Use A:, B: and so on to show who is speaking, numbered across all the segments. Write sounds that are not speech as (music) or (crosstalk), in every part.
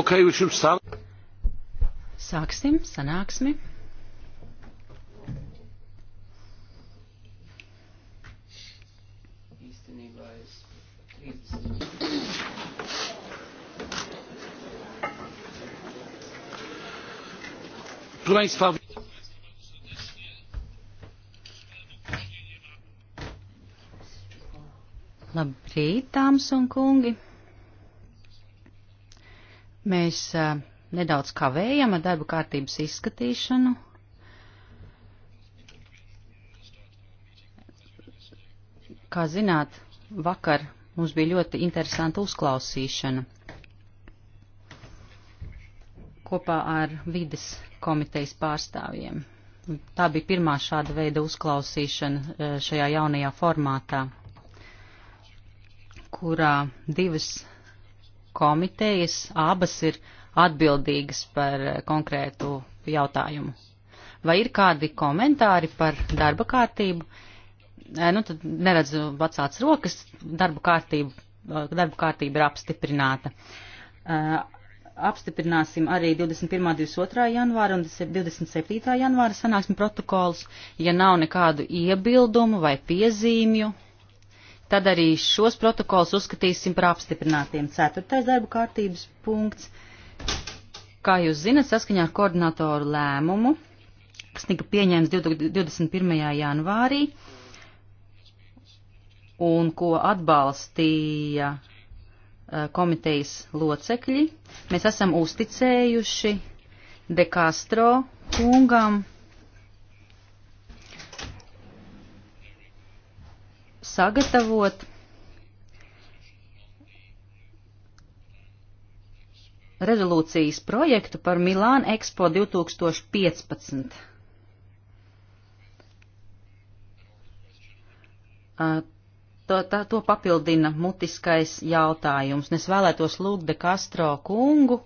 A: Okay,
B: Sāksim sanāksmi.
C: Īstenībā es 30.
B: Proszę Państwa, Labrīt, dāmas un kungi! Mēs nedaudz kavējam ar darba kārtības izskatīšanu. Kā zināt, vakar mums bija ļoti interesanta uzklausīšana kopā ar vides komitejas pārstāvjiem. Tā bija pirmā šāda veida uzklausīšana šajā jaunajā formātā, kurā divas komitejas abas ir atbildīgas par eh, konkrētu jautājumu. Vai ir kādi komentāri par darba kārtību? Eh, nu, tad neredzu vecāts rokas, darba kārtība, eh, darba kārtība ir apstiprināta. Apstiprināsim arī 21. 22. janvāra un 27. janvāra sanāksmi protokols, ja nav nekādu iebildumu vai piezīmju tad arī šos protokols uzskatīsim par apstiprinātiem. Ceturtais darba kārtības punkts. Kā jūs zinat, saskaņā ar koordinatoru lēmumu, kas tika pieņēmts 21. janvārī un ko atbalstīja eh, komitejas locekļi, mēs esam uzticējuši De Castro kungam sagatavot rezolūcijas projektu par Milānu Expo 2015. To, tā, to papildina mutiskais jautājums. Es vēlētos lūgt De Castro kungu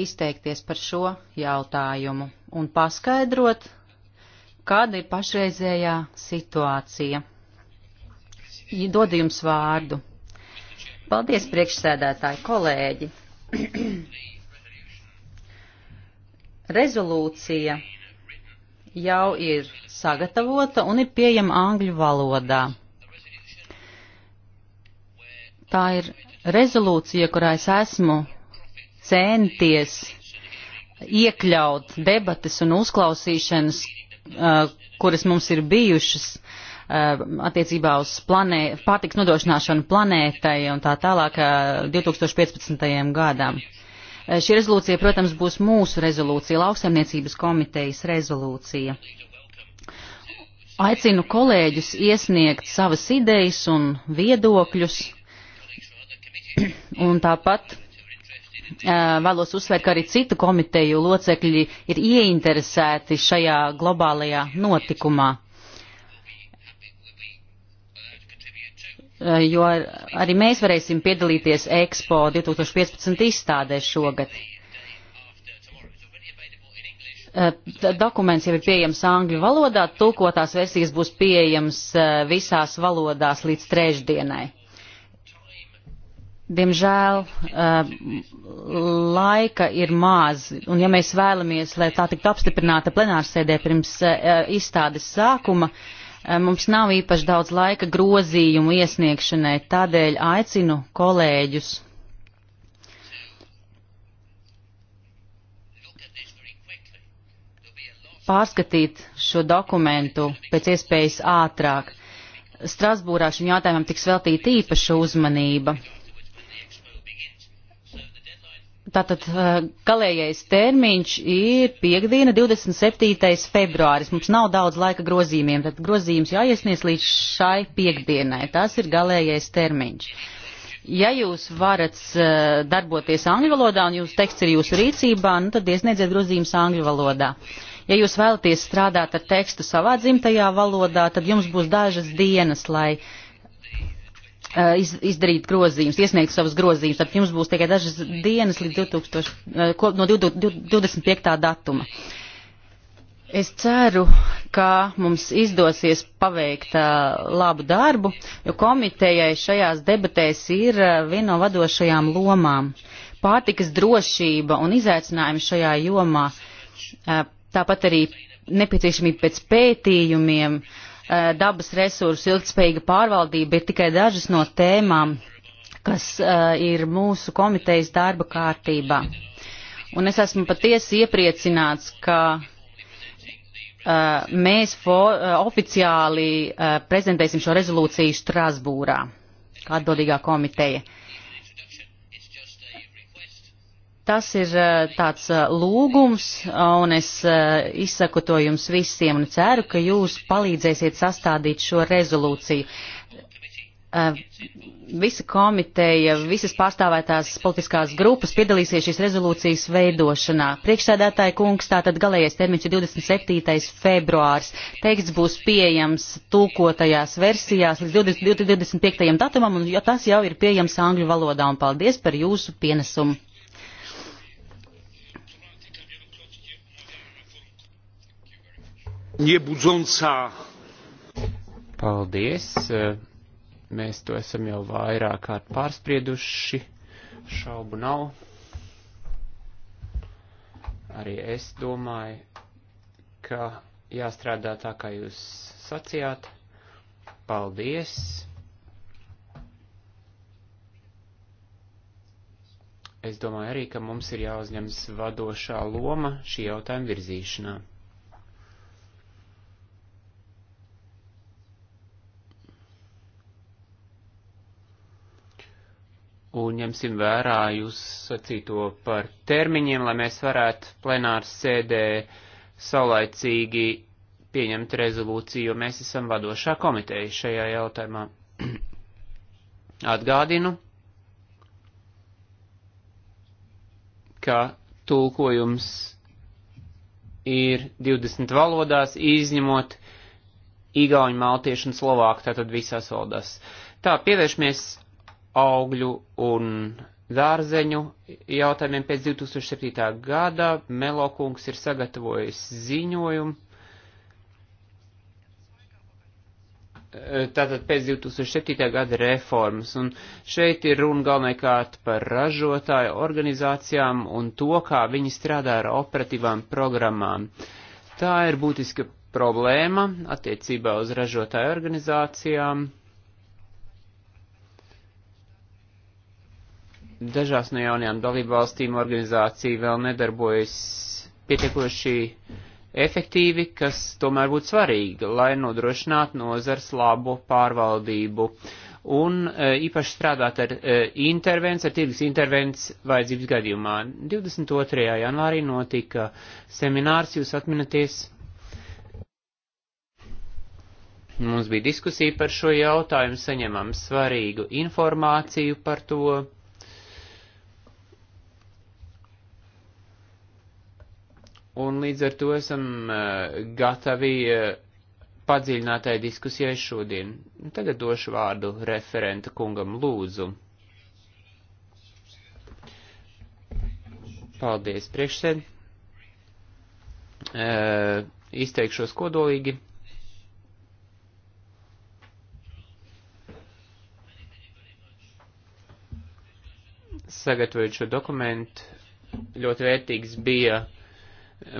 B: izteikties par šo jautājumu un paskaidrot, kāda ir pašreizējā situācija. Dod jums vārdu. Paldies, priekšsēdētāji, kolēģi. (clears throat) Rezolūcija jau ir sagatavota un ir pieejama angļu valodā. Tā ir rezolūcija, kurā es esmu centies iekļaut debates un uzklausīšanas kuras mums ir bijušas attiecībā uz planē, pārtiks nodrošināšanu planētai un tā tālāk 2015. gadam. Šī rezolūcija, protams, būs mūsu rezolūcija, lauksaimniecības komitejas rezolūcija. Aicinu kolēģus iesniegt savas idejas un viedokļus, (clears throat) un tāpat Eh, vēlos uzsvērt, ka arī citu komiteju locekļi ir ieinteresēti šajā globālajā notikumā. Eh, jo arī mēs varēsim piedalīties Expo 2015 izstādē šogad. Eh, dokuments jau ir pieejams angļu valodā, tulkotās versijas būs pieejams visās valodās līdz trešdienai. Diemžēl eh, laika ir maz, un ja mēs vēlamies, lai tā tiktu apstiprināta plenārsēdē pirms eh, izstādes sākuma, eh, mums nav īpaši daudz laika grozījumu iesniegšanai, tādēļ aicinu kolēģus pārskatīt šo dokumentu pēc iespējas ātrāk. Strasbūrā šim jautājumam tiks veltīta īpaša uzmanība. Tātad uh, galējais termiņš ir piekdiena, 27. februāris. Mums nav daudz laika grozījumiem, tad grozījums jāiesniedz līdz šai piekdienai. Tas ir galējais termiņš. Ja jūs varat uh, darboties angļu valodā un jūsu teksts ir jūsu rīcībā, nu, tad iesniedziet grozījumus angļu valodā. Ja jūs vēlaties strādāt ar tekstu savā dzimtajā valodā, tad jums būs dažas dienas, lai uh, Eh, iz, izdarīt grozījumus, iesniegt savus grozījumus. Tad jums būs tikai dažas dienas līdz 2000, eh, no 25. datuma. Es ceru, ka mums izdosies paveikt uh, labu darbu, jo komitejai šajās debatēs ir uh, viena no vadošajām lomām. Pārtikas drošība un izaicinājumi šajā jomā, uh, tāpat arī nepieciešamība pēc pētījumiem, uh, Eh, dabas resursu ilgspējīga pārvaldība ir tikai dažas no tēmām, kas eh, ir mūsu komitejas darba kārtībā. Un es esmu patiesi iepriecināts, ka eh, mēs for, oficiāli prezentēsim šo rezolūciju Strasbūrā, kā atbildīgā komiteja. Uh, Tas ir eh, tāds eh, lūgums, un es eh, izsaku to jums visiem, un ceru, ka jūs palīdzēsiet sastādīt šo rezolūciju. Visa komiteja, visas pārstāvētās politiskās grupas piedalīsies šīs rezolūcijas veidošanā. Priekšsēdētāja kungs, tātad galējais termiņš ir 27. februārs. Teksts būs pieejams tūkotajās versijās līdz 20, 25. datumam, un tas jau ir pieejams angļu valodā, un paldies par jūsu pienesumu.
C: Niebudzonsā. Paldies. Mēs to esam jau vairāk kārt pārsprieduši. Šaubu nav. Arī es domāju, ka jāstrādā tā, kā jūs sacījāt. Paldies. Es domāju arī, ka mums ir jāuzņems vadošā loma šī jautājuma virzīšanā. un ņemsim vērā jūs sacīto par termiņiem, lai mēs varētu plenārs sēdē saulaicīgi pieņemt rezolūciju, jo mēs esam vadošā komiteja šajā jautājumā. (clears throat) Atgādinu, ka tulkojums ir 20 valodās, izņemot igauņu, maltiešu un slovāku, tātad visās valodās. Tā, pievēršamies augļu un dārzeņu jautājumiem pēc 2007. gada Melokungs ir sagatavojis ziņojumu. Tātad pēc 2007. gada reformas, un šeit ir runa galvenokārt par ražotāju organizācijām un to, kā viņi strādā ar operatīvām programmām. Tā ir būtiska problēma attiecībā uz ražotāju organizācijām. Uh, Dažās no jaunajām dalībvalstīm organizācija vēl nedarbojas pietiekoši efektīvi, kas tomēr būtu svarīgi, lai nodrošinātu nozars labu pārvaldību. Un e, īpaši strādāt ar e, intervences, ar tirgus intervences vajadzības gadījumā. 22. janvārī notika seminārs, jūs atminaties. Mums bija diskusija par šo jautājumu, saņemam svarīgu informāciju par to Un līdz ar to esam eh, gatavi eh, padziļinātai diskusijai šodien. Nu, tagad došu vārdu referenta kungam lūdzu. Paldies, priekšsēd. E, izteikšos kodolīgi. Sagatavojot šo dokumentu, ļoti vērtīgs bija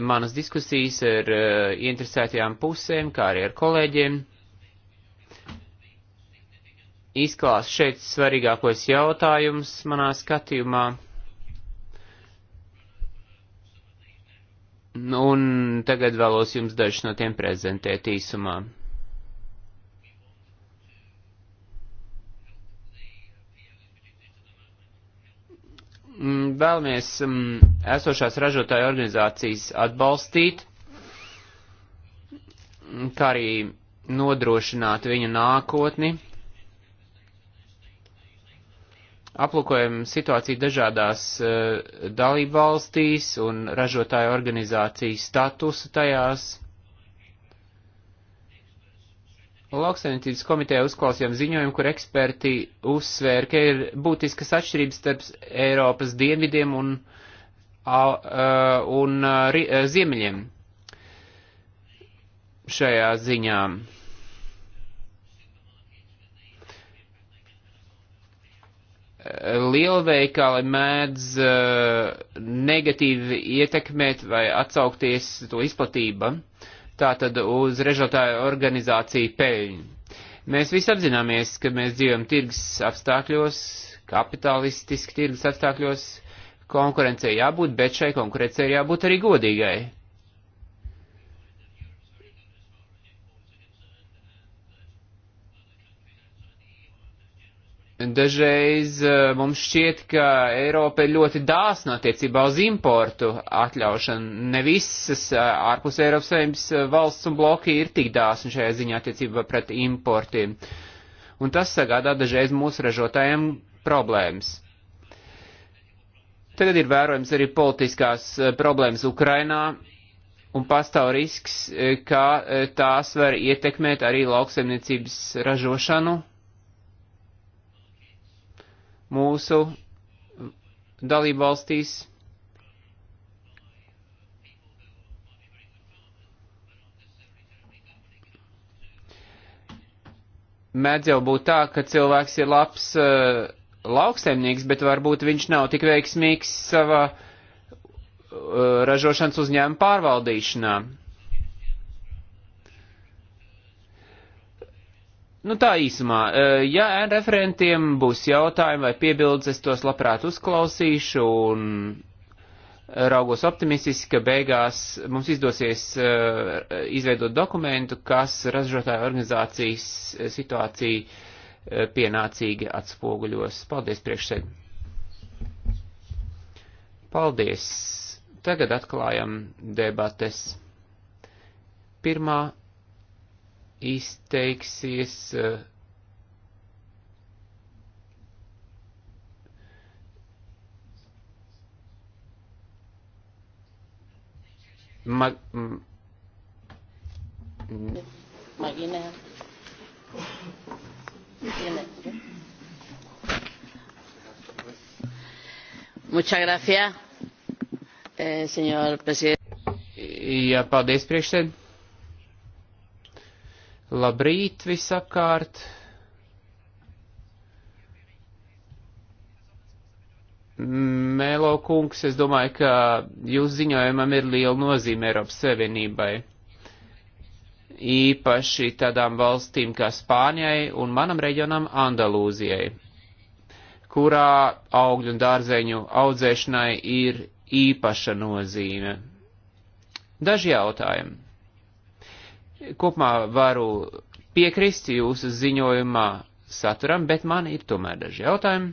C: manas diskusijas ar eh, interesētajām pusēm, kā arī ar kolēģiem. Izklāst šeit svarīgākos jautājumus manā skatījumā. Nu, un tagad vēlos jums dažus no tiem prezentēt īsumā. Mm, vēlamies mm, esošās ražotāju organizācijas atbalstīt, mm, kā arī nodrošināt viņu nākotni. Aplūkojam situāciju dažādās eh, dalībvalstīs un ražotāju organizāciju statusu tajās Lauksaimniecības komitē uzklausījām ziņojumu, kur eksperti uzsvēra, ka ir būtiskas atšķirības starp Eiropas dienvidiem un, a, a, un a, a, ziemeļiem šajā ziņā. Lielveikali mēdz uh, negatīvi ietekmēt vai atsaukties to izplatība. Uh, tātad uz režotāju organizāciju peļņu. Mēs visi apzināmies, ka mēs dzīvojam tirgus apstākļos, kapitalistiski tirgus apstākļos, konkurencei jābūt, bet šai konkurencei ir jābūt arī godīgai. Dažreiz eh, mums šķiet, ka Eiropa ir ļoti dāsna attiecībā uz importu atļaušanu. Ne visas eh, ārpus Eiropas Savienības eh, valsts un bloki ir tik dāsni šajā ziņā attiecībā pret importiem. Un tas sagādā dažreiz mūsu ražotājiem problēmas. Tagad ir vērojams arī politiskās problēmas Ukrainā, un pastāv risks, ka tās var ietekmēt arī lauksaimniecības ražošanu mūsu dalībvalstīs. Mēdz jau būt tā, ka cilvēks ir labs uh, lauksaimnieks, bet varbūt viņš nav tik veiksmīgs savā uh, ražošanas uzņēmuma pārvaldīšanā. Nu tā īsumā, eh, ja referentiem būs jautājumi vai piebildes, es tos labprāt uzklausīšu un raugos optimistiski, ka beigās mums izdosies eh, izveidot dokumentu, kas ražotāju organizācijas eh, situāciju pienācīgi atspoguļos. Paldies priekšsēd. Paldies. Tagad atklājam debates. Pirmā izteiksies eh, Mag
B: Magina. Muchas gracias,
C: eh, señor presidente. Ja, paldies, priekšsēdētāj. Labrīt visakārt! Mēlo kungs, es domāju, ka jūs ziņojumam ir liela nozīme Eiropas Savienībai. Īpaši tādām valstīm kā Spānijai un manam reģionam Andalūzijai, kurā augļu un dārzeņu audzēšanai ir īpaša nozīme. Daži jautājumi. Kopumā varu piekrist jūsu ziņojumā saturam, bet man ir tomēr daži jautājumi.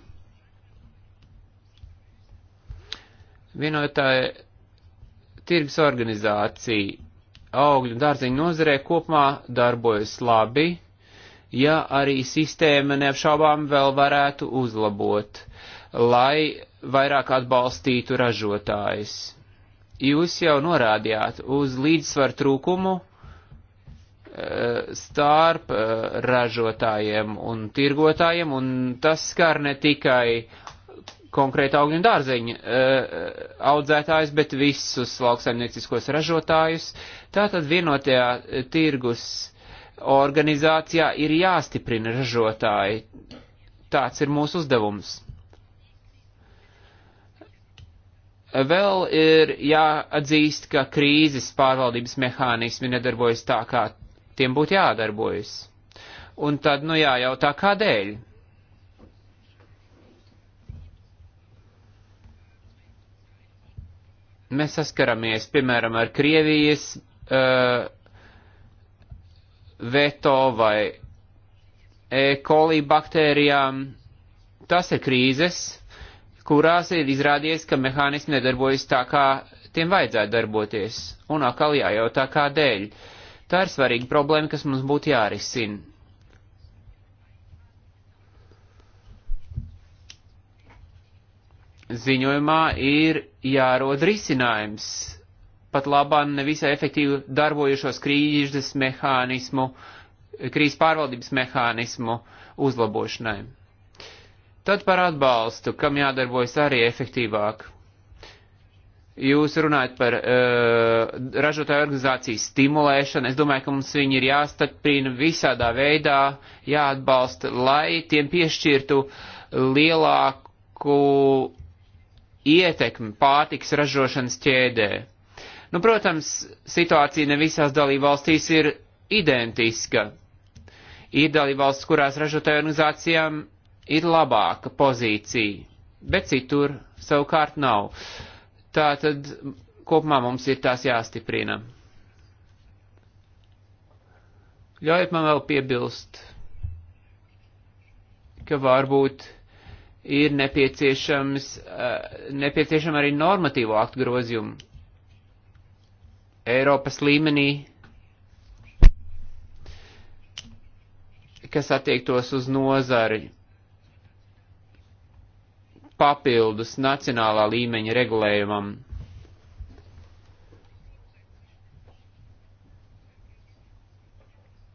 C: Vienotāja tirgus organizācija augļu un dārziņu nozarē kopumā darbojas labi, ja arī sistēma neapšaubām vēl varētu uzlabot, lai vairāk atbalstītu ražotājs. Jūs jau norādījāt uz līdzsvaru trūkumu Eh, starp eh, ražotājiem un tirgotājiem, un tas skar ne tikai konkrēti augļu un dārzeņu eh, audzētājus, bet visus lauksaimnieciskos ražotājus. Tātad vienotajā tirgus organizācijā ir jāstiprina ražotāji. Tāds ir mūsu uzdevums. vēl ir jāatzīst, ka krīzes pārvaldības mehānismi nedarbojas tā, kā Tiem būtu jādarbojas. Un tad, nu jājautā, kādēļ? Mēs saskaramies, piemēram, ar Krievijas uh, veto vai E. coli baktērijām. Tas ir krīzes, kurās ir izrādies, ka mehānismi nedarbojas tā, kā tiem vajadzētu darboties. Un atkal jājautā, kādēļ. Uh, Tā ir svarīga problēma, kas mums būtu jārisina. Ziņojumā ir jārod risinājums pat labāk nevisai efektīvi darbojušos krīzes mehānismu, krīzes pārvaldības mehānismu uzlabošanai. Tad par atbalstu, kam jādarbojas arī efektīvāk. Jūs runājat par uh, ražotāju organizāciju stimulēšanu. Es domāju, ka mums viņi ir jāstaprina visādā veidā, jāatbalsta, lai tiem piešķirtu lielāku ietekmi pārtiks ražošanas ķēdē. Nu, protams, situācija ne visās dalībvalstīs ir identiska. Ir dalībvalsts, kurās ražotāju organizācijām ir labāka pozīcija, bet citur savukārt nav. Uh, Tā tad kopumā mums ir tās jāstiprina. Ļaujiet man vēl piebilst, ka varbūt ir nepieciešams, eh, nepieciešama arī normatīvo aktu grozījumu. Eiropas līmenī, kas attiektos uz nozari papildus nacionālā līmeņa regulējumam.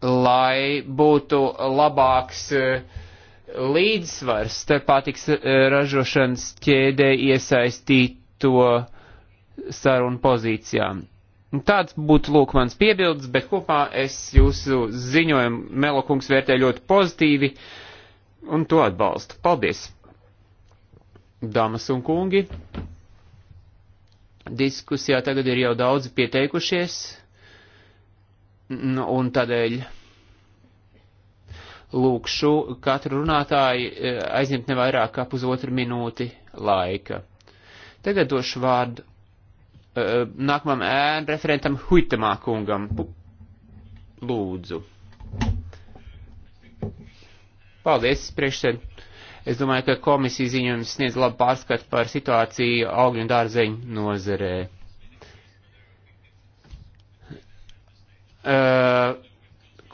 C: Lai būtu labāks eh, līdzsvars starp patiks eh, ražošanas ķēdē iesaistīto sarunu pozīcijām. Tāds būtu lūk mans piebildes, bet kopā es jūsu ziņojumu Melokungs vērtē ļoti pozitīvi un to atbalstu. Paldies! Dāmas un kungi, diskusijā tagad ir jau daudzi pieteikušies, nu, un tādēļ lūkšu katru runātāju eh, aizņemt nevairāk kā pusotru minūti laika. Tagad došu vārdu eh, nākamam ēnu referentam Huitamā kungam. Lūdzu. Paldies, priekšsēd. Es domāju, ka komisijas ziņojums sniedz labu pārskatu par situāciju augļu un dārzeņu nozerē. Uh,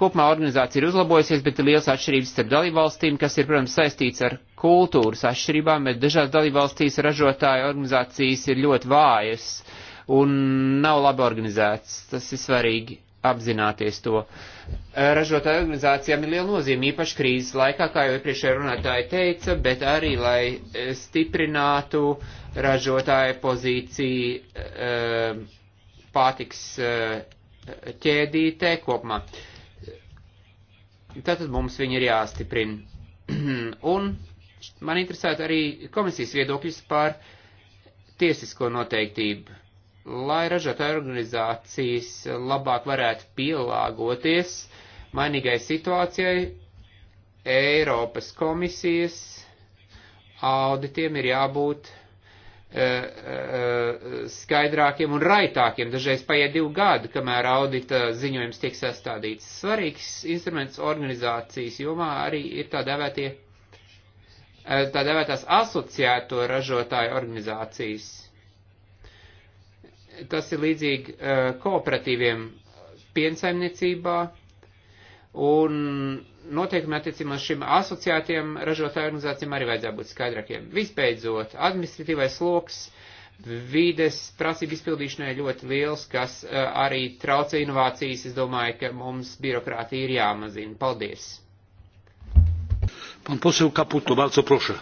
C: kopumā organizācija ir uzlabojusies, bet ir liels atšķirības starp dalībvalstīm, kas ir, protams, saistīts ar kultūras atšķirībām, bet dažās dalībvalstīs ražotāju organizācijas ir ļoti vājas un nav labi organizētas. Tas ir svarīgi apzināties to. Ražotāju organizācijām ir liela nozīme, īpaši krīzes laikā, kā jau iepriekšējā runātāja teica, bet arī, lai e, stiprinātu ražotāju pozīciju e, pārtiks e, ķēdītē kopumā. Tātad mums viņi ir jāstiprina. (clears throat) Un man interesētu arī komisijas viedokļus par tiesisko noteiktību lai ražotāju organizācijas labāk varētu pielāgoties mainīgai situācijai, Eiropas komisijas auditiem ir jābūt eh, eh, skaidrākiem un raitākiem. Dažreiz paiet divi gadi, kamēr audita ziņojums tiek sastādīts. Svarīgs instruments organizācijas jomā arī ir tā dēvētie, eh, tā dēvētās asociēto ražotāju organizācijas. Tas ir līdzīgi eh, kooperatīviem piensaimniecībā un noteikumi attiecībā šim asociētiem ražotāju organizācijām arī vajadzētu būt skaidrākiem. Visbeidzot, administratīvais sloks vides prasību izpildīšanai ļoti liels, kas eh, arī traucē inovācijas. Es domāju, ka mums birokrātija ir jāmazina. Paldies!
A: Pan poseł Kaputo, bardzo proszę.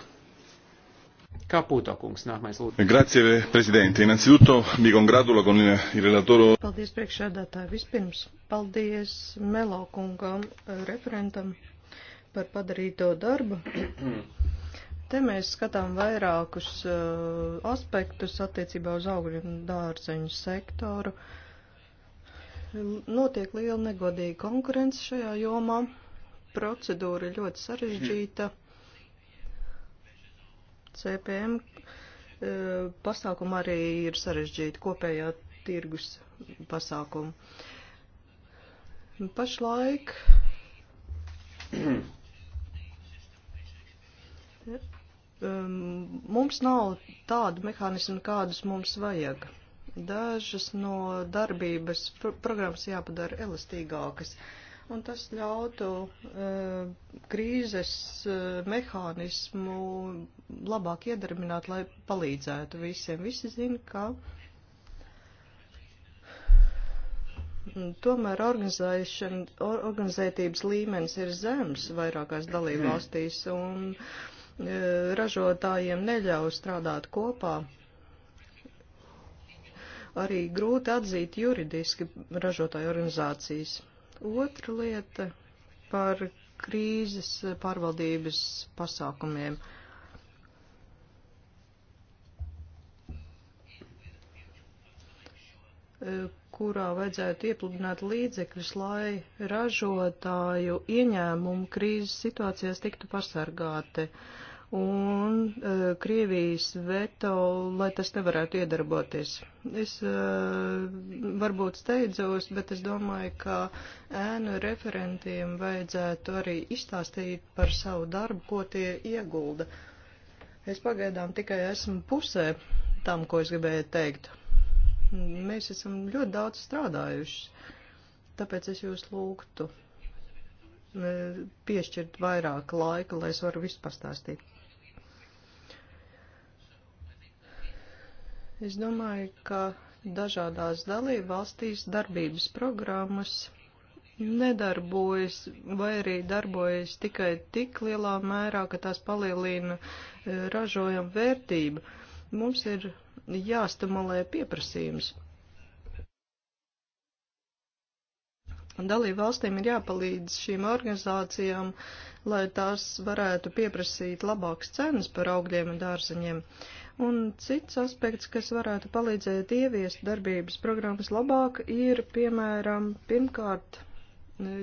C: Kaputo kungs, nākamais lūdzu.
A: Grazie,
B: prezidenti. Innanzitutto mi congratulo con il relatoro.
D: Paldies, priekšsēdētāji. Vispirms, paldies Melo kungam, eh, referentam, par padarīto darbu. (clears throat) Te mēs skatām vairākus uh, aspektus attiecībā uz augļu un dārzeņu sektoru. Notiek liela negodīga konkurence šajā jomā. Procedūra ļoti sarežģīta. Mm CPM e, pasākumu arī ir sarežģīti kopējā tirgus pasākumu. Pašlaik (clears throat) um, mums nav tādu mehānismu, kādus mums vajag. Dažas no darbības programmas jāpadara elastīgākas. Uh, un tas ļautu uh, krīzes uh, mehānismu labāk iedarbināt, lai palīdzētu visiem. Visi zina, ka tomēr organizētības līmenis ir zems vairākās dalībvalstīs un uh, ražotājiem neļauj strādāt kopā. Arī grūti atzīt juridiski ražotāju organizācijas. Otra lieta par krīzes pārvaldības pasākumiem. kurā vajadzētu iepludināt līdzekļus, lai ražotāju ieņēmumu krīzes situācijās tiktu pasargāti. Uh, un uh, Krievijas veto, lai tas nevarētu iedarboties. Es uh, varbūt steidzos, bet es domāju, ka ēnu referentiem vajadzētu arī izstāstīt par savu darbu, ko tie iegulda. Es pagaidām tikai esmu pusē tam, ko es gribēju teikt. Mēs esam ļoti daudz strādājuši, tāpēc es jūs lūgtu e, piešķirt vairāk laika, lai es varu visu pastāstīt. Es domāju, ka dažādās dalību valstīs darbības programmas nedarbojas vai arī darbojas tikai tik lielā mērā, ka tās palielina e, ražojumu vērtību. Mums ir jāstimulē pieprasījums. Dalību valstīm ir jāpalīdz šīm organizācijām, lai tās varētu pieprasīt labākas cenas par augļiem un dārzeņiem. Uh, Un cits aspekts, kas varētu palīdzēt ieviest darbības programmas labāk, ir, piemēram, pirmkārt,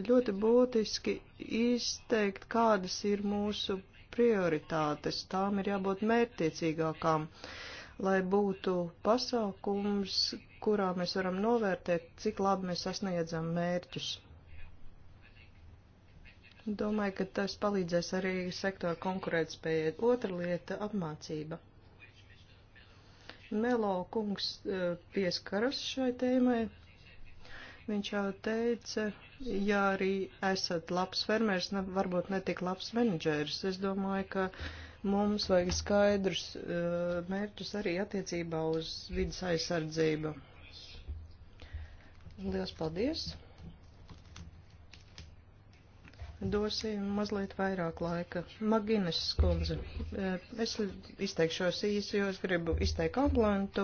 D: ļoti būtiski izteikt, kādas ir mūsu prioritātes. Tām ir jābūt mērtiecīgākām, lai būtu pasākums, kurā mēs varam novērtēt, cik labi mēs sasniedzam mērķus. Domāju, ka tas palīdzēs arī sektora konkurētspējai. Otra lieta - apmācība. Melo kungs e, pieskaras šai tēmai. Viņš jau teica, ja arī esat labs fermērs, ne, varbūt netik labs menedžērs. Es domāju, ka mums vajag skaidrus uh, mērķus arī attiecībā uz vidas aizsardzību. Lielas paldies! Dosim mazliet vairāk laika. Maginas skundze, eh, es izteikšos īsi, jo es gribu izteikt komplantu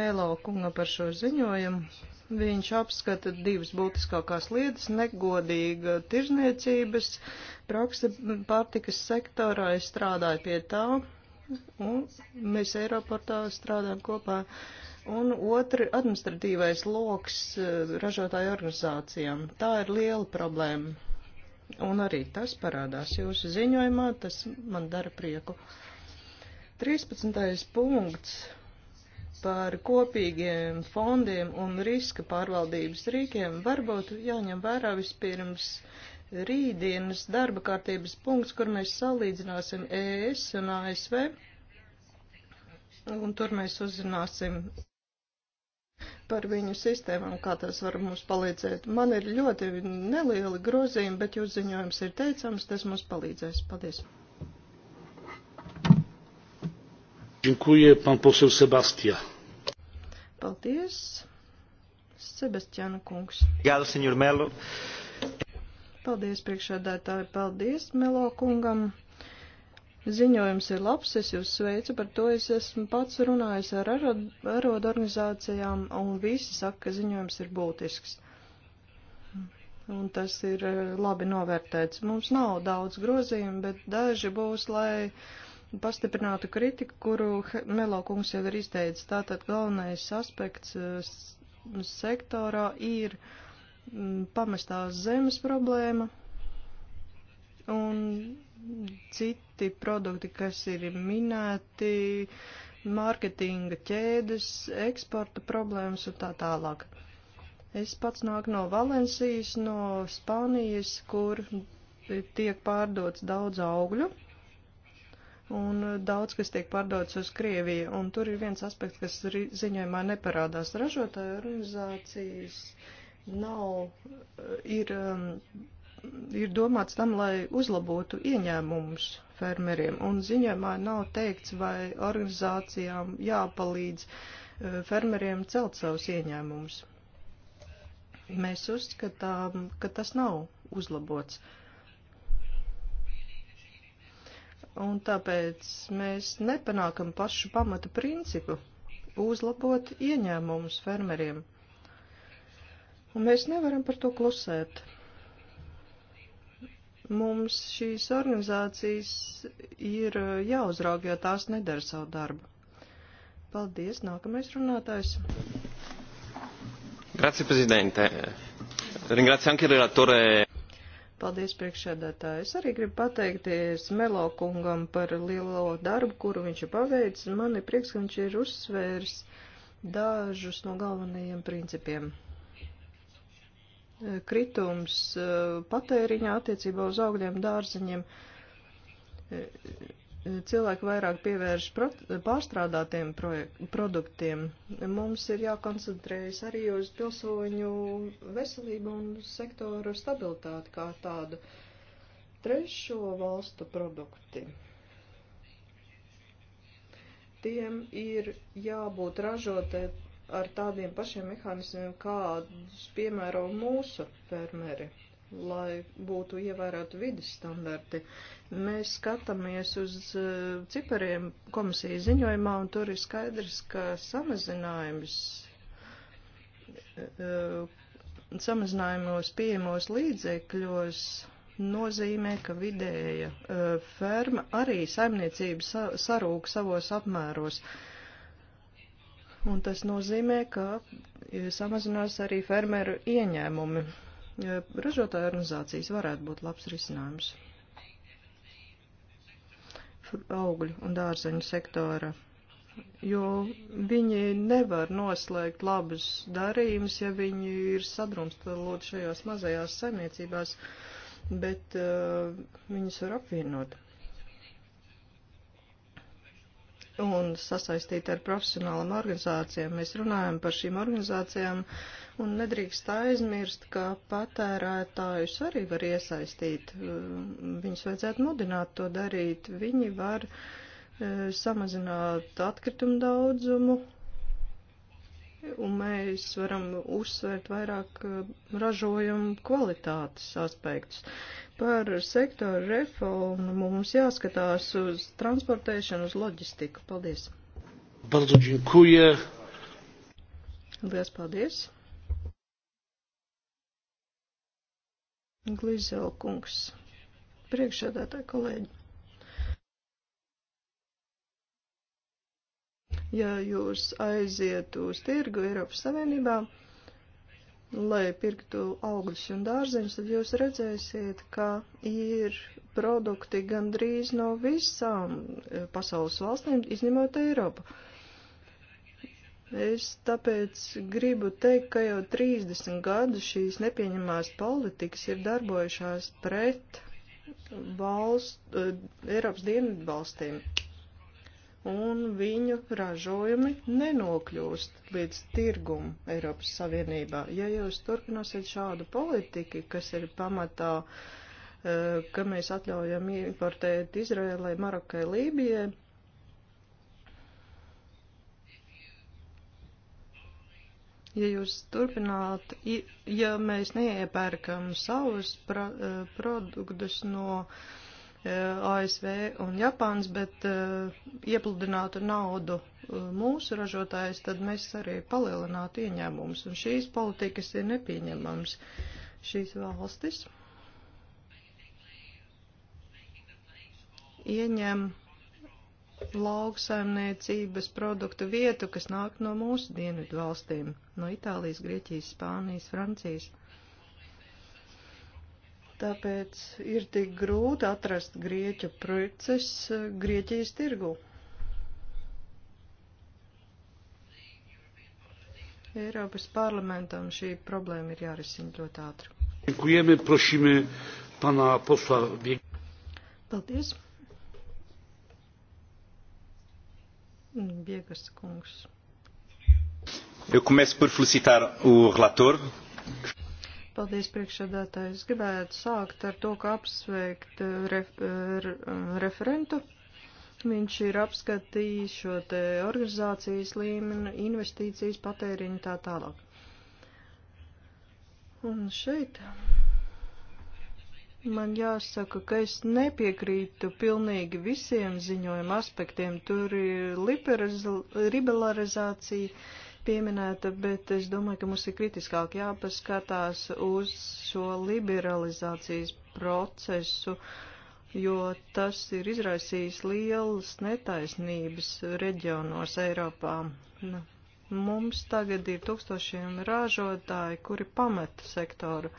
D: Mēlo kunga par šo ziņojumu. Viņš apskata divas būtiskākās lietas - negodīga tirzniecības praksa pārtikas sektorā. Es strādāju pie tā, un mēs Eiroportā strādājam kopā. Un otri administratīvais loks eh, ražotāju organizācijām. Tā ir liela problēma un arī tas parādās jūsu ziņojumā, tas man dara prieku. 13. punkts par kopīgiem fondiem un riska pārvaldības rīkiem varbūt jāņem vērā vispirms rītdienas darba kārtības punkts, kur mēs salīdzināsim ES un ASV, un tur mēs uzzināsim par viņu sistēmām, kā tās var mums palīdzēt. Man ir ļoti nelieli grozījumi, bet jūs ziņojums ir teicams, tas mums palīdzēs. Paldies.
A: Dziękuję, pan poseł Sebastian.
D: Paldies, Sebastiana kungs.
A: Gāda, senjor Melo.
D: Paldies, priekšādātāji, paldies Melo kungam. Ziņojums ir labs, es jūs sveicu, par to es esmu pats runājis ar arodu organizācijām, un visi saka, ka ziņojums ir būtisks. Un tas ir eh, labi novērtēts. Mums nav daudz grozījumu, bet daži būs, lai pastiprinātu kritiku, kuru Melo kungs jau ir izteicis. Tātad galvenais aspekts eh, sektorā ir mm, pamestās zemes problēma, un citi produkti, kas ir minēti, mārketinga ķēdes, eksporta problēmas un tā tālāk. Es pats nāku no Valencijas, no Spānijas, kur tiek pārdots daudz augļu un daudz, kas tiek pārdots uz Krieviju. Un tur ir viens aspekts, kas ziņojumā neparādās. Ražotāju organizācijas nav, ir um, ir domāts tam, lai uzlabotu ieņēmumus fermeriem, un ziņojumā nav teikts, vai organizācijām jāpalīdz eh, fermeriem celt savus ieņēmumus. Mēs uzskatām, ka tas nav uzlabots. Un tāpēc mēs nepanākam pašu pamata principu uzlabot ieņēmumus fermeriem. Un mēs nevaram par to klusēt. Mums šīs organizācijas ir uh, jāuzrauga, jo tās nedara savu darbu. Paldies, nākamais runātājs.
C: Grazie, prezidente. Ringrazio anche il relatore.
D: Paldies, priekšsēdētāji. Es arī gribu pateikties Melo kungam par lielo darbu, kuru viņš ir paveicis. Man ir prieks, ka viņš ir uzsvērs dažus no galvenajiem principiem kritums e, patēriņā attiecībā uz augļiem, dārziņiem. E, e, cilvēki vairāk pievērš pārstrādātiem produktiem. Mums ir jākoncentrējas arī uz pilsoņu veselību un sektoru stabilitāti kā tādu trešo valstu produkti. Tiem ir jābūt ražotiem ar tādiem pašiem mehānismiem, kādus piemēro mūsu fermeri, lai būtu ievērot vidas standarti. Mēs skatāmies uz eh, cipariem komisijas ziņojumā, un tur ir skaidrs, ka samazinājums, eh, samazinājumos pieejamos līdzekļos nozīmē, ka vidēja eh, ferma arī saimniecība sarūk savos apmēros. Uh, Un tas nozīmē, ka e, samazinās arī fermeru ieņēmumi. E, ražotāju organizācijas varētu būt labs risinājums. Augļu un dārzeņu sektora, jo viņi nevar noslēgt labus darījumus, ja viņi ir sadrumstalot šajās mazajās saimniecībās, bet uh, viņus var apvienot. un sasaistīta ar profesionālam organizācijām. Mēs runājam par šīm organizācijām un nedrīkst aizmirst, ka patērētājus arī var iesaistīt. Viņus vajadzētu mudināt to darīt. Viņi var eh, samazināt atkritumu daudzumu un mēs varam uzsvērt vairāk eh, ražojumu kvalitātes aspektus par sektoru reformu mums jāskatās uz transportēšanu, uz loģistiku. Paldies!
A: Bardzo dziękuję.
D: Lielas paldies! Glizela kungs, priekšsēdētāji kolēģi. Ja jūs aiziet uz tirgu Eiropas Savienībā, lai pirktu augļus un dārzeņus, tad jūs redzēsiet, ka ir produkti gandrīz no visām eh, pasaules valstīm, izņemot Eiropu. Es tāpēc gribu teikt, ka jau 30 gadus šīs nepieņemās politikas ir darbojušās pret valst, eh, Eiropas dienvidu valstīm un viņu ražojumi nenokļūst līdz tirgumu Eiropas Savienībā. Ja jūs turpināsiet šādu politiku, kas ir pamatā, eh, ka mēs atļaujam importēt Izrēlai, Marokai, Lībijai, ja jūs turpināt, ja mēs neiepērkam savus pra, eh, produktus no uh, Eh, ASV un Japāns, bet eh, iepludinātu naudu eh, mūsu ražotājs, tad mēs arī palielinātu ieņēmumus. Un šīs politikas ir nepieņemams šīs valstis. Ieņem lauksaimniecības produktu vietu, kas nāk no mūsu dienvidu valstīm, no Itālijas, Grieķijas, Spānijas, Francijas. Tāpēc ir tik grūti atrast grieķu preces eh, Grieķijas tirgu. Eiropas parlamentam šī problēma ir jārisina ļoti ātri. Paldies. Biegas kungs.
A: Eu começo por felicitar o relator.
D: Paldies, priekšsēdētāji. Es gribētu sākt ar to, ka apsveikt eh, ref, eh, ref, eh, referentu. Viņš ir apskatījis šo te organizācijas līmeni, investīcijas, patēriņu tā tālāk. Un šeit man jāsaka, ka es nepiekrītu pilnīgi visiem ziņojuma aspektiem. Tur ir liberalizācija pieminēta, bet es domāju, ka mums ir kritiskāk jāpaskatās uz šo liberalizācijas procesu, jo tas ir izraisījis lielas netaisnības reģionos Eiropā. Nu, mums tagad ir tūkstošiem ražotāji, kuri pameta sektoru.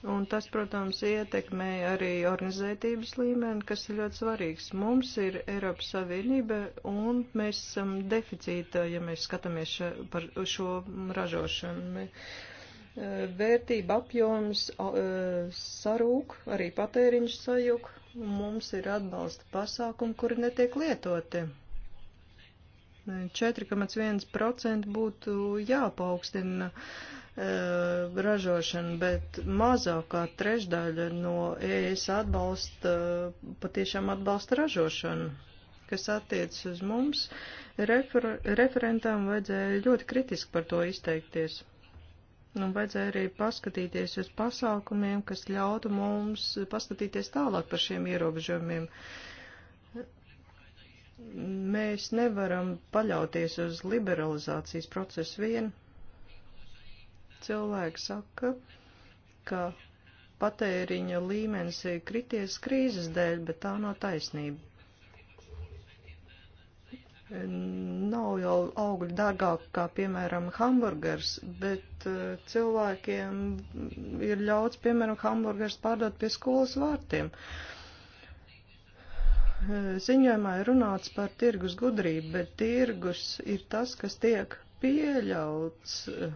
D: Un tas, protams, ietekmē arī organizētības līmeni, kas ir ļoti svarīgs. Mums ir Eiropas Savienība, un mēs esam deficīta, ja mēs skatāmies par šo ražošanu. Vērtība apjoms e, sarūk, arī patēriņš sajūk. Mums ir atbalsta pasākumi, kuri netiek lietoti. 4,1% būtu jāpaukstina Uh, ražošanu, bet mazākā trešdaļa no ES atbalsta uh, patiešām atbalsta ražošanu, kas attiecas uz mums. Refer referentām vajadzēja ļoti kritiski par to izteikties. Un vajadzēja arī paskatīties uz pasākumiem, kas ļautu mums paskatīties tālāk par šiem ierobežojumiem. Mēs nevaram paļauties uz liberalizācijas procesu vienu cilvēki saka, ka patēriņa līmenis ir krities krīzes dēļ, bet tā nav taisnība. Nav jau augļi dārgāk kā, piemēram, hamburgers, bet eh, cilvēkiem ir ļauts, piemēram, hamburgers pārdot pie skolas vārtiem. Eh, ziņojumā ir runāts par tirgus gudrību, bet tirgus ir tas, kas tiek pieļauts eh,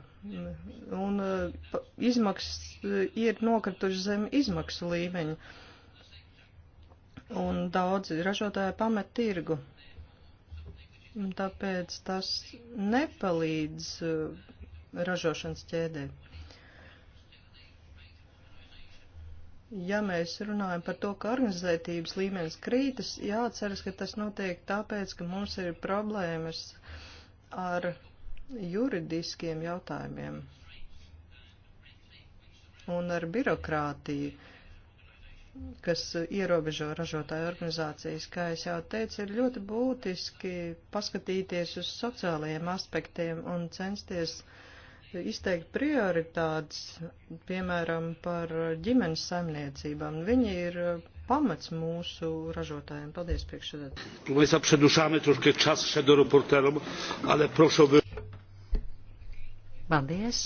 D: un eh, izmaksas eh, ir nokritušas zem izmaksu līmeņa. Un daudzi ražotāji pamet tirgu. Tāpēc tas nepalīdz eh, ražošanas ķēdē. Ja mēs runājam par to, ka organizētības līmenis krītas, jāatceras, ka tas notiek tāpēc, ka mums ir problēmas ar juridiskiem jautājumiem un ar birokrātiju, kas ierobežo ražotāju organizācijas, kā es jau teicu, ir ļoti būtiski paskatīties uz sociālajiem aspektiem un censties izteikt prioritātes, piemēram, par ģimenes saimniecībām. Viņi ir pamats mūsu ražotājiem. Paldies, priekšsēdētāji. Paldies!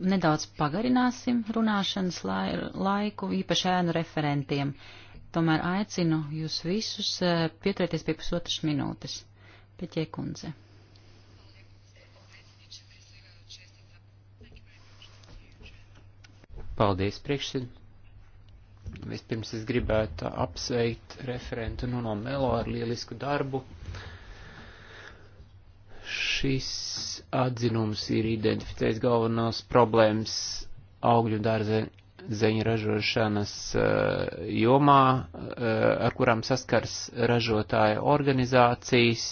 B: Nedaudz pagarināsim runāšanas laiku, īpaši ēnu referentiem. Tomēr aicinu jūs visus e, pieturēties pie pusotras minūtes. Pieķie kundze.
C: Paldies, priekšsid. Vispirms es gribētu apsveikt referentu Nuno Melo ar lielisku darbu. Uh, Šis atzinums ir identificējis galvenās problēmas augļu dārzeņu ražošanas uh, jomā, uh, ar kurām saskars ražotāja organizācijas.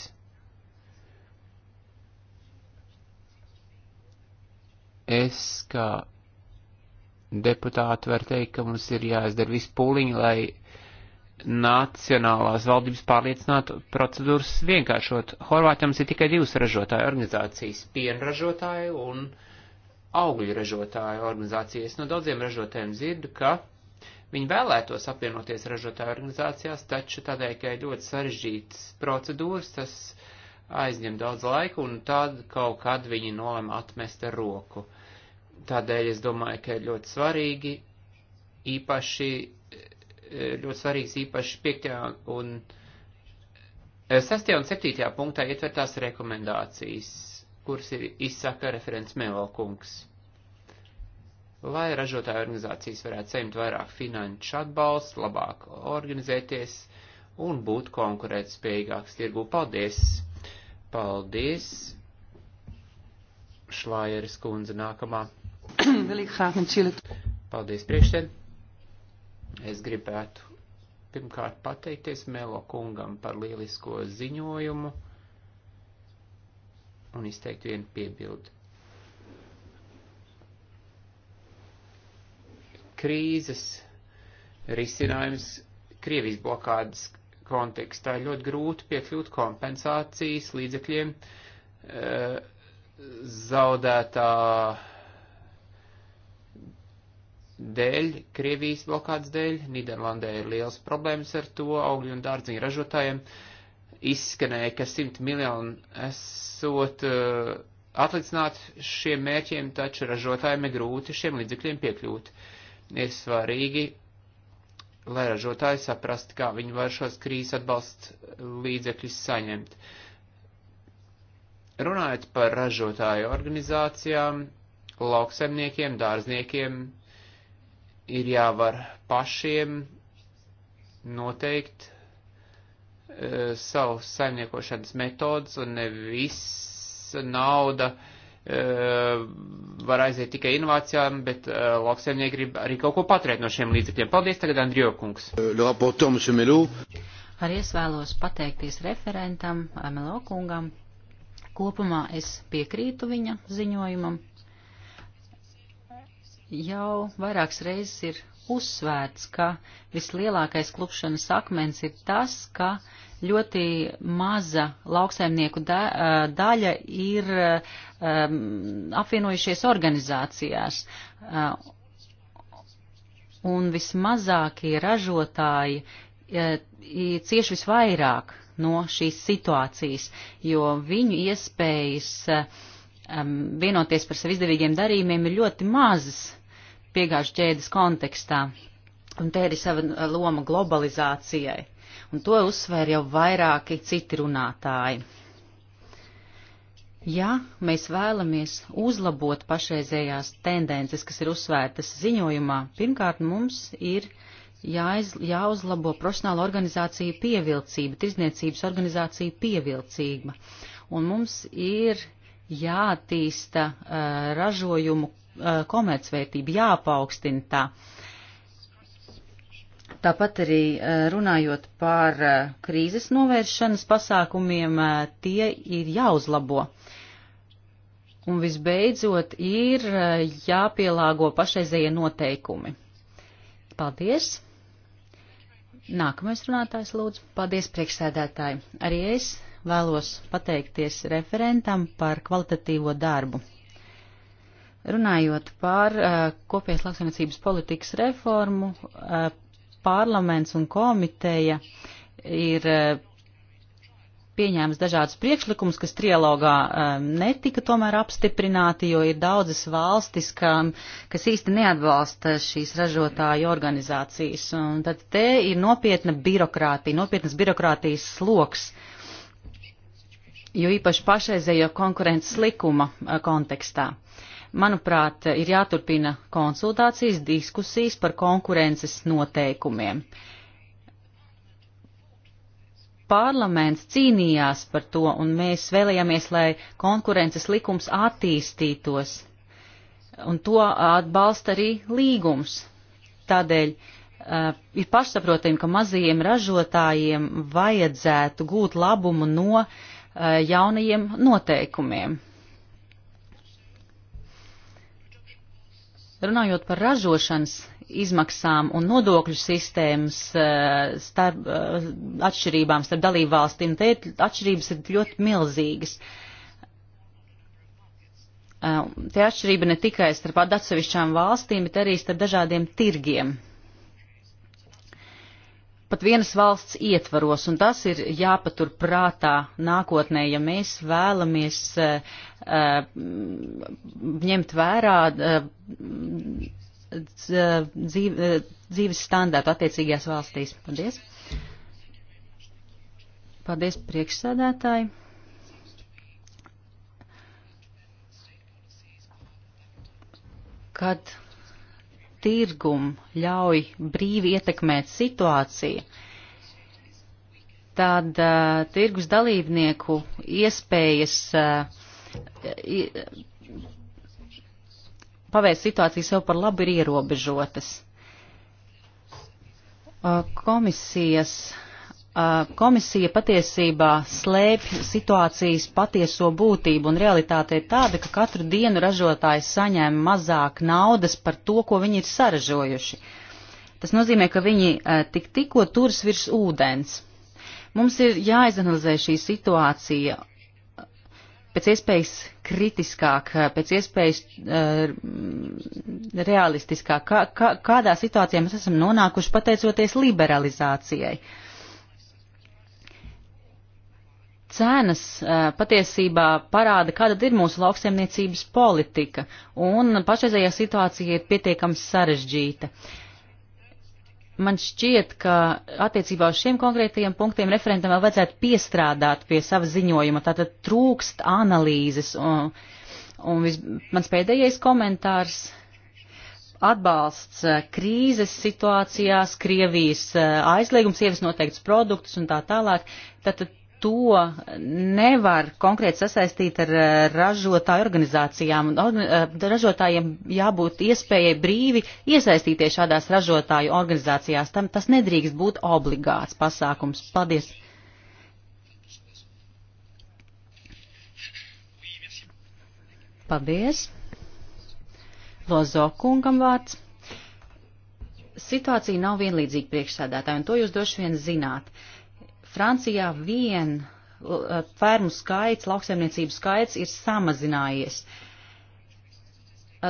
C: Es kā deputāti var teikt, ka mums ir jāizdara visu pūliņu, lai nacionālās valdības pārliecinātu procedūras vienkāršot. Horvātijam ir tikai divas ražotāju organizācijas - pienražotāju un augļu ražotāju organizācijas. No daudziem ražotājiem dzirdu, ka viņi vēlētos apvienoties ražotāju organizācijās, taču tādēļ, ka ir ļoti sarežģītas procedūras, tas aizņem daudz laika un tad kaut kad viņi nolem atmest ar roku. Tādēļ es domāju, ka ir ļoti svarīgi īpaši ļoti svarīgs īpaši 5. un 6. Eh, un 7. punktā ietvertās rekomendācijas, kuras ir izsaka referents Mēlkungs. Lai ražotāju organizācijas varētu saņemt vairāk finanšu atbalstu, labāk organizēties un būt konkurētspējīgāks tirgu. Paldies! Paldies! Šlājeris kundze nākamā.
A: Paldies
C: priekšsēdētājiem! Es gribētu pirmkārt pateikties Melo kungam par lielisko ziņojumu un izteikt vienu piebildu. Krīzes risinājums Krievijas blokādas kontekstā ir ļoti grūti piekļūt kompensācijas līdzekļiem eh, zaudētā uh, dēļ, Krievijas blokādes dēļ, Nīderlandē ir liels problēmas ar to augļu un dārziņu ražotājiem. Izskanēja, ka 100 miljoni esot uh, atlicināti šiem mērķiem, taču ražotājiem ir grūti šiem līdzekļiem piekļūt. Ir svarīgi, lai ražotāji saprast, kā viņi var šos krīzes atbalsts līdzekļus saņemt. Runājot par ražotāju organizācijām, lauksemniekiem, dārzniekiem, ir jāvar pašiem noteikt e, savu saimniekošanas metodus, un ne visa nauda e, var aiziet tikai inovācijām, bet e, lauksaimnieki grib arī kaut ko paturēt no šiem līdzekļiem. Paldies tagad, Andrijo kungs. E,
B: arī es vēlos pateikties referentam Melo kungam. Kopumā es piekrītu viņa ziņojumam jau vairākas reizes ir uzsvērts, ka vislielākais klupšanas akmens ir tas, ka ļoti maza lauksaimnieku daļa ir um, apvienojušies organizācijās. Un vismazākie ražotāji cieš visvairāk no šīs situācijas, jo viņu iespējas um, vienoties par sev izdevīgiem darījumiem ir ļoti mazas piegāžu ķēdes kontekstā. Un te ir sava uh, loma globalizācijai. Un to uzsver jau vairāki citi runātāji. Ja mēs vēlamies uzlabot pašreizējās tendences, kas ir uzsvērtas ziņojumā, pirmkārt mums ir jāiz, jāuzlabo profesionāla organizācija pievilcība, tirzniecības organizācija pievilcība. Un mums ir jātīsta uh, ražojumu Uh, komercvērtība, jāpaukstina tā. Tāpat arī uh, runājot par uh, krīzes novēršanas pasākumiem, tie ir jāuzlabo. Un visbeidzot ir jāpielāgo pašreizējie noteikumi. Paldies! Nākamais runātājs lūdzu. Paldies priekšsēdētāji. Arī es vēlos pateikties referentam par kvalitatīvo darbu. Runājot par uh, kopējas lauksaimniecības politikas reformu, uh, parlaments un komiteja ir uh, pieņēmis dažādas priekšlikumus, kas trialogā um, netika tomēr apstiprināti, jo ir daudzas valstis, kam, kas īsti neatbalsta šīs ražotāju organizācijas. Un tad te ir nopietna birokrātija, nopietnas birokrātijas sloks, jo īpaši pašreizējo konkurences likuma uh, kontekstā. Uh, Manuprāt, ir jāturpina konsultācijas, diskusijas par konkurences noteikumiem. Parlaments cīnījās par to, un mēs vēlējāmies, lai konkurences likums attīstītos, un to atbalsta arī līgums. Tādēļ uh, ir pašsaprotami, ka mazajiem ražotājiem vajadzētu gūt labumu no uh, jaunajiem noteikumiem. Runājot par ražošanas izmaksām un nodokļu sistēmas eh, starp, eh, atšķirībām starp dalībvalstīm, te atšķirības ir ļoti milzīgas. Eh, te atšķirība ne tikai starp atsevišķām valstīm, bet arī starp dažādiem tirgiem pat vienas valsts ietvaros, un tas ir jāpatur prātā nākotnē, ja mēs vēlamies uh, ņemt vērā uh, dzīv, dzīves standārtu attiecīgajās valstīs. Paldies! Paldies priekšsēdētāji! Kad tirgumu ļauj brīvi ietekmēt situāciju, tad uh, tirgus dalībnieku iespējas uh, i, pavērst situāciju sev par labu ir ierobežotas. Uh, komisijas uh, komisija patiesībā slēpj situācijas patieso būtību, un realitāte ir tāda, ka katru dienu ražotāji saņem mazāk naudas par to, ko viņi ir saražojuši. Tas nozīmē, ka viņi tik tikko turas virs ūdens. Mums ir jāizanalizē šī situācija pēc iespējas kritiskāk, pēc iespējas
D: uh,
B: realistiskāk, kā, kā, kādā situācijā mēs esam nonākuši pateicoties liberalizācijai. Uh, cenas patiesībā parāda, kāda ir mūsu lauksaimniecības politika, un pašreizējā situācija ir pietiekami sarežģīta. Man šķiet, ka attiecībā uz šiem konkrētajiem punktiem referentam vēl vajadzētu piestrādāt pie sava ziņojuma, tātad trūkst analīzes. Un, un vis, mans pēdējais komentārs atbalsts krīzes situācijās, Krievijas aizliegums ievies noteikts produktus un tā tālāk. Tātad to nevar konkrēti sasaistīt ar eh, ražotāju organizācijām. Eh, ražotājiem jābūt iespējai brīvi iesaistīties šādās ražotāju organizācijās. Tam tas nedrīkst būt obligāts pasākums. Paldies! Paldies! Lozo kungam vārds. Situācija nav vienlīdzīga priekšsēdētāji, un to jūs droši vien zināt. Uh, Francijā vien fermu skaits, lauksaimniecību skaits ir samazinājies.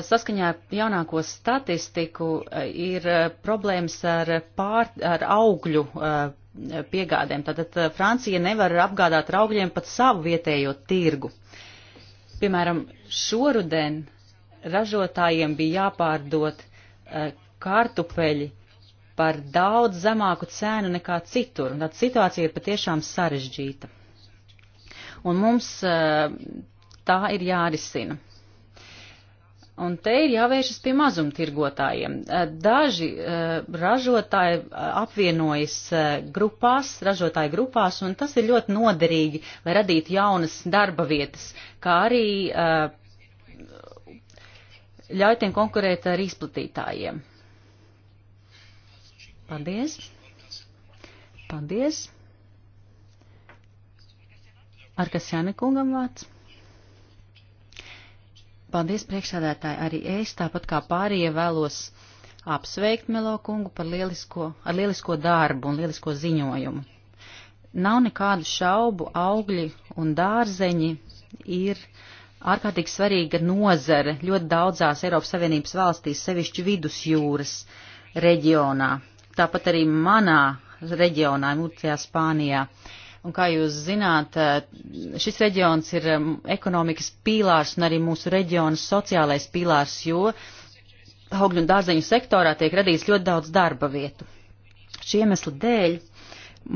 B: Saskaņā ar jaunāko statistiku ir problēmas ar, pār, ar augļu piegādēm. Tātad Francija nevar apgādāt ar augļiem pat savu vietējo tirgu. Piemēram, šoruden ražotājiem bija jāpārdot kartupeļi par daudz zemāku cēnu nekā citur. Tad situācija ir patiešām sarežģīta. Un mums eh, tā ir jārisina. Un te ir jāvēršas pie mazumtirgotājiem. Eh, daži uh, ražotāji apvienojas uh, grupās, ražotāju grupās, un tas ir ļoti noderīgi, lai radītu jaunas darba vietas, kā arī uh, ļauj tiem konkurēt ar izplatītājiem. Paldies! Paldies! Ar kas Janekungam vārds? Paldies priekšsādētāji, arī es, tāpat kā pārējie, vēlos apsveikt Melo kungu par lielisko, ar lielisko darbu un lielisko ziņojumu. Nav nekādu šaubu, augļi un dārzeņi ir ārkārtīgi svarīga nozare ļoti daudzās Eiropas Savienības valstīs, sevišķi vidusjūras reģionā tāpat arī manā reģionā, Murcijā, Spānijā. Un kā jūs zināt, eh, šis reģions ir eh, ekonomikas pīlārs un arī mūsu reģiona sociālais pīlārs, jo augļu un dārzeņu sektorā tiek radīts ļoti daudz darba vietu. Šī iemesla dēļ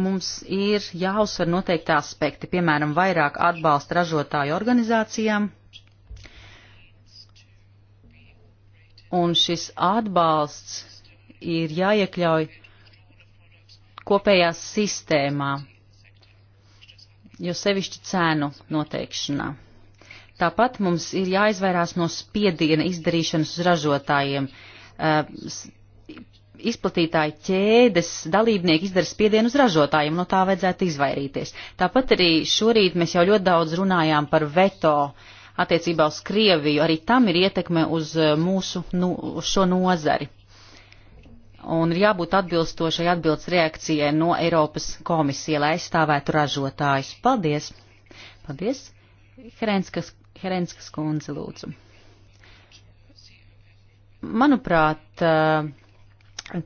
B: mums ir jāuzsver noteikti aspekti, piemēram, vairāk atbalsta ražotāju organizācijām. Un šis atbalsts ir jāiekļauj kopējā sistēmā, jo sevišķi cēnu noteikšanā. Tāpat mums ir jāizvairās no spiediena izdarīšanas uz ražotājiem. Eh, izplatītāji ķēdes dalībnieki izdara spiedienu uz ražotājiem, no tā vajadzētu izvairīties. Tāpat arī šorīt mēs jau ļoti daudz runājām par veto attiecībā uz Krieviju, arī tam ir ietekme uz eh, mūsu, nu, uz šo nozari un ir jābūt atbilstošai atbildes reakcijai no Eiropas komisija, lai aizstāvētu ražotājus. Paldies! Paldies! Herenskas, Herenskas kundze lūdzu. Manuprāt, eh,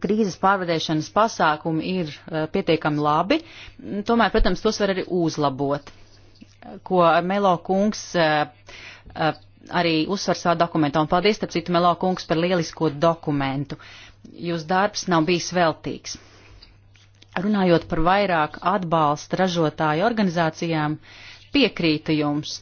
B: krīzes pārvadēšanas pasākumi ir eh, pietiekami labi, tomēr, protams, tos var arī uzlabot, ko Melo kungs eh, arī uzsver savā dokumentā. Un paldies, starp citu, Melā kungs par lielisko dokumentu. Jūs darbs nav bijis veltīgs. Runājot par vairāk atbalsta ražotāju organizācijām, piekrītu jums.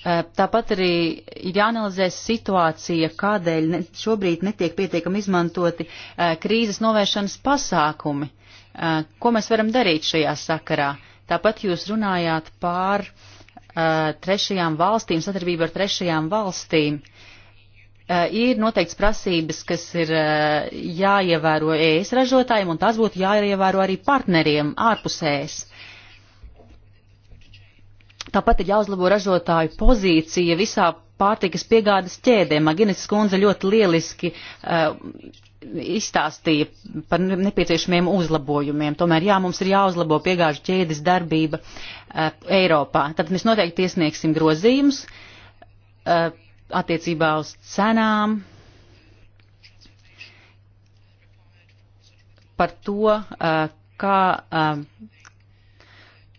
B: Eh, tāpat arī ir jāanalizē situācija, kādēļ ne, šobrīd netiek pietiekami izmantoti eh, krīzes novēršanas pasākumi. Eh, ko mēs varam darīt šajā sakarā? Tāpat jūs runājāt pār uh, Eh, trešajām valstīm, sadarbība ar trešajām valstīm. Eh, ir noteikts prasības, kas ir eh, jāievēro ES ražotājiem, un tās būtu jāievēro arī partneriem ārpus ES. Tāpat ir jāuzlabo ražotāju pozīcija visā pārtikas piegādes ķēdēm. Maginis Skundze ļoti lieliski uh, izstāstīja par nepieciešamiem uzlabojumiem. Tomēr jā, mums ir jāuzlabo piegāžu ķēdes darbība uh, Eiropā. Tad mēs noteikti iesniegsim grozījumus uh, attiecībā uz cenām, par to, uh, kā uh,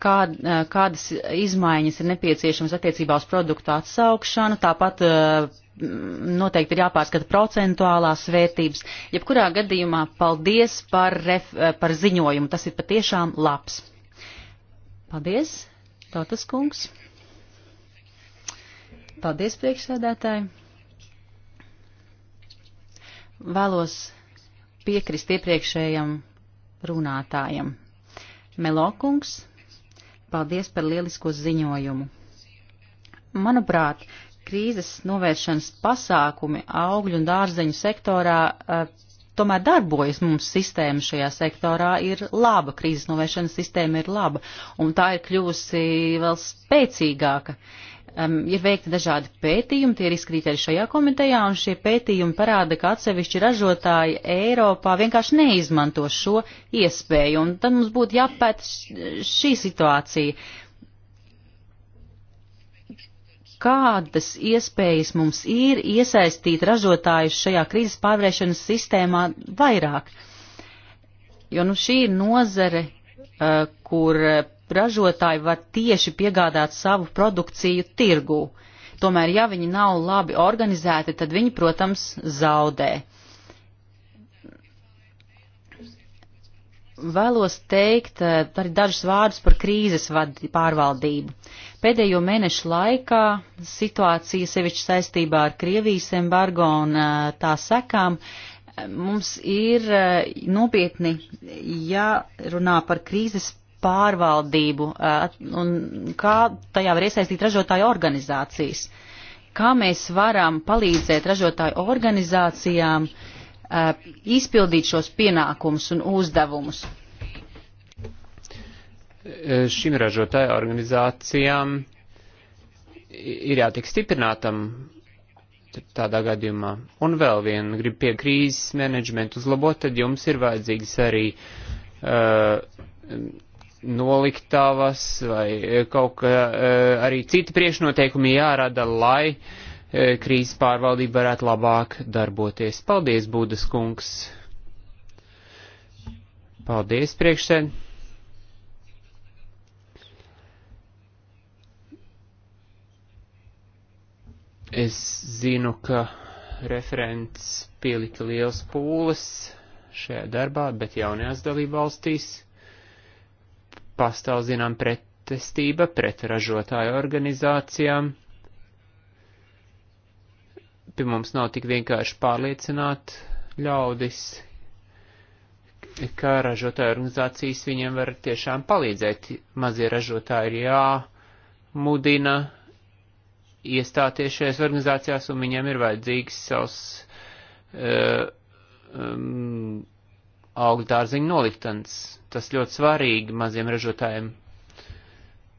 B: kā, eh, kādas izmaiņas ir nepieciešamas attiecībā uz produktu atsaukšanu, tāpat eh, noteikti ir jāpārskata procentuālās vērtības. Jebkurā gadījumā paldies par, ref, eh, par ziņojumu, tas ir patiešām labs. Paldies, Totas kungs. Paldies, priekšsēdētāji. Vēlos piekrist iepriekšējam runātājam. Melokungs Paldies par lielisko ziņojumu. Manuprāt, krīzes novēršanas pasākumi augļu un dārzeņu sektorā eh, tomēr darbojas mums sistēma šajā sektorā ir laba, krīzes novēršanas sistēma ir laba, un tā ir kļuvusi vēl spēcīgāka. Uh, um, ir veikti dažādi pētījumi, tie ir izskatīti arī šajā komitejā, un šie pētījumi parāda, ka atsevišķi ražotāji Eiropā vienkārši neizmanto šo iespēju, un tad mums būtu jāpēt šī situācija. Kādas iespējas mums ir iesaistīt ražotājus šajā krīzes pārvarēšanas sistēmā vairāk? Jo nu šī ir nozare, uh, kur ražotāji var tieši piegādāt savu produkciju tirgū. Tomēr, ja viņi nav labi organizēti, tad viņi, protams, zaudē. Vēlos teikt eh, arī dažus vārdus par krīzes pārvaldību. Pēdējo mēnešu laikā situācija sevišķi saistībā ar Krievijas embargo un eh, tā sekām eh, mums ir nopietni jārunā par krīzes pārvaldību un kā tajā var iesaistīt ražotāju organizācijas. Kā mēs varam palīdzēt ražotāju organizācijām izpildīt šos pienākumus un uzdevumus?
C: Šim ražotāju organizācijām ir jātiek stiprinātam tādā gadījumā. Un vēl vienu, grib pie krīzes menedžmentu uzlabot, tad jums ir vajadzīgs arī uh, noliktavas vai e, kaut kā e, arī citi priekšnoteikumi jārada, lai e, krīzes pārvaldība varētu labāk darboties. Paldies, Būdas kungs! Paldies, priekšsēd! Es zinu, ka referents pielika liels pūles šajā darbā, bet jaunajās dalībvalstīs valstīs pastāv zinām pretestība pret ražotāju organizācijām. Pie mums nav tik vienkārši pārliecināt ļaudis, ka ražotāju organizācijas viņiem var tiešām palīdzēt. Mazie ražotāji ir jāmudina iestāties šajās organizācijās, un viņiem ir vajadzīgs savs uh, um, augļu dārziņu noliktans. Tas ļoti svarīgi maziem ražotājiem.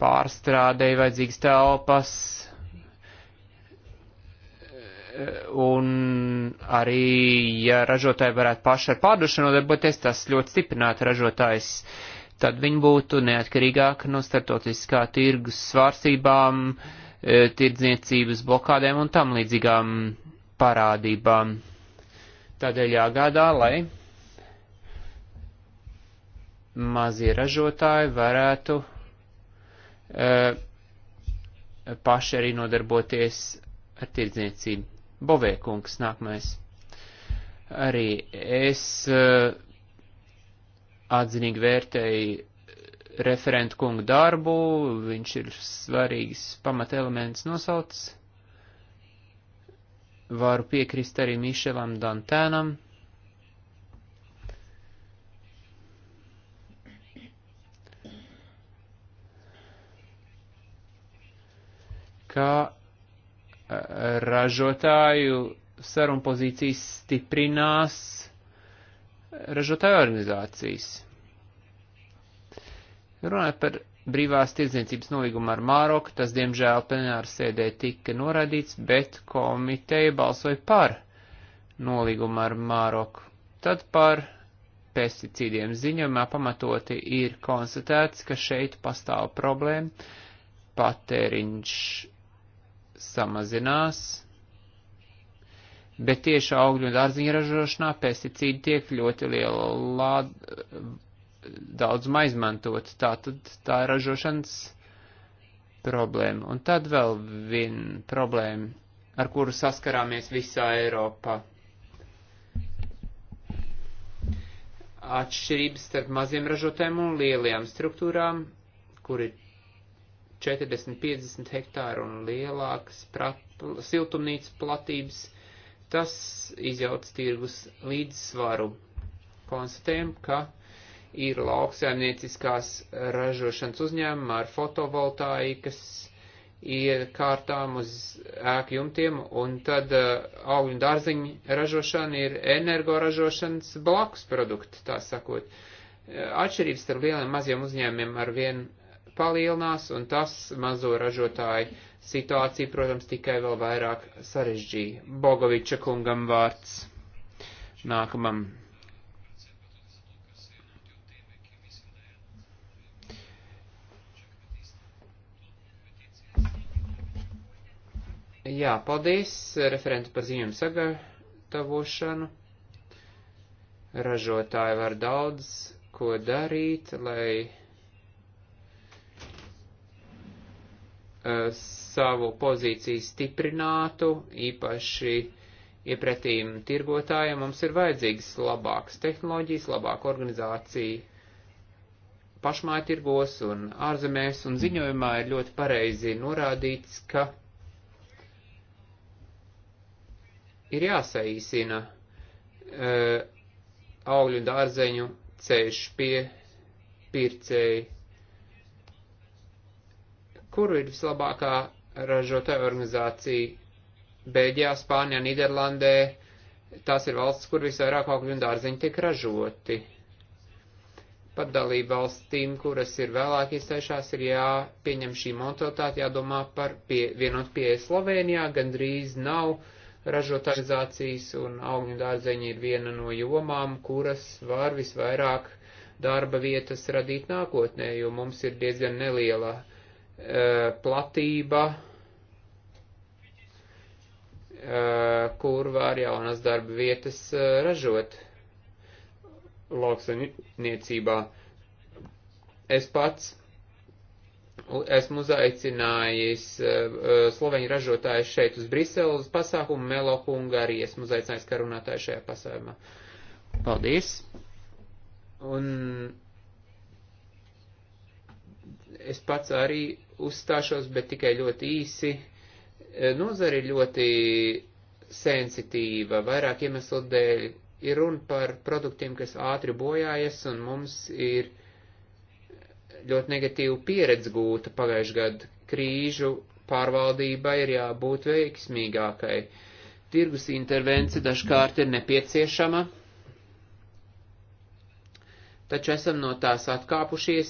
C: Pārstrādēji vajadzīgas telpas un arī, ja ražotāji varētu paši ar pārdošanu nodarboties, tas ļoti stiprinātu ražotājs. Tad viņi būtu neatkarīgāki no startotiskā tirgus svārstībām, e, tirdzniecības blokādēm un tam līdzīgām parādībām. Tādēļ jāgādā, lai mazie ražotāji varētu uh, paši arī nodarboties ar tirdzniecību. Bovēkungs nākamais. Arī es uh, atzinīgi vērtēju referentu kungu darbu, viņš ir svarīgs pamatelements nosaucis. Varu piekrist arī Mišelam Dantēnam. kā e, ražotāju sarunpozīcijas stiprinās ražotāju organizācijas. Runājot par brīvās tirdzniecības nolīgumu ar Māroku, tas diemžēl plenāra sēdē tika noraidīts, bet komiteja balsoja par nolīgumu ar Māroku. Tad par pesticīdiem ziņojumā pamatoti ir konstatēts, ka šeit pastāv problēma patēriņš samazinās, bet tieši augļu un dārziņu ražošanā pesticīdi tiek ļoti liela lāda daudzumā izmantot. Tā tad tā ir ražošanas problēma. Un tad vēl viena problēma, ar kuru saskarāmies visā Eiropā. Atšķirības starp maziem ražotēm un lielajām struktūrām, kur ir 40-50 hektāru un lielākas siltumnīcas platības, tas izjauc tirgus līdzsvaru. Konstatējam, ka ir lauksaimnieciskās ražošanas uzņēmuma ar fotovoltaikas iekārtām uz ēku jumtiem, un tad uh, augļu un dārziņu ražošana ir energoražošanas blakus produkti, tā sakot. Uh, atšķirības starp lieliem maziem uzņēmiem ar vienu palielinās, un tas mazo ražotāju situāciju, protams, tikai vēl vairāk sarežģīja. Bogoviča kungam vārds nākamam. Jā, paldies referentu par ziņojumu sagatavošanu. Ražotāji var daudz ko darīt, lai Eh, savu pozīciju stiprinātu, īpaši iepretīm tirgotājiem, mums ir vajadzīgas labākas tehnoloģijas, labāka organizācija pašmāja tirgos un ārzemēs, un ziņojumā ir ļoti pareizi norādīts, ka ir jāsaīsina e, augļu un dārzeņu ceļš pie pircēju kuru ir vislabākā ražotāja organizācija. Bēļģijā, Spānijā, Nīderlandē tās ir valsts, kur visvairāk augļu un dārziņu tiek ražoti. Pat dalību valstīm, kuras ir vēlāk iztaišās, ir jāpieņem šī mentalitāte, jādomā par pie, vienot pieeja Slovenijā, gandrīz nav ražotājizācijas un augļu dārzeņi ir viena no jomām, kuras var visvairāk darba vietas radīt nākotnē, jo mums ir diezgan neliela Eh, platība, eh, kur var jaunas darba vietas eh, ražot lauksaimniecībā. Es pats esmu uzaicinājis sloveņu ražotājus šeit uz Briselu uz pasākumu Melokunga, arī esmu uzaicinājis kā runātāju šajā pasākumā. Paldies! Un Es pats arī uzstāšos, bet tikai ļoti īsi. E, Nozara ir ļoti sensitīva, vairāk iemeslu dēļ. Ir runa par produktiem, kas ātri bojājas, un mums ir ļoti negatīva pieredze gūta pagājušajā gadā. Krīžu pārvaldībai ir jābūt veiksmīgākai. Tirgus intervence dažkārt ir nepieciešama taču esam no tās atkāpušies,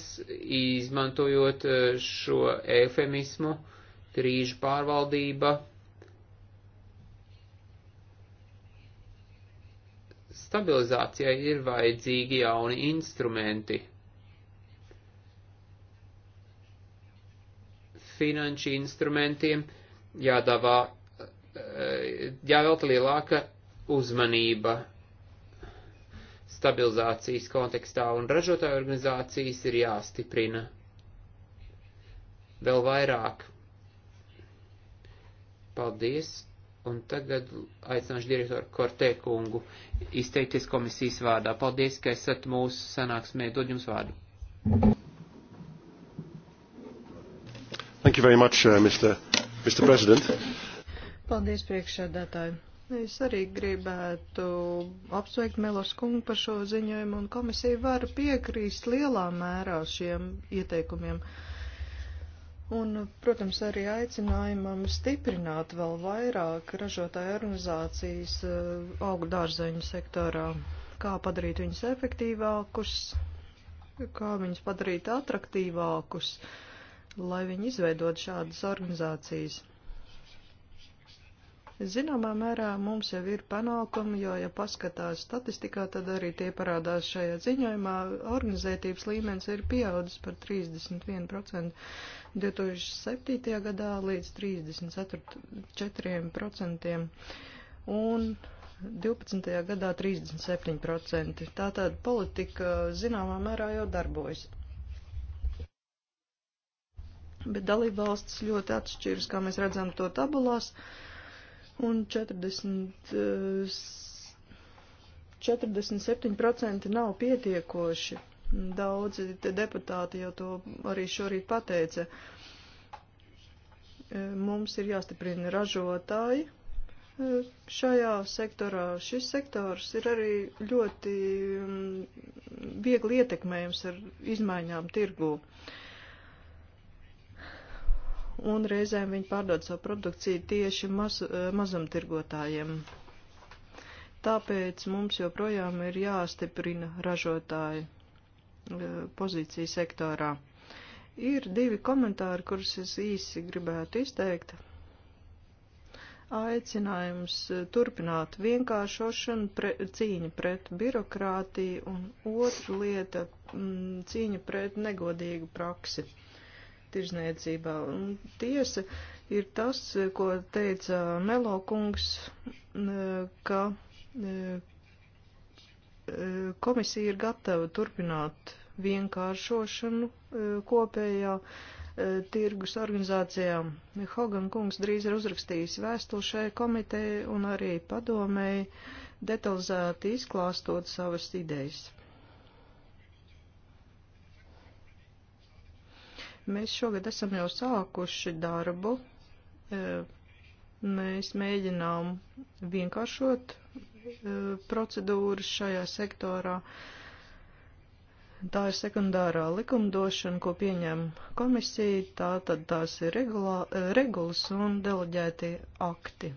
C: izmantojot e, šo eufemismu krīžu pārvaldība. Stabilizācijai ir vajadzīgi jauni instrumenti. Finanšu instrumentiem jādavā, e, e, jāvelta lielāka uzmanība stabilizācijas kontekstā, un ražotāju organizācijas ir jāstiprina vēl vairāk. Paldies! Un tagad aicināšu direktoru Kortē kungu izteikties komisijas vārdā. Paldies, ka esat mūsu sanāksmē. Dod jums vārdu.
A: Thank you very much, uh, Mr. Mr. President.
D: Paldies, priekšsēdētāji. Es arī gribētu apsveikt Melos kungu par šo ziņojumu, un komisija var piekrīst lielā mērā šiem ieteikumiem. Un, protams, arī aicinājumam stiprināt vēl vairāk ražotāju organizācijas eh, augu dārzeņu sektorā, kā padarīt viņus efektīvākus, kā viņus padarīt atraktīvākus, lai viņi izveidot šādas organizācijas. Zināmā mērā mums jau ir panākumi, jo, ja paskatās statistikā, tad arī tie parādās šajā ziņojumā. Organizētības līmenis ir pieaudzis par 31% 2007. gadā līdz 34% un 12. gadā 37%. Tātad politika zināmā mērā jau darbojas. Bet dalībvalstis ļoti atšķiras, kā mēs redzam to tabulās. Uh, un 40, 47% eh, nav pietiekoši. Daudzi deputāti jau to arī šorīt pateica. Eh, mums ir jāstiprina ražotāji eh, šajā sektorā. Šis sektors ir arī ļoti mm, viegli ietekmējams ar izmaiņām tirgū. Uh, un reizēm viņi pārdod savu produkciju tieši maz, eh, mazumtirgotājiem. Tāpēc mums joprojām ir jāstiprina ražotāju eh, pozīcija sektorā. Ir divi komentāri, kurus es īsi gribētu izteikt. Aicinājums eh, turpināt vienkāršošanu, pre, cīņa pret birokrātiju un otra lieta mm, - cīņa pret negodīgu praksi tirzniecībā. Un tiesa ir tas, ko teica Melo kungs, ka komisija ir gatava turpināt vienkāršošanu e, kopējā e, tirgus organizācijām. Hogan kungs drīz ir uzrakstījis vēstuli šai komitejai un arī padomēji detalizēti izklāstot savas idejas. Mēs šogad esam jau sākuši darbu. E, mēs mēģinām vienkāršot e, procedūras šajā sektorā. Tā ir sekundārā likumdošana, ko pieņem komisija, tā tad tās ir regulā, e, regulas un deleģēti akti.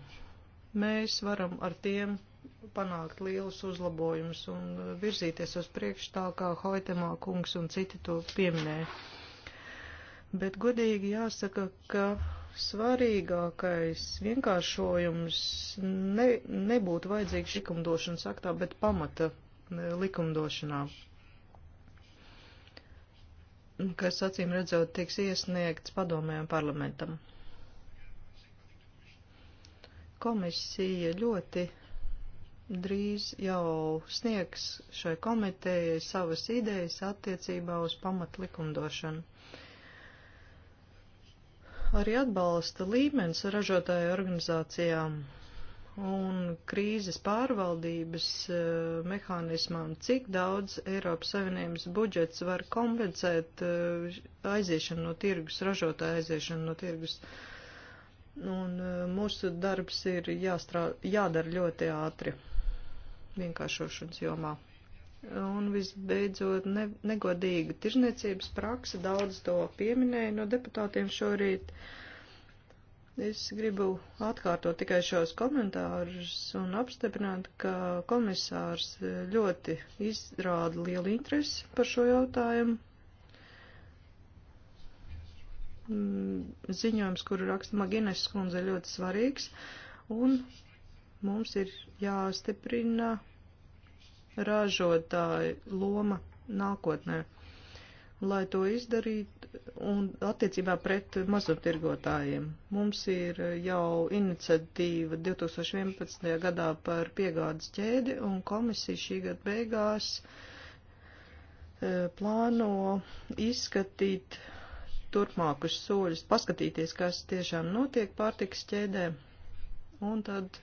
D: Mēs varam ar tiem panākt lielus uzlabojumus un virzīties uz priekšu tā, kā Hoitemā kungs un citi to pieminēja bet godīgi jāsaka, ka svarīgākais vienkāršojums ne, nebūtu vajadzīgs likumdošanas aktā, bet pamata e, likumdošanā, kas acīm redzot tiks iesniegts padomējiem parlamentam. Komisija ļoti drīz jau sniegs šai komitejai savas idejas attiecībā uz pamat likumdošanu arī atbalsta līmenis ražotāju organizācijām un krīzes pārvaldības e, mehānismam, cik daudz Eiropas Savienības budžets var kompensēt e, aiziešanu no tirgus, ražotāju aiziešanu no tirgus. Un e, mūsu darbs ir jāstrā, jādara ļoti ātri vienkāršošanas jomā. Un visbeidzot, ne, negodīga tirzniecības praksa, daudz to pieminēja no deputātiem šorīt. Es gribu atkārtot tikai šos komentārus un apstiprināt, ka komisārs ļoti izrāda lielu interesi par šo jautājumu. Mm, ziņojums, kuru raksta Magines skundze, ļoti svarīgs, un mums ir jāstiprina ražotāju loma nākotnē, lai to izdarītu un attiecībā pret mazumtirgotājiem. Mums ir jau iniciatīva 2011. gadā par piegādes ķēdi un komisija šī gada beigās e, plāno izskatīt turpmākus soļus, paskatīties, kas tiešām notiek pārtikas ķēdē, un tad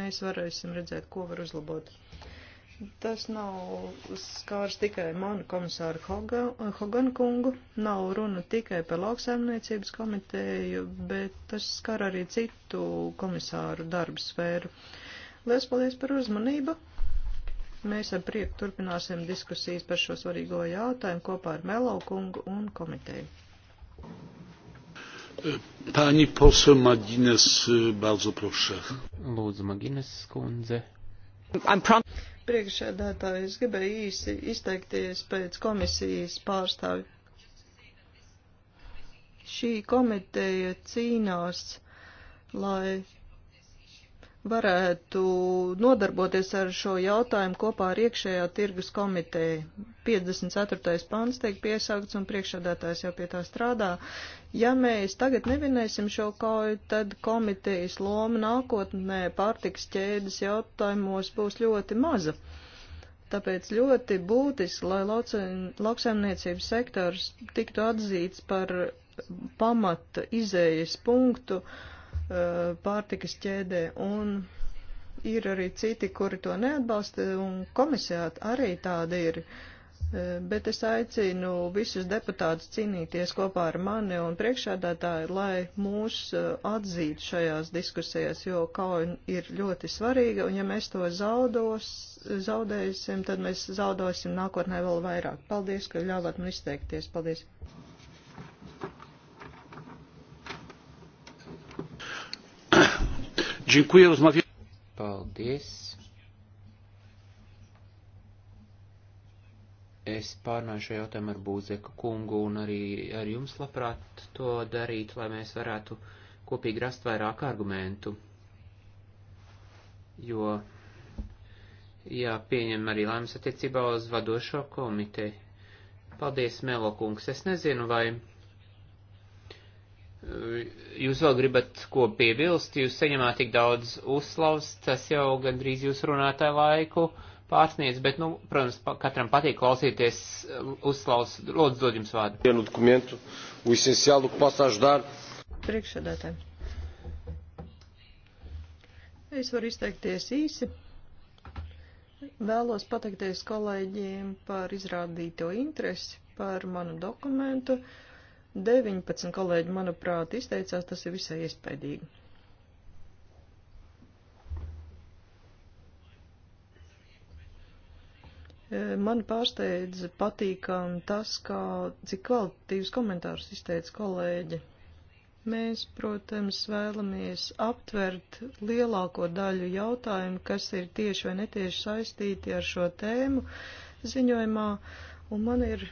D: mēs varēsim redzēt, ko var uzlabot. Tas nav skārs tikai manu komisāru Hogan kungu, nav runa tikai par lauksaimniecības komiteju, bet tas skar arī citu komisāru darbu sfēru. Lielas paldies par uzmanību! Mēs ar prieku turpināsim diskusijas par šo svarīgo jautājumu kopā ar Melo kungu un komiteju.
A: Pani poseł Magines, bardzo proszę. Lūdzu, Magines skundze.
D: Priekšsēdētāji, es gribēju īsi izteikties pēc komisijas pārstāvi. Šī komiteja cīnās, lai varētu nodarboties ar šo jautājumu kopā ar iekšējā tirgus komiteju. 54. pants tiek piesaukts un priekšādātājs jau pie tā strādā. Ja mēs tagad nevinēsim šo kauju, tad komitejas loma nākotnē pārtiks ķēdes jautājumos būs ļoti maza. Tāpēc ļoti būtiski, lai lauksaimniecības sektors tiktu atzīts par pamata izējas punktu uh, Eh, pārtikas ķēdē, un ir arī citi, kuri to neatbalsta, un komisijā arī tāda ir. Eh, bet es aicinu visus deputātus cīnīties kopā ar mani un priekšādātāju, lai mūs eh, atzītu šajās diskusijās, jo kauja ir ļoti svarīga, un ja mēs to zaudos, zaudēsim, tad mēs zaudosim nākotnē vēl vairāk. Paldies, ka ļāvāt man izteikties. Paldies!
C: Dziękuję, rozmawiam. Paldies. Es pārnāju šo jautājumu ar Būzeku kungu un arī ar jums labprāt to darīt, lai mēs varētu kopīgi rast vairāk argumentu. Jo jāpieņem arī lēmums attiecībā uz vadošo komiteju. Paldies, Melo kungs. Es nezinu, vai Jūs vēl gribat ko piebilst, jūs saņemāt tik daudz uzslavas, tas jau gandrīz jūs runātāju laiku pārsniedz, bet, nu, protams, katram patīk klausīties um, uzslavas, lūdzu, dod jums vārdu.
A: Vienu dokumentu, o essenciālu, ko pasāžu dar.
D: Priekšsēdētāji. Es varu izteikties īsi. Vēlos pateikties kolēģiem par izrādīto interesi par manu dokumentu. Uh, 19 kolēģi, manuprāt, izteicās, tas ir visai iespaidīgi. E, man pārsteidza patīkam tas, kā cik kvalitīvs komentārus izteica kolēģi. Mēs, protams, vēlamies aptvert lielāko daļu jautājumu, kas ir tieši vai netieši saistīti ar šo tēmu ziņojumā, un man ir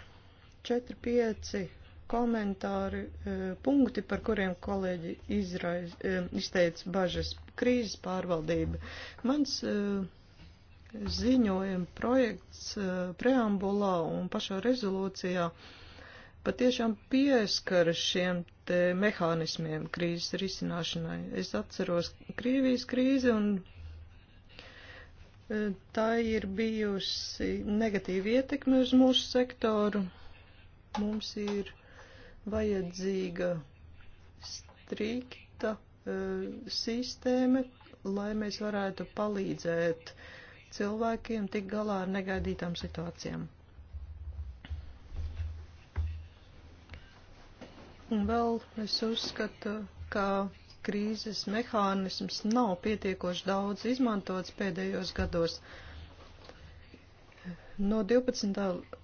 D: 4-5 komentāri, e, punkti, par kuriem kolēģi izraiz, e, izteica bažas krīzes pārvaldība. Mans e, ziņojuma projekts preambulā un pašā rezolūcijā patiešām pieskaras šiem te mehānismiem krīzes risināšanai. Es atceros Krievijas krīzi un tā ir bijusi negatīva ietekme uz mūsu sektoru. Mums ir vajadzīga strikta e, sistēma, lai mēs varētu palīdzēt cilvēkiem tik galā ar negaidītām situācijām. Un vēl es uzskatu, ka krīzes mehānisms nav pietiekoši daudz izmantots pēdējos gados. No 12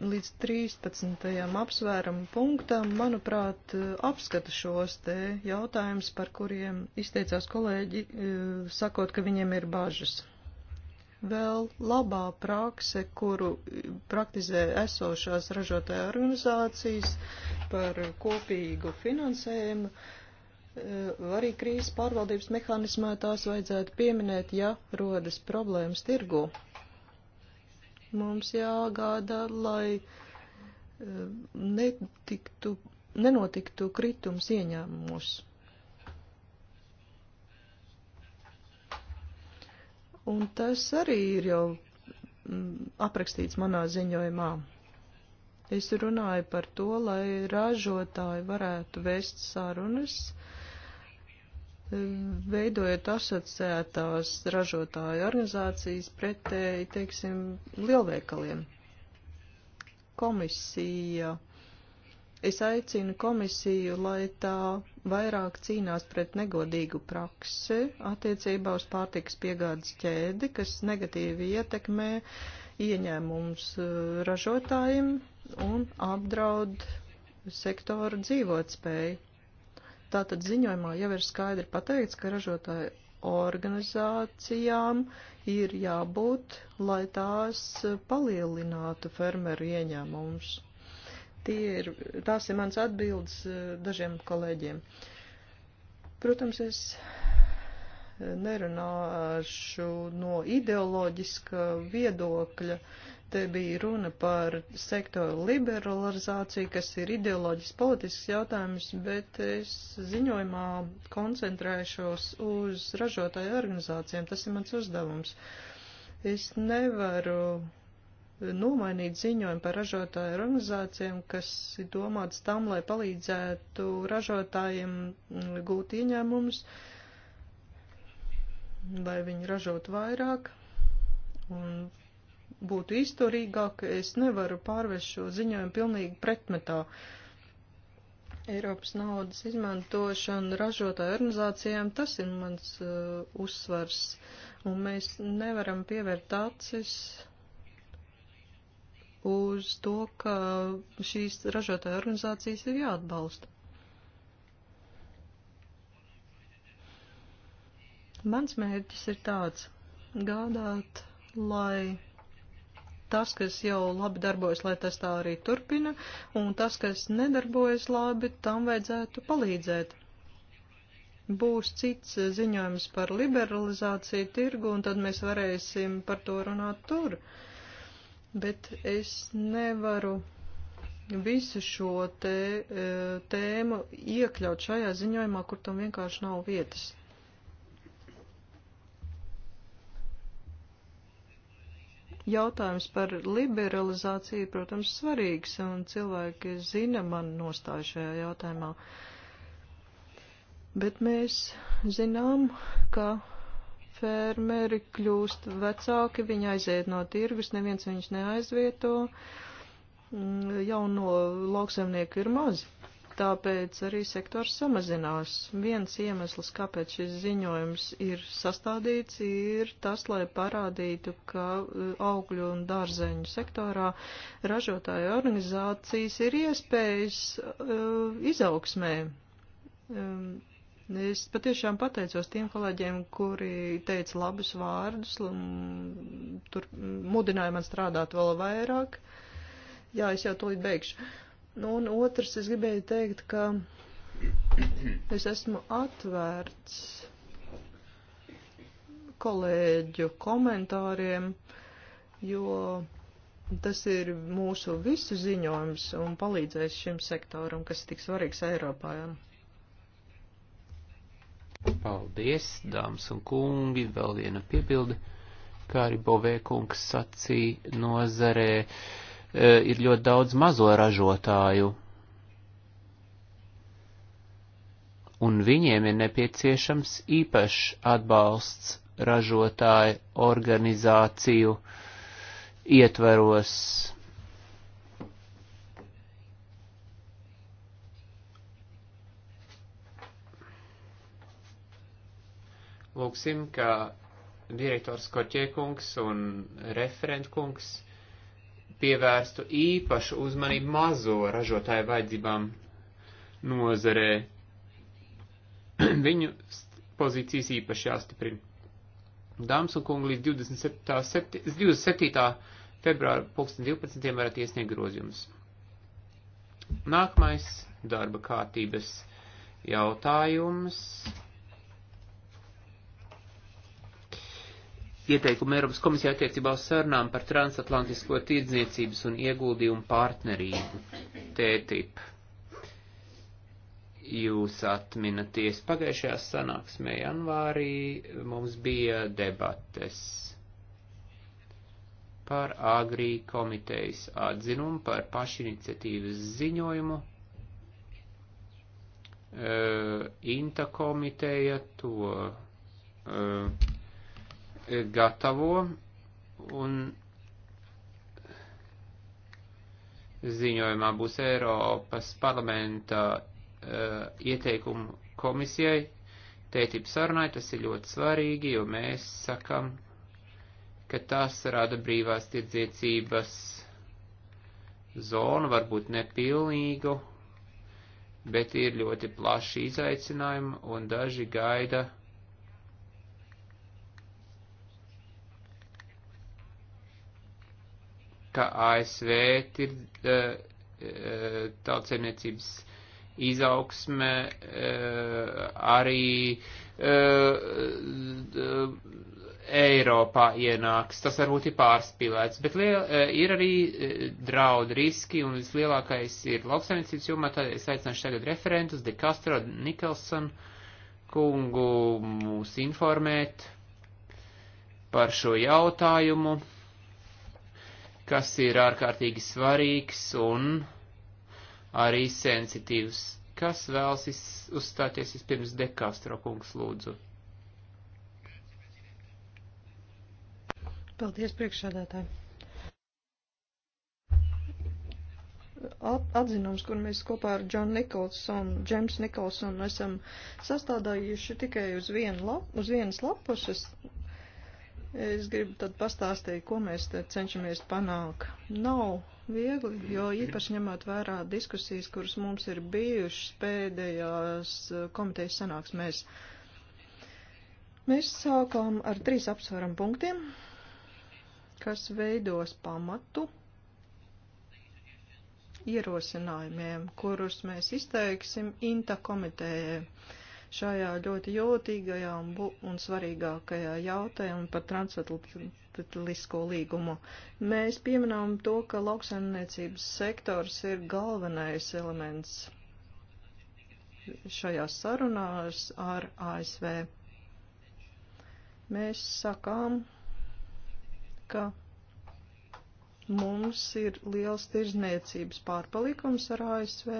D: līdz 13. apsvērumu punktam, manuprāt, eh, apskata šos te jautājumus, par kuriem izteicās kolēģi, eh, sakot, ka viņiem ir bažas. Vēl labā prakse, kuru praktizē esošās ražotāja organizācijas par kopīgu finansējumu, eh, arī krīzes pārvaldības mehānismā tās vajadzētu pieminēt, ja rodas problēmas tirgu Mums jāgādā, lai eh, netiktu, nenotiktu kritums ieņēmumus. Un tas arī ir jau mm, aprakstīts manā ziņojumā. Es runāju par to, lai ražotāji varētu vēst sarunas veidojot asociētās ražotāju organizācijas pretēji, teiksim, lielveikaliem. Komisija. Es aicinu komisiju, lai tā vairāk cīnās pret negodīgu praksi attiecībā uz pārtikas piegādes ķēdi, kas negatīvi ietekmē ieņēmums uh, ražotājiem un apdraud sektoru dzīvotspēju Tātad ziņojumā jau ir skaidri pateikts, ka ražotāju organizācijām ir jābūt, lai tās palielinātu fermeru ieņēmumus. Tie ir, tās ir mans atbildes eh, dažiem kolēģiem. Protams, es nerunāšu no ideoloģiska viedokļa. Uh, Te bija runa par sektoru liberalizāciju, kas ir ideoloģisks politisks jautājums, bet es ziņojumā koncentrēšos uz ražotāju organizācijām. Tas ir mans uzdevums. Es nevaru nomainīt ziņojumu par ražotāju organizācijām, kas ir domāts tam, lai palīdzētu ražotājiem gūt ieņēmumus, lai viņi ražotu vairāk un būtu izturīgāk, es nevaru pārvest šo ziņojumu pilnīgi pretmetā. Eiropas naudas izmantošana ražotāju organizācijām, tas ir mans uh, uzsvars, un mēs nevaram pievērt acis uz to, ka šīs ražotāju organizācijas ir jāatbalsta. Mans mērķis ir tāds - gādāt, lai tas, kas jau labi darbojas, lai tas tā arī turpina, un tas, kas nedarbojas labi, tam vajadzētu palīdzēt. Būs cits ziņojums par liberalizāciju tirgu, un tad mēs varēsim par to runāt tur. Bet es nevaru visu šo te, e, tēmu iekļaut šajā ziņojumā, kur tam vienkārši nav vietas. Jautājums par liberalizāciju, protams, svarīgs, un cilvēki zina man nostāju šajā jautājumā. Bet mēs zinām, ka fermeri kļūst vecāki, viņi aiziet no tirgus, neviens viņus neaizvieto, mm, jauno lauksaimnieku ir mazi tāpēc arī sektors samazinās. Viens iemesls, kāpēc šis ziņojums ir sastādīts, ir tas, lai parādītu, ka uh, augļu un dārzeņu sektorā ražotāju organizācijas ir iespējas uh, izaugsmē. Um, Es patiešām pateicos tiem kolēģiem, kuri teica labus vārdus, tur mm, mudināja man strādāt vēl vairāk. Jā, es jau tūlīt beigšu. Nu, un otrs, es gribēju teikt, ka es esmu atvērts kolēģu komentāriem, jo tas ir mūsu visu ziņojums un palīdzēs šim sektoram, kas ir tik svarīgs Eiropā. Ja?
C: Paldies, dāmas un kungi, vēl viena piebilde, kā arī Bovē kungs sacīja nozarē E, ir ļoti daudz mazo ražotāju. Un viņiem ir nepieciešams īpašs atbalsts ražotāju organizāciju ietveros. Lūksim, ka direktors Koķiekungs un referentkungs pievērstu īpašu uzmanību mazo ražotāju vajadzībām nozarē. (clears throat) Viņu pozīcijas īpaši jāstiprina. Dāmas un kungi, līdz 27. 27. februāra 2012. varat iesniegt grozījumus. Nākamais darba kārtības jautājums. ieteikumu Eiropas komisijā attiecībā uz sarunām par transatlantisko tirdzniecības un ieguldījumu partnerību. TTIP. Jūs atminaties, pagājušajā sanāksmē janvārī mums bija debates par Agrī komitejas atzinumu par pašiniciatīvas ziņojumu uh, Inta komiteja to uh, gatavo un ziņojumā būs Eiropas parlamenta uh, ieteikumu komisijai tētību sarunai. Tas ir ļoti svarīgi, jo mēs sakam, ka tas rada brīvās tirdzniecības zonu, varbūt nepilnīgu, bet ir ļoti plaši izaicinājumi un daži gaida ka ASV ir e, e, tautsēmniecības izaugsme e, arī Eiropā ienāks. Tas varbūt ir pārspīlēts, bet liel, ir arī draudi, riski, un vislielākais ir lauksaimniecības jomā, tad es aicināšu tagad referentus, De Castro, Nikelson kungu mūs informēt par šo jautājumu kas ir ārkārtīgi svarīgs un arī sensitīvs. Kas vēlas iz, uzstāties vispirms dekastro kungs lūdzu?
D: Paldies priekšsādātāji. atzinums, kur mēs kopā ar John Nicholson, James Nicholson esam sastādājuši tikai uz, vienu lap, uz vienas lapuses, Es gribu tad pastāstīt, ko mēs cenšamies panākt. Nav viegli, jo īpaši ņemot vērā diskusijas, kuras mums ir bijušas pēdējās eh, komitejas sanāksmēs. Mēs sākām ar trīs apsveram punktiem, kas veidos pamatu ierosinājumiem, kurus mēs izteiksim INTA komitējai šajā ļoti jūtīgajā un, un svarīgākajā jautājumā par transatlantisko līgumu. Mēs pieminām to, ka lauksaimniecības sektors ir galvenais elements šajās sarunās ar ASV. Mēs sakām, ka mums ir liels tirzniecības pārpalikums ar ASV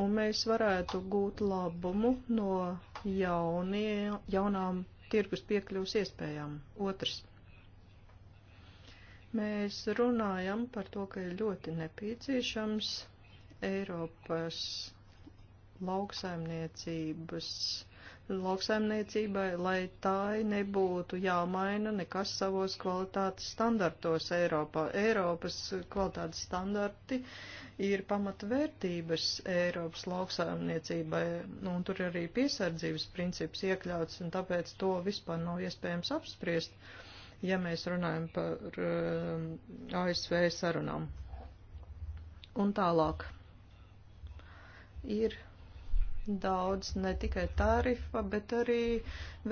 D: un mēs varētu gūt labumu no jaunie, jaunām tirgus piekļuvas iespējām. Otrs. Mēs runājam par to, ka ir ļoti nepieciešams Eiropas lauksaimniecības lauksaimniecībai, lai tai nebūtu jāmaina nekas savos kvalitātes standartos Eiropā. Eiropas kvalitātes standarti ir pamatvērtības Eiropas lauksaimniecībai, un tur arī piesardzības princips iekļauts, un tāpēc to vispār nav iespējams apspriest, ja mēs runājam par uh, um, ASV sarunām. Un tālāk ir daudz ne tikai tarifa, bet arī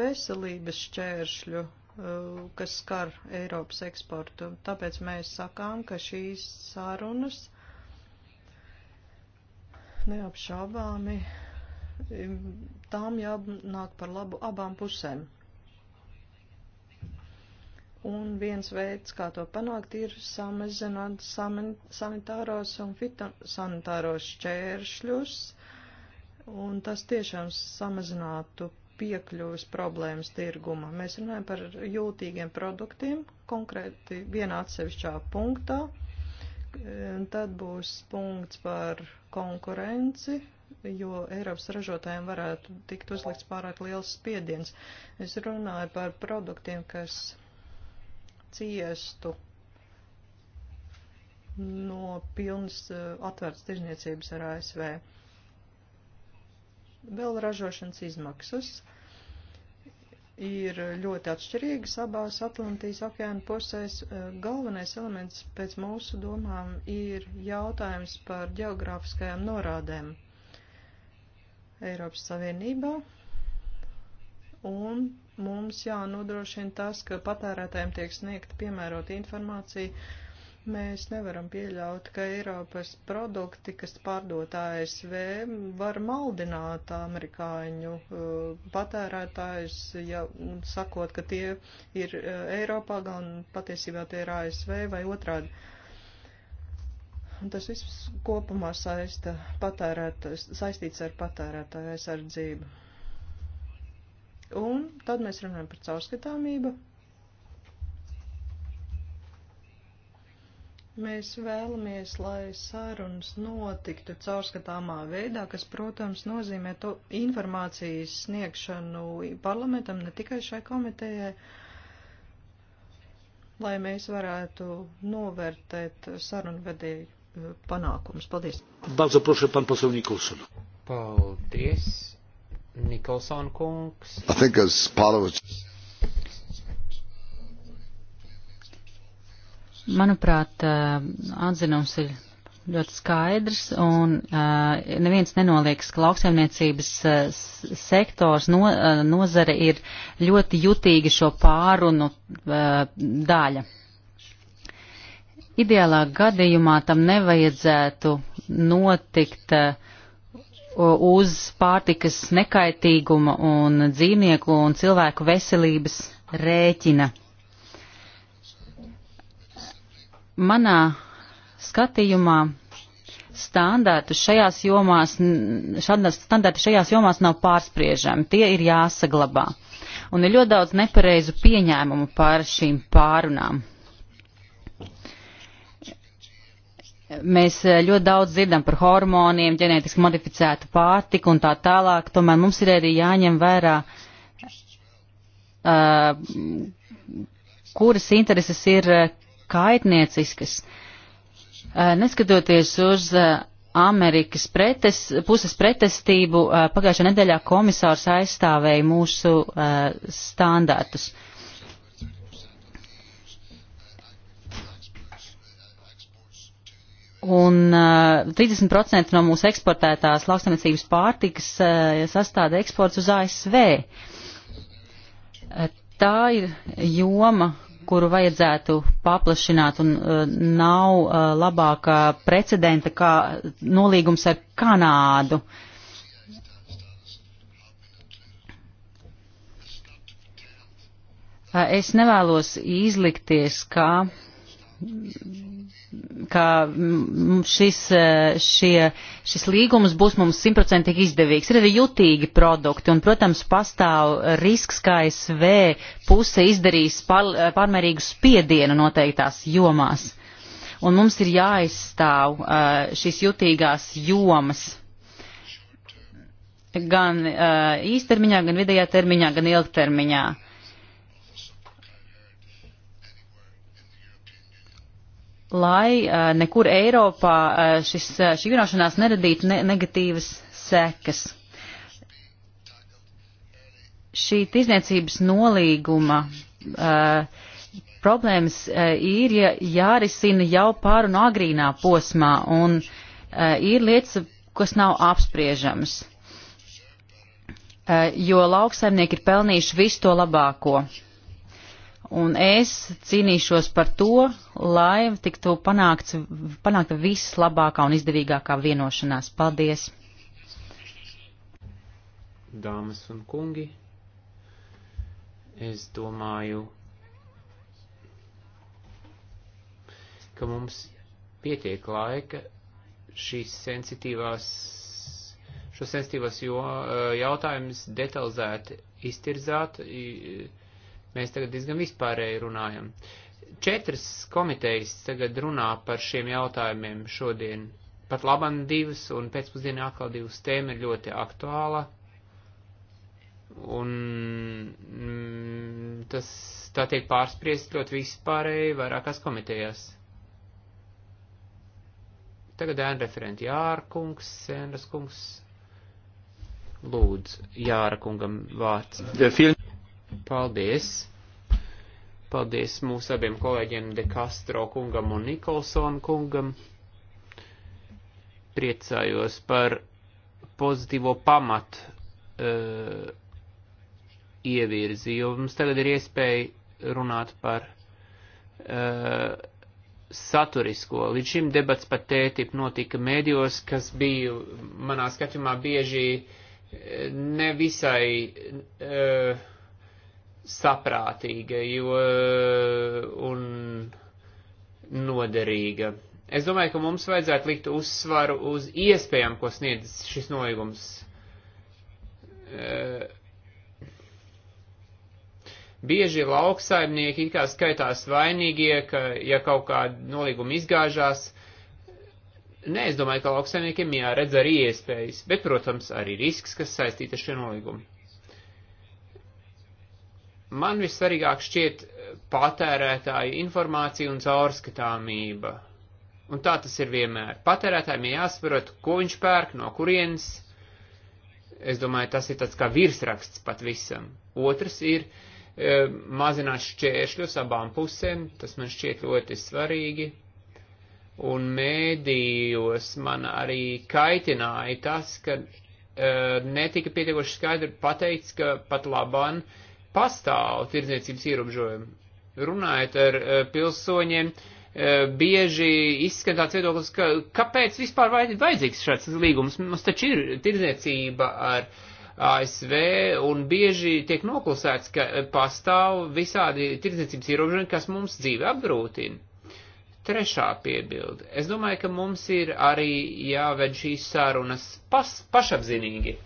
D: veselības šķēršļu, uh, kas skar Eiropas eksportu. Tāpēc mēs sakām, ka šīs sarunas neapšaubāmi um, tām jānāk par labu abām pusēm. Un viens veids, kā to panākt, ir samazināt sanitāros un fitosanitāros šķēršļus, un tas tiešām samazinātu piekļuvis problēmas tirguma. Mēs runājam par jūtīgiem produktiem, konkrēti vienā atsevišķā punktā. Tad būs punkts par konkurenci, jo Eiropas ražotājiem varētu tikt uzlikts pārāk liels spiediens. Es runāju par produktiem, kas ciestu no pilnas uh, atvērts tirzniecības ar ASV. Vēl ražošanas izmaksas ir ļoti atšķirīgas abās Atlantijas okeāna pusēs. Eh, galvenais elements pēc mūsu domām ir jautājums par geogrāfiskajām norādēm Eiropas Savienībā. Un mums jānodrošina tas, ka patērētājiem tiek sniegta piemērota informācija Mēs nevaram pieļaut, ka Eiropas produkti, kas pārdot ASV, var maldināt amerikāņu uh, patērētājus, ja sakot, ka tie ir uh, Eiropā, gan patiesībā tie ir ASV vai otrādi. Un tas viss kopumā saista saistīts ar patērētāju aizsardzību. Un tad mēs runājam par caurskatāmību. Mēs vēlamies, lai sarunas notiktu caurskatāmā veidā, kas, protams, nozīmē to informācijas sniegšanu parlamentam, ne tikai šai komitejai, lai mēs varētu novērtēt sarunvedēju panākumus. Paldies!
C: Bardzo prošu, pan posel Nikolson. Paldies, Nikolson kungs.
A: I think as part of it.
B: Manuprāt, eh, atzinums ir ļoti skaidrs, un uh, neviens nenolieks, ka lauksaimniecības uh, sektors, no, uh, nozare ir ļoti jutīga šo pārunu uh, daļa. Ideālā gadījumā tam nevajadzētu notikt uh, uz pārtikas nekaitīguma un dzīvnieku un cilvēku veselības rēķina. Uh, Manā skatījumā standarti šajās jomās, standarti šajās jomās nav pārspriežami, tie ir jāsaglabā. Un ir ļoti daudz nepareizu pieņēmumu par šīm pārunām. Mēs eh, ļoti daudz dzirdam par hormoniem, ģenētiski modificētu pārtiku un tā tālāk, tomēr mums ir arī jāņem vērā, uh, kuras intereses ir eh, kaitnieciskas. Eh, neskatoties uz eh, Amerikas pretes, puses pretestību, eh, pagājušajā nedēļā komisārs aizstāvēja mūsu standārtus. Un uh, 30% no mūsu eksportētās lauksaimniecības pārtikas uh, sastāda eksports uz ASV. Uh, tā ir joma, kuru vajadzētu paplašināt un eh, nav eh, labākā precedenta kā nolīgums ar Kanādu. Eh, es nevēlos izlikties, kā ka ka šis, e, šie, šis līgums būs mums simtprocentīgi izdevīgs. Ir arī jutīgi produkti, un, protams, pastāv risks, ka ASV puse izdarīs par, e, pārmērīgu spiedienu noteiktās jomās. Un mums ir jāizstāv e, šīs jutīgās jomas gan īstermiņā, gan vidējā termiņā, gan ilgtermiņā. Uh, lai eh, nekur Eiropā eh, šis, eh, šī vienošanās neradītu ne negatīvas sekas. Šī tirzniecības nolīguma uh, problēmas uh, ir jā, jārisina jau pāru no agrīnā posmā, un uh, ir lietas, kas nav apspriežamas, uh, jo lauksaimnieki ir pelnījuši visu to labāko. Uh, Un es cīnīšos par to, lai tiktu panākts, panākta vislabākā un izdevīgākā vienošanās. Paldies!
C: Dāmas un kungi, es domāju, ka mums pietiek laika šīs sensitīvās, šo sensitīvās jo, eh, jautājumus detalizēti iztirzāt. I, Mēs tagad diezgan vispārēji runājam. Četras komitejas tagad runā par šiem jautājumiem šodien. Pat labam divas un pēcpusdienā atkal divas tēma ir ļoti aktuāla. Un mm, tas tā tiek pārspriest ļoti vispārēji vairākās komitejās. Tagad ēna referenti Jārkungs, Sēnras kungs. Lūdzu, Jāra kungam vārds. Paldies! Paldies mūsu abiem kolēģiem De Castro kungam un Nikolsonu kungam. Priecājos par pozitīvo pamatu uh, eh, ievirzi, jo mums tagad ir iespēja runāt par uh, saturisko. Līdz šim debats par tētipu notika mēdījos, kas bija manā skatījumā bieži eh, nevisai. Uh, saprātīga jo, un noderīga. Es domāju, ka mums vajadzētu likt uzsvaru uz iespējām, ko sniedz šis nolīgums. Eh, bieži lauksaimnieki it kā skaitās vainīgie, ka ja kaut kāda nolīguma izgāžās, nē, es domāju, ka lauksaimniekiem jāredz arī iespējas, bet, protams, arī risks, kas saistīta ar šo nolīgumu. Man vissvarīgāk šķiet eh, patērētāju informācija un caurskatāmība. Un tā tas ir vienmēr. Patērētājiem ir jāsaprot, ko viņš pērk, no kurienes. Es domāju, tas ir tāds kā virsraksts pat visam. Otrs ir e, mazināt šķēršļus abām pusēm, tas man šķiet ļoti svarīgi. Un mēdījos man arī kaitināja tas, ka e, netika pietiekoši skaidri pateikts, ka pat labāk pastāv tirdzniecības ierobežojumi. Runājot ar eh, pilsoņiem, eh, bieži izskan tāds viedoklis, ka kāpēc vispār vajadzīgs šāds līgums? Mums taču ir tirdzniecība ar ASV un bieži tiek noklusēts, ka eh, pastāv visādi tirdzniecības ierobežojumi, kas mums dzīve apgrūtina. Trešā piebilde. Es domāju, ka mums ir arī jāved šīs sarunas pas, pašapzinīgi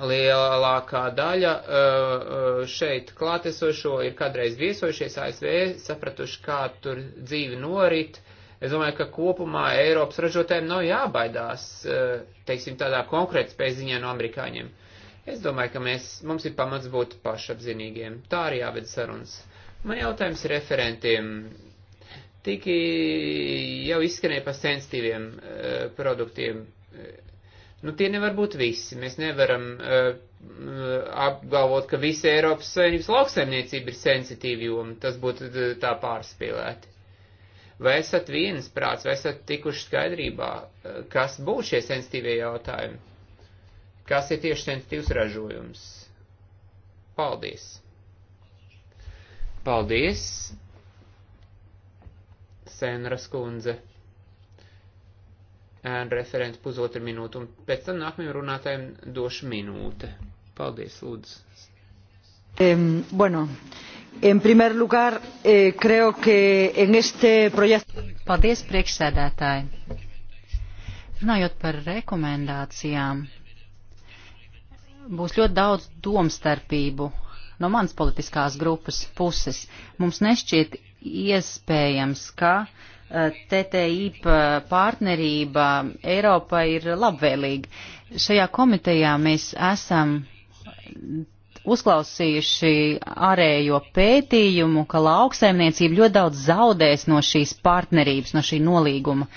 C: lielākā daļa eh, eh, šeit klātesošo ir kādreiz viesojušies ASV, sapratuši, kā tur dzīve norit. Es domāju, ka kopumā Eiropas ražotājiem nav jābaidās, eh, teiksim, tādā konkrēta spēziņā no amerikāņiem. Es domāju, ka mēs, mums ir pamats būt pašapzinīgiem. Tā arī jāved sarunas. Man jautājums referentiem. Tiki jau izskanēja par sensitīviem produktiem. Uh, Nu, tie nevar būt visi. Mēs nevaram uh, apgalvot, ka visa Eiropas Savienības lauksaimniecība ir sensitīva joma. Tas būtu eh, tā pārspīlēti. Vai esat viens prāts, vai esat tikuši skaidrībā, eh, kas būs šie sensitīvie jautājumi? Kas ir tieši sensitīvs ražojums? Paldies! Paldies, Senras kundze! referents pusotru minūtu, un pēc tam nākamajam runātājiem došu minūte. Paldies, lūdzu.
B: Um, bueno, en primer lugar, eh, creo que en este proyecto. Paldies, priekšsēdētāji. Runājot par rekomendācijām, būs ļoti daudz domstarpību no manas politiskās grupas puses. Mums nešķiet iespējams, ka uh, TTIP eh, partnerība Eiropa ir labvēlīga. Šajā komitejā mēs esam uzklausījuši ārējo pētījumu, ka lauksaimniecība ļoti daudz zaudēs no šīs partnerības, no šī nolīguma.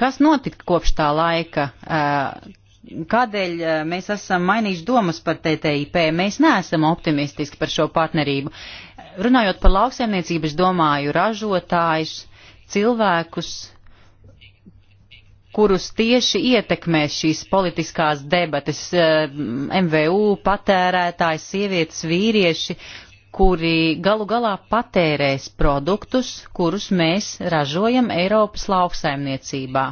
B: Kas notika kopš tā laika? Eh, kādēļ eh, mēs esam mainījuši domas par TTIP? Mēs neesam optimistiski par šo partnerību. Runājot par lauksaimniecību, es domāju ražotājs, cilvēkus, kurus tieši ietekmē šīs politiskās debates, eh, MVU patērētāji, sievietes, vīrieši, kuri galu galā patērēs produktus, kurus mēs ražojam Eiropas lauksaimniecībā.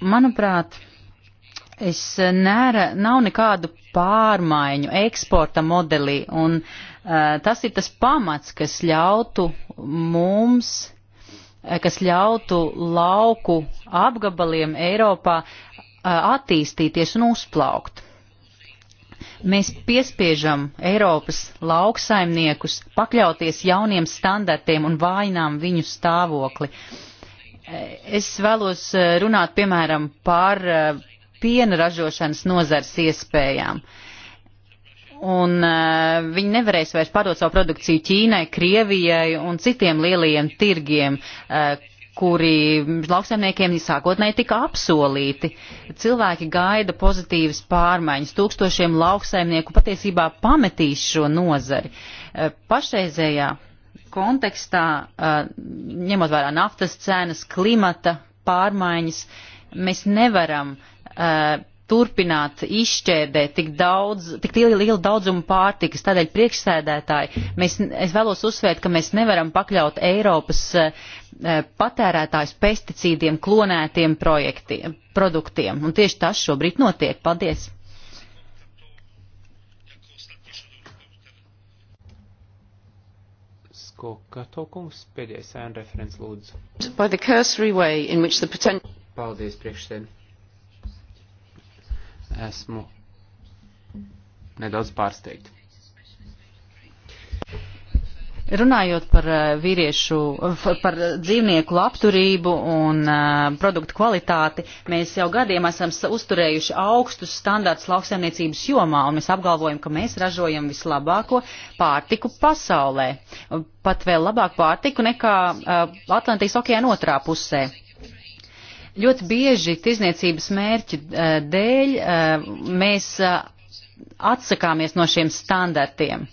B: Manuprāt, es nēra, nav nekādu pārmaiņu eksporta modelī un uh, Eh, tas ir tas pamats, kas ļautu mums, eh, kas ļautu lauku apgabaliem Eiropā eh, attīstīties un uzplaukt. Mēs piespiežam Eiropas lauksaimniekus pakļauties jauniem standartiem un vainām viņu stāvokli. Es vēlos runāt, piemēram, par piena ražošanas nozars iespējām. Uh, un uh, viņi nevarēs vairs pārdot savu produkciju Ķīnai, Krievijai un citiem lielajiem tirgiem, uh, kuri lauksaimniekiem sākotnēji tika apsolīti. Cilvēki gaida pozitīvas pārmaiņas, tūkstošiem lauksaimnieku patiesībā pametīs šo nozari. Uh, pašreizējā kontekstā, uh, ņemot vērā naftas cenas, klimata pārmaiņas, mēs nevaram uh, turpināt izšķērdēt tik daudz, tik lielu, lielu daudzumu pārtikas. Tādēļ priekšsēdētāji, mēs, es vēlos uzsvērt, ka mēs nevaram pakļaut Eiropas eh, eh patērētājs pesticīdiem, klonētiem projektiem, produktiem. Un tieši tas šobrīd notiek. Paldies!
C: Skokato kungs, pēdējais ēna referents lūdzu. Paldies priekšsēdētājiem esmu nedaudz pārsteigta.
B: Runājot par eh, vīriešu, par dzīvnieku labturību un eh, produktu kvalitāti, mēs jau gadiem esam uzturējuši augstus standārts lauksaimniecības jomā, un mēs apgalvojam, ka mēs ražojam vislabāko pārtiku pasaulē, pat vēl labāku pārtiku nekā eh, Atlantijas okeāna otrā pusē. Ļoti bieži tirzniecības mērķu eh, dēļ eh, mēs eh, atsakāmies no šiem standartiem.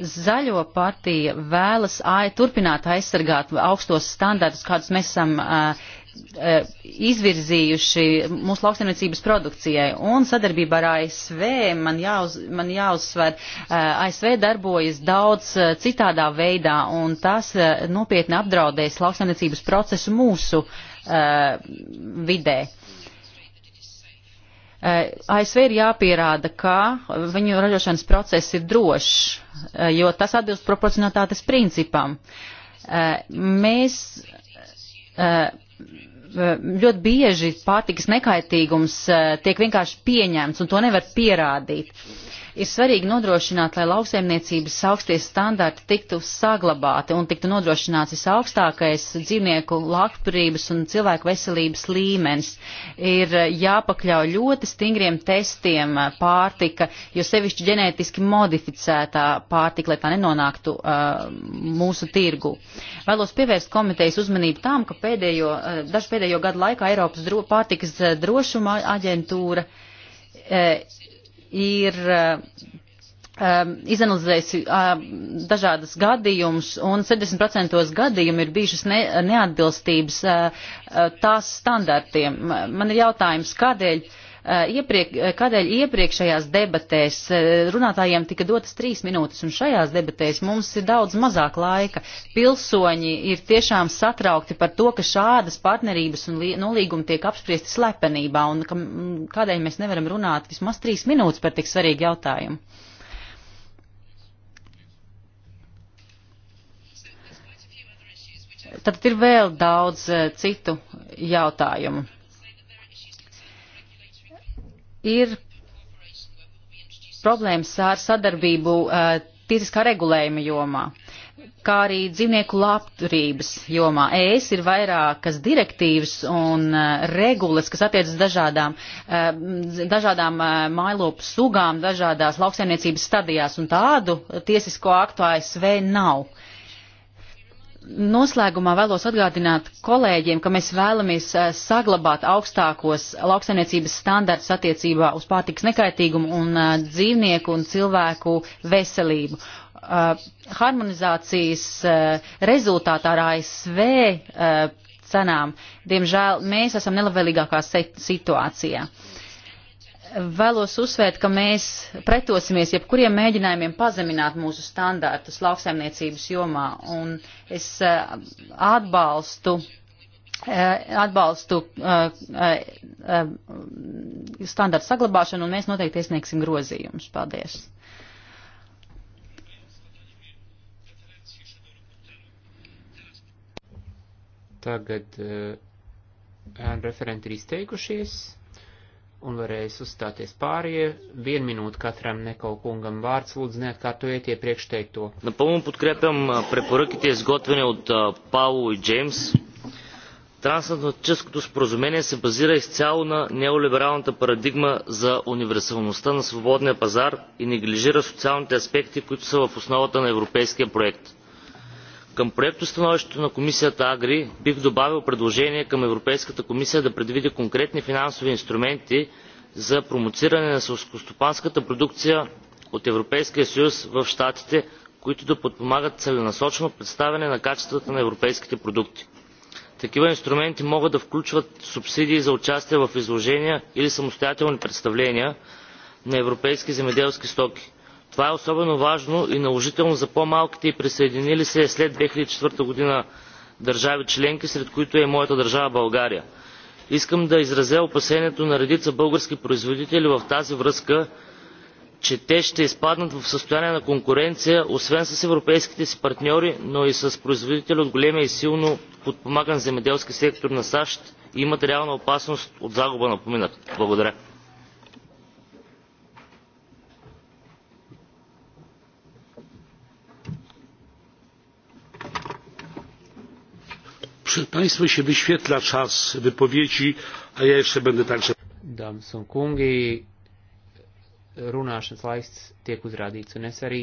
B: Zaļo partija vēlas ai, turpināt aizsargāt augstos standartus, kādus mēs esam uh, izvirzījuši mūsu lauksaimniecības produkcijai. Un sadarbībā ar ASV man, jāuz, man jāuzsver, ASV darbojas daudz citādā veidā, un tas nopietni apdraudēs lauksaimniecības procesu mūsu uh, Uh, vidē. Uh, ASV ir jāpierāda, ka viņu ražošanas process ir drošs, uh, jo tas atbilst proporcionalitātes principam. Mēs ļoti bieži pārtikas nekaitīgums tiek vienkārši pieņemts un to nevar pierādīt. Uh, Ir svarīgi nodrošināt, lai lauksaimniecības augstie standarti tiktu saglabāti un tiktu nodrošināts visaugstākais dzīvnieku labturības un cilvēku veselības līmenis. Ir jāpakļauj ļoti stingriem testiem pārtika, jo sevišķi ģenētiski modificētā pārtika, lai tā nenonāktu uh, mūsu tirgu. Vēlos pievērst komitejas uzmanību tām, ka pēdējo, uh, dažu pēdējo gadu laikā Eiropas dro pārtikas uh, drošuma aģentūra uh, ir um, izanalizējusi um, dažādas gadījumus, un 70% gadījumu ir bijušas ne, neatbilstības uh, tās standartiem. Man ir jautājums, kādēļ uh, Eh, iepriek, eh, kādēļ iepriekšējās debatēs eh, runātājiem tika dotas trīs minūtes, un šajās debatēs mums ir daudz mazāk laika. Pilsoņi ir tiešām satraukti par to, ka šādas partnerības un nolīgumi tiek apspriesti slepenībā, un ka, kādēļ mēs nevaram runāt vismaz trīs minūtes par tik svarīgu jautājumu. Tad ir vēl daudz citu jautājumu ir problēmas ar sadarbību eh, tiesiskā regulējuma jomā, kā arī dzīvnieku labturības jomā. ES ir vairākas direktīvas un eh, regulas, kas attiecas dažādām, eh, dažādām mailopu sugām, dažādās lauksaimniecības stadijās, un tādu tiesisko aktu ASV nav. Uh, Noslēgumā vēlos atgādināt kolēģiem, ka mēs vēlamies eh, saglabāt augstākos lauksaimniecības standartus attiecībā uz pārtiks nekaitīgumu un eh, dzīvnieku un cilvēku veselību. Eh, harmonizācijas rezultātā ar ASV cenām, diemžēl, mēs esam nelabvēlīgākā situācijā vēlos uzsvērt, ka mēs pretosimies jebkuriem mēģinājumiem pazemināt mūsu standārtus lauksaimniecības jomā, un es eh, atbalstu, eh, atbalstu eh, standārtu saglabāšanu, un mēs noteikti iesniegsim grozījumus. Paldies!
C: Tagad uh, referenti ir izteikušies un varēs uzstāties pārējie. Vienu minūtu katram nekaukungam vārds lūdzu neatkārtojiet iepriekš teikto.
A: Напълно подкрепям препоръките изготвени от Пауло и Джеймс. Трансатлантическото споразумение се базира изцяло на неолибералната парадигма за универсалността на свободния пазар и неглижира социалните аспекти, които са в основата на европейския проект към проектостановището на комисията агри бих добавил предложение към европейската комисия да предвиди конкретни финансови инструменти за промоциране на селскостопанската продукция от европейския съюз в щатите които да подпомагат целенасочено представяне на качествата на европейските продукти. такива инструменти могат да включват субсидии за участие в изложения или самостоятелни представления на европейски земеделски стоки това е особено важно и наложително за по малките и присъединили се след 2004 г. държави членки сред които е и моята държава българя. искам да изразя опасението на редица български производители в тази връзка че те ще изпаднат в състояние на конкуренция освен с европейските си партньори но и с производители от големия и силно подпомаган земеделски сектор на сащ и имат реална опасност от загуба на поминък. благодаря. Państwu się wyświetla czas wypowiedzi,
C: a ja jeszcze będę także. Dāmas un kungi, runāšanas laiks tiek uzrādīts, un es arī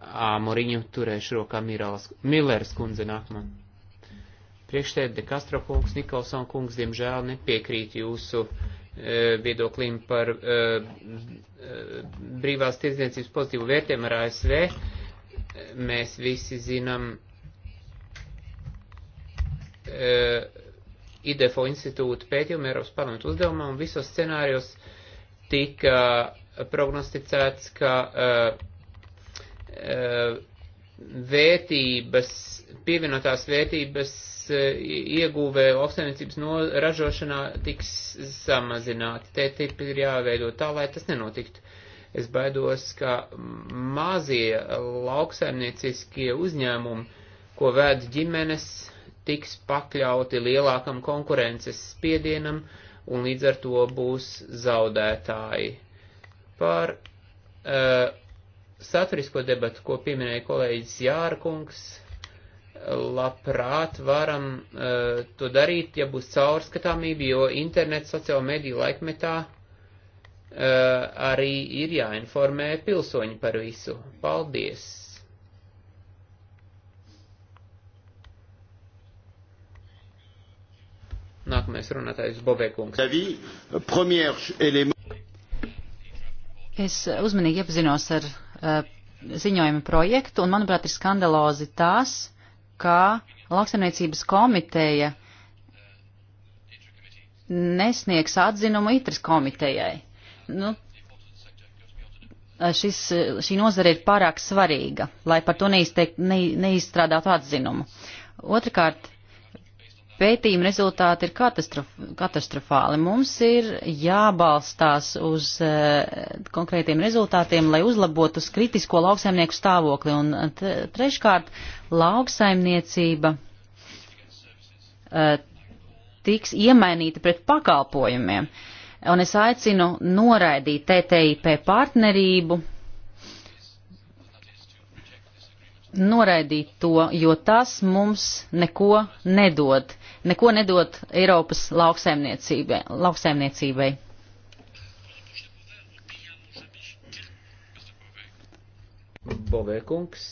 C: Āmoriņu turēšu rokā Milleras kundze nākamā. Priekšsēd de Castro kungs, Nikolson kungs, diemžēl nepiekrīt jūsu e, viedoklim par e, e, brīvās tirdzniecības pozitīvu vērtējumu ar ASV. Mēs visi zinām, Eh, IDFO institūta pētījuma Eiropas parlamentu uzdevumā un visos scenārijos tika prognosticēts, ka eh, eh, vērtības, pievienotās vērtības ieguvē lauksaimniecības no ražošanā tiks samazināti. Te tipi ir jāveido tā, lai tas nenotiktu. Es baidos, ka mazie lauksaimnieciskie uzņēmumi, ko vēd ģimenes, tiks pakļauti lielākam konkurences spiedienam un līdz ar to būs zaudētāji. Par uh, saturisko debatu, ko pieminēja kolēģis Jārkungs, labprāt varam uh, to darīt, ja būs caurskatāmība, jo internets sociāla mediju laikmetā Uh, arī ir jāinformē pilsoņi par visu. Paldies! Nākamais runātājs Bovēkungs.
B: Es uzmanīgi iepazinos ar uh, eh, ziņojuma projektu, un, manuprāt, ir skandalozi tas, ka lauksaimniecības komiteja nesniegs atzinumu itras komitejai. Nu, šis, šī nozara ir pārāk svarīga, lai par to neizteik, ne, neizstrādātu atzinumu. Otrakārt, pētījuma rezultāti ir katastrof, katastrofāli. Mums ir jābalstās uz uh, konkrētiem rezultātiem, lai uzlabotu uz kritisko lauksaimnieku stāvokli. Un eh, treškārt, lauksaimniecība uh, tiks iemainīta pret pakalpojumiem. Un es aicinu noraidīt TTIP partnerību, noraidīt to, jo tas mums neko nedod neko nedot Eiropas lauksaimniecībai. lauksaimniecībai.
C: Bovēkungs.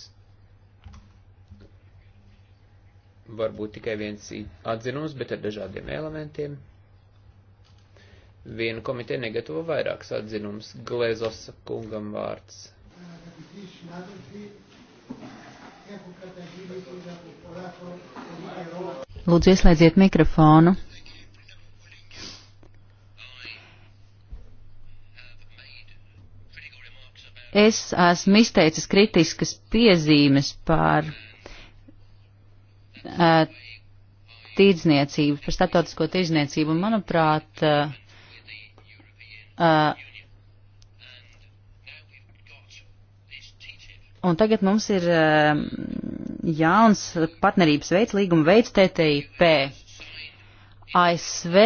C: Varbūt tikai viens atzinums, bet ar dažādiem elementiem. Viena komiteja negatavo vairākas atzinums. Glezos kungam vārds.
B: Lūdzu, ieslēdziet mikrofonu. Es esmu izteicis kritiskas piezīmes par uh, tīdzniecību, par starptautisko tīdzniecību, un manuprāt, uh, uh, un tagad mums ir uh, jauns partnerības veids, līguma veids TTIP. ASV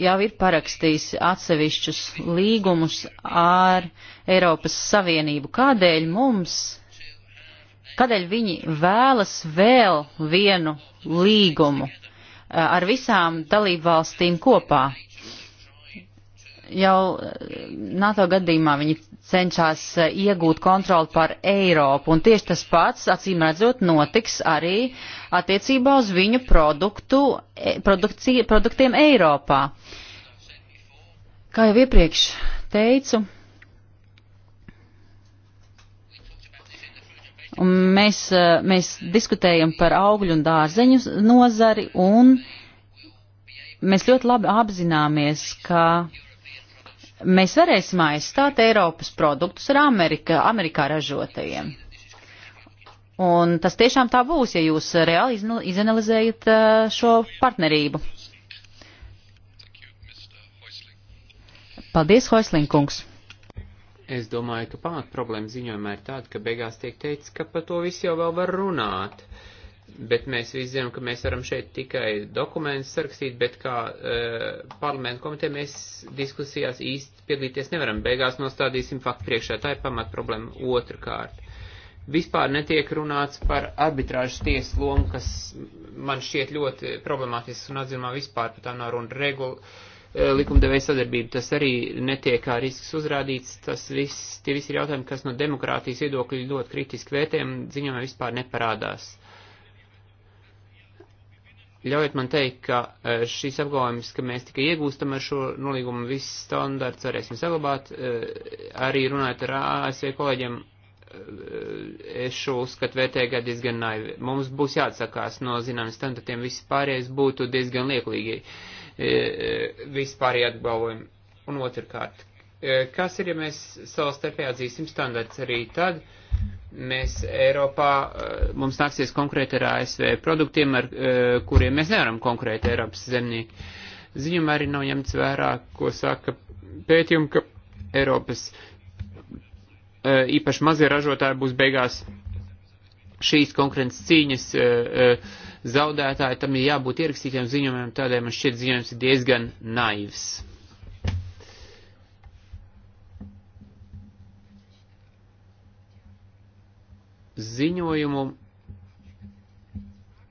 B: jau ir parakstījis atsevišķus līgumus ar Eiropas Savienību. Kādēļ mums, kādēļ viņi vēlas vēl vienu līgumu eh, ar visām dalību valstīm kopā? jau NATO gadījumā viņi cenšas eh, iegūt kontroli pār Eiropu, un tieši tas pats, acīm redzot, notiks arī attiecībā uz viņu produktu, e, produktiem Eiropā. Kā jau iepriekš teicu, mēs, eh, mēs diskutējam par augļu un dārzeņu nozari, un mēs ļoti labi apzināmies, ka mēs varēsim aizstāt Eiropas produktus ar Amerika, Amerikā ražotajiem. Un tas tiešām tā būs, ja jūs eh, reāli izanalizējat eh, šo partnerību. Paldies, Hoislinkungs!
C: Es domāju, ka pamat problēma ziņojumā ir tāda, ka beigās tiek teicis, ka par to visu jau vēl var runāt. Uh, Bet mēs visi zinām, ka mēs varam šeit tikai dokumentus sarakstīt, bet kā e, parlamentu komiteja mēs diskusijās īsti piedalīties nevaram. Beigās nostādīsim faktu priekšā. Tā ir pamat problēma otrkārt. Vispār netiek runāts par arbitrāžas tiesu lomu, kas man šķiet ļoti problemātisks un atzīmā vispār par tā nav runa regula. E, Likumdevēja sadarbība tas arī netiek kā risks uzrādīts. Tas viss, tie visi ir jautājumi, kas no demokrātijas viedokļa ļoti kritiski vērtējumi ziņojumā vispār neparādās Ļaujiet man teikt, ka eh, šīs apgalvojums, ka mēs tikai iegūstam ar šo nolīgumu viss standarts, varēsim saglabāt, eh, arī runājot ar ASV kolēģiem, eh, es šo uzskatu vērtēju kā diezgan naivi. Mums būs jāatsakās no zināmiem standartiem, viss pārējais būtu diezgan lieklīgi, viss pārējie apgalvojumi. Un otrkārt, kas ir, ja mēs savā starpā atzīsim standarts arī tad, uh, mēs Eiropā, eh, mums nāksies konkrēt ar ASV produktiem, ar eh, kuriem mēs nevaram konkrēt Eiropas zemnieki. Ziņumā arī nav ņemts vērā, ko saka pētījumi, ka Eiropas eh, īpaši mazie ražotāji būs beigās šīs konkrētas cīņas zaudētāji, tam ir jābūt ierakstītiem ziņojumiem, tādēļ man šķiet ziņojums ir diezgan naivs. ziņojumu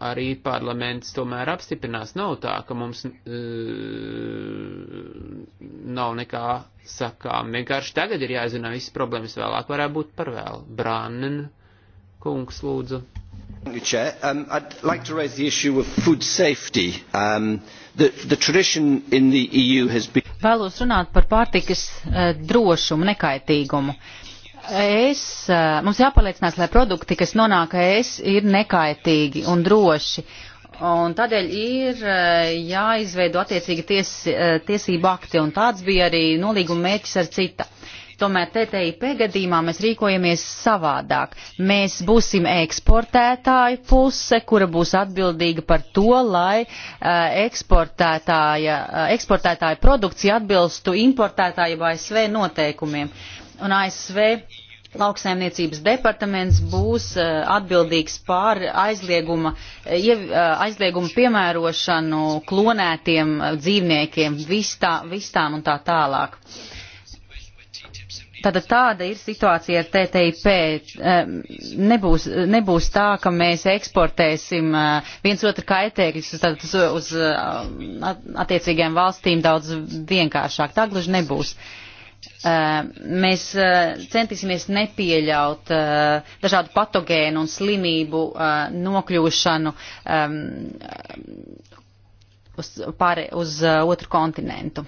C: arī parlaments tomēr apstiprinās. Nav tā, ka mums uh, nav nekā sakām. Vienkārši tagad ir jāzina visas problēmas vēlāk, varētu būt par vēl. Brānen kungs lūdzu.
D: Chair, um, I'd like to raise the issue of food safety. Um, the, the tradition in the EU has been...
B: Vēlos runāt par pārtikas uh, drošumu, nekaitīgumu. Uh, es, mums jāpaliecinās, lai produkti, kas nonāk es, ir nekaitīgi un droši. Un tādēļ ir jāizveido attiecīgi ties, tiesību akti, un tāds bija arī nolīguma mērķis ar cita. Tomēr TTIP gadījumā mēs rīkojamies savādāk. Mēs būsim eksportētāju puse, kura būs atbildīga par to, lai eksportētāja, eksportētāja produkcija atbilstu importētāju vai SV noteikumiem. Uh, un ASV lauksaimniecības departaments būs eh, atbildīgs par aizlieguma, eh, eh, aizlieguma piemērošanu klonētiem dzīvniekiem, vistā, vistām un tā tālāk. Tātad tāda ir situācija ar TTIP. Nebūs, nebūs tā, ka mēs eksportēsim viens otru kaitēkļus uz, uz attiecīgajām valstīm daudz vienkāršāk. Tā gluži nebūs. Uh, Eh, mēs eh, centīsimies nepieļaut eh, dažādu patogēnu un slimību nokļūšanu ehm, uz, pāri, uz otru kontinentu.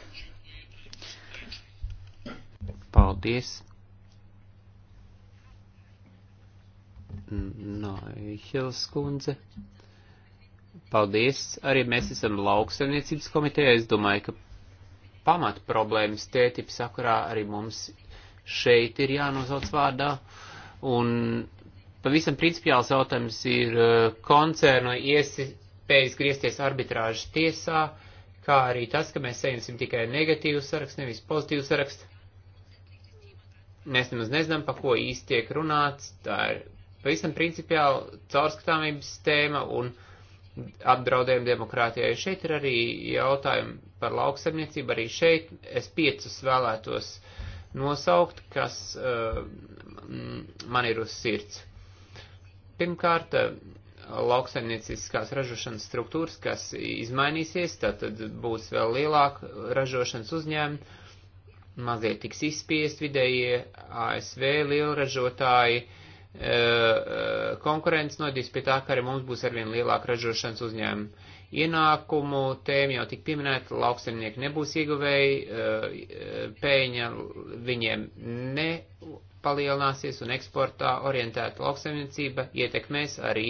C: Paldies. Naihils kundze. Paldies. Arī mēs esam lauksaimniecības komiteja. Es domāju, ka pamat problēmas tētipa sakarā arī mums šeit ir jānosauc vārdā. Un pavisam principiāls jautājums ir eh, koncernu iespējas griezties arbitrāžas tiesā, kā arī tas, ka mēs saņemsim tikai negatīvu sarakstu, nevis pozitīvu sarakstu. Mēs nemaz nezinām, pa ko īsti tiek runāts. Tā ir pavisam principiāli caurskatāmības tēma un apdraudējuma demokrātijai. Šeit ir arī jautājumi par lauksaimniecību. Arī šeit es piecus vēlētos nosaukt, kas uh, man ir uz sirds. Pirmkārt, eh, lauksaimnieciskās ražošanas struktūras, kas izmainīsies, tātad būs vēl lielāka ražošanas uzņēmuma, mazie tiks izspiest vidējie ASV lielražotāji, e, konkurence nodīs pie tā, ka arī mums būs arvien lielāka ražošanas uzņēmuma. Ienākumu tēma jau tik pieminēta, lauksemnieki nebūs ieguvēji, eh, pēļņa viņiem nepalielināsies un eksportā orientēta lauksemniecība ietekmēs arī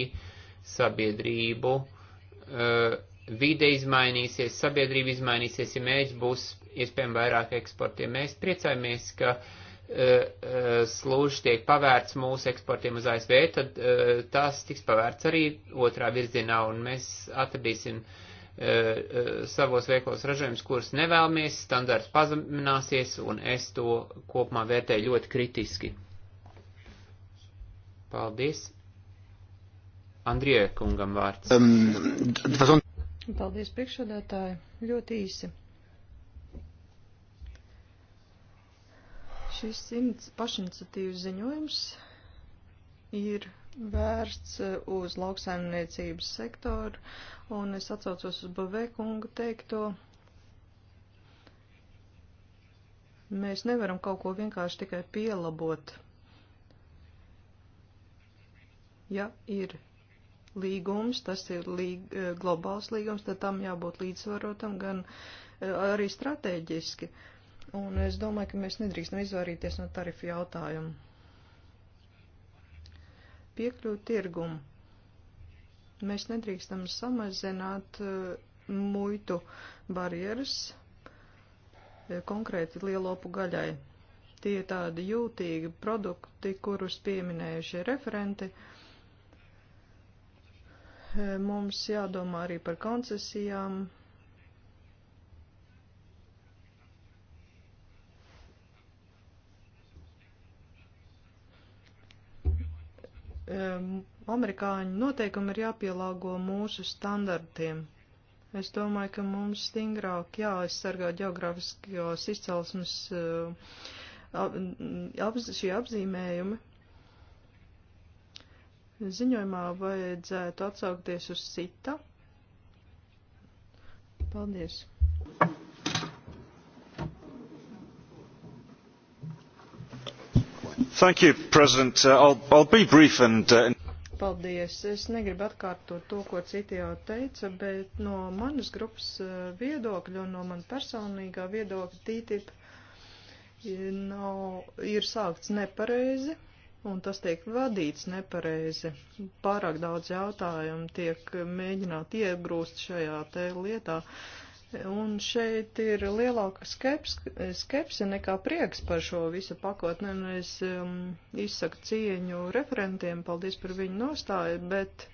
C: sabiedrību. Eh, vide izmainīsies, sabiedrība izmainīsies, ja mērķis būs iespējami vairāk eksportiem. Mēs priecājamies, ka uh, E, e, slūžs tiek pavērts mūsu eksportiem uz ASV, tad e, tas tiks pavērts arī otrā virzienā, un mēs atradīsim savos veiklos ražojumus, kurus nevēlamies, standarts pazemināsies, un es to kopumā vērtēju ļoti kritiski. Paldies. Andrie kungam vārds. Um,
D: Paldies, priekšsēdētāji. Ļoti īsi. Šis simts pašiniciatīvas ziņojums ir vērsts uh, uz lauksaimniecības sektoru, un es atsaucos uz Bavēkunga teikto. Mēs nevaram kaut ko vienkārši tikai pielabot. Ja ir līgums, tas ir līg, uh, globāls līgums, tad tam jābūt līdzsvarotam gan uh, arī strateģiski. Uh, un es domāju, ka mēs nedrīkstam izvairīties no tarifu jautājumu. Piekļūt tirgumu. Mēs nedrīkstam samazināt eh, muitu barjeras eh, konkrēti lielopu gaļai. Tie ir tādi jūtīgi produkti, kurus pieminējušie referenti. Eh, mums jādomā arī par koncesijām, um, amerikāņu noteikumi ir jāpielāgo mūsu standartiem. Es domāju, ka mums stingrāk jāaizsargā geogrāfiskās izcelsmes eh, ap, šie apzīmējumi. Ziņojumā vajadzētu atsaukties uz sita. Paldies! Thank you.
A: mr president uh, i will be brief and. Uh...
D: paldies es negribu atkārtot to ko citi jau teica bet no manas grupas uh, viedokļa un no man personīgā viedokļa ttip nav, ir sākts nepareizi un tas tiek vadīts nepareizi. Pārāk daudz jautājumu tiek mēģināt iegrūst šajā te lietā. Uh, Un šeit ir lielāka skeps, skepse nekā prieks par šo visu pakotni, un es um, izsaku cieņu referentiem, paldies par viņu nostāju, bet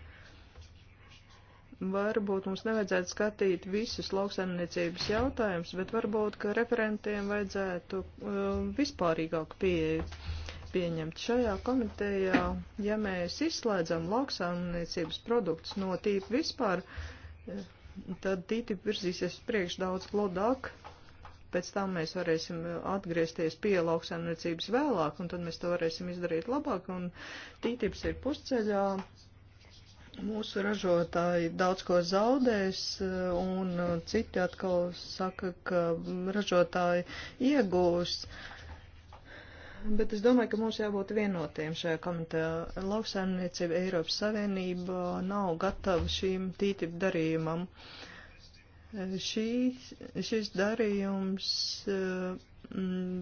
D: varbūt mums nevajadzētu skatīt visus lauksaimniecības jautājumus, bet varbūt, ka referentiem vajadzētu um, vispārīgāku pieeju pieņemt šajā komitejā, ja mēs izslēdzam lauksaimniecības produktus no tīpa vispār. Uh, tad TTIP virzīsies priekš daudz glodāk, pēc tam mēs varēsim atgriezties pie lauksaimniecības vēlāk, un tad mēs to varēsim izdarīt labāk, un tītips ir pusceļā. Mūsu ražotāji daudz ko zaudēs, un citi atkal saka, ka ražotāji iegūs. Uh, bet es domāju, ka mums jābūt vienotiem šajā komitē. Lauksaimniecība Eiropas Savienība nav gatava šīm tītip darījumam. Šī, šis darījums, mm,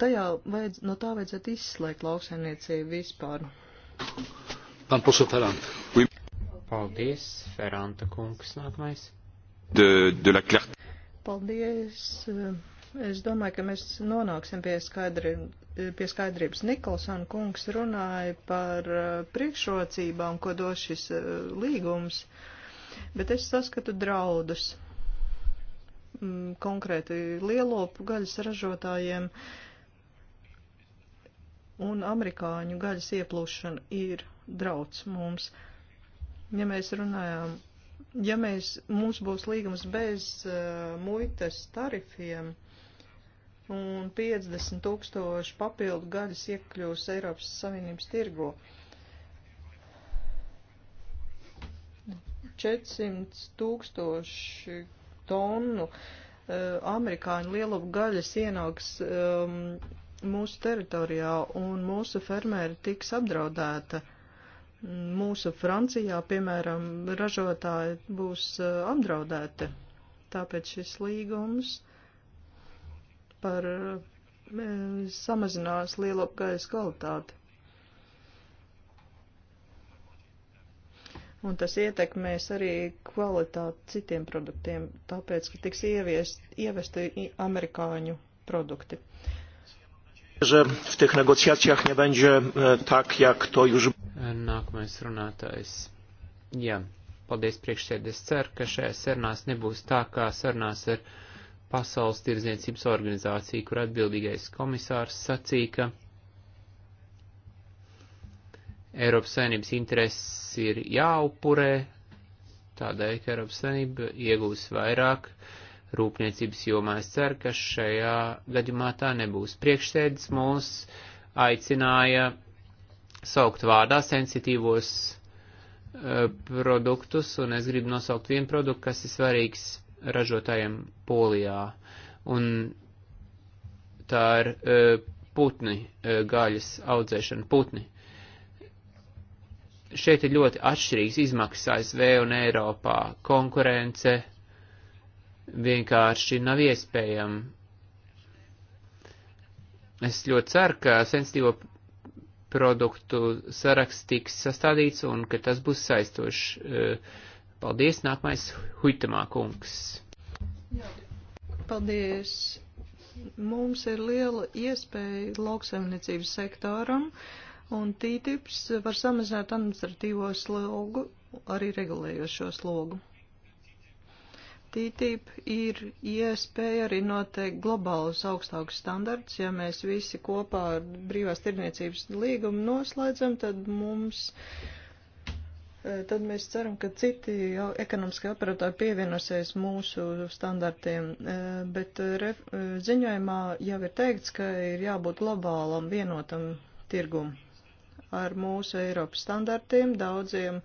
D: tajā vajadz, no tā vajadzētu izslēgt lauksaimniecību vispār.
C: Paldies, Feranta kungs nākamais. De, de la
D: Paldies. Uh, Es domāju, ka mēs nonāksim pie, skaidri, pie skaidrības. Nikolson kungs runāja par uh, priekšrocībām, ko dos šis uh, līgums, bet es saskatu draudus mm, konkrēti lielopu gaļas ražotājiem un amerikāņu gaļas ieplūšana ir drauds mums. Ja mēs runājām, ja mēs, mums būs līgums bez uh, muitas tarifiem, uh, un 50 tūkstoši papildu gaļas iekļūs Eiropas Savienības tirgo. 400 tūkstoši tonu uh, amerikāņu lielupu gaļas ienāks um, mūsu teritorijā un mūsu fermēri tiks apdraudēta. Mūsu Francijā, piemēram, ražotāji būs uh, apdraudēti. Tāpēc šis līgums par eh, samazinās lielopgaisa kvalitāti. Un tas ietekmēs arī kvalitāti citiem produktiem, tāpēc, ka tiks ieviest, ievesti amerikāņu produkti.
A: Że w tych negocjacjach nie będzie e, tak, jak to już.
C: Nākamais runātājs. Jā, paldies priekšsēdēs. Ceru, ka šajā sarunās nebūs tā, kā sarunās ar. Er Pasaules tirzniecības organizācija, kur atbildīgais komisārs sacīja, ka Eiropas Savienības intereses ir jāupurē, tādēļ, ka Eiropas Savienība iegūs vairāk rūpniecības jomā. Es ceru, ka šajā gadījumā tā nebūs. Priekšsēdis mūs aicināja saukt vārdā sensitīvos eh, produktus, un es gribu nosaukt vienu produktu, kas ir svarīgs ražotājiem Polijā. Un tā ir e, putni, e, gaļas audzēšana putni. Šeit ir ļoti atšķirīgs izmaksas ASV un Eiropā. Konkurence vienkārši nav iespējama. Es ļoti ceru, ka sensitīvo produktu saraksts tiks sastādīts un ka tas būs saistošs. E, Paldies, nākamais Huitamā kungs.
D: Paldies. Mums ir liela iespēja lauksaimniecības sektāram, un tītips var samazināt administratīvo slogu, arī regulējošo slogu. TTIP ir iespēja arī noteikt globālus augstākus standartus. Ja mēs visi kopā ar brīvās tirniecības līgumu noslēdzam, tad mums uh, Eh, tad mēs ceram, ka citi ekonomiskie operatori pievienosies mūsu standartiem, eh, bet eh, ref, ziņojumā jau ir teikts, ka ir jābūt globālam vienotam tirgum ar mūsu Eiropas standartiem. Daudziem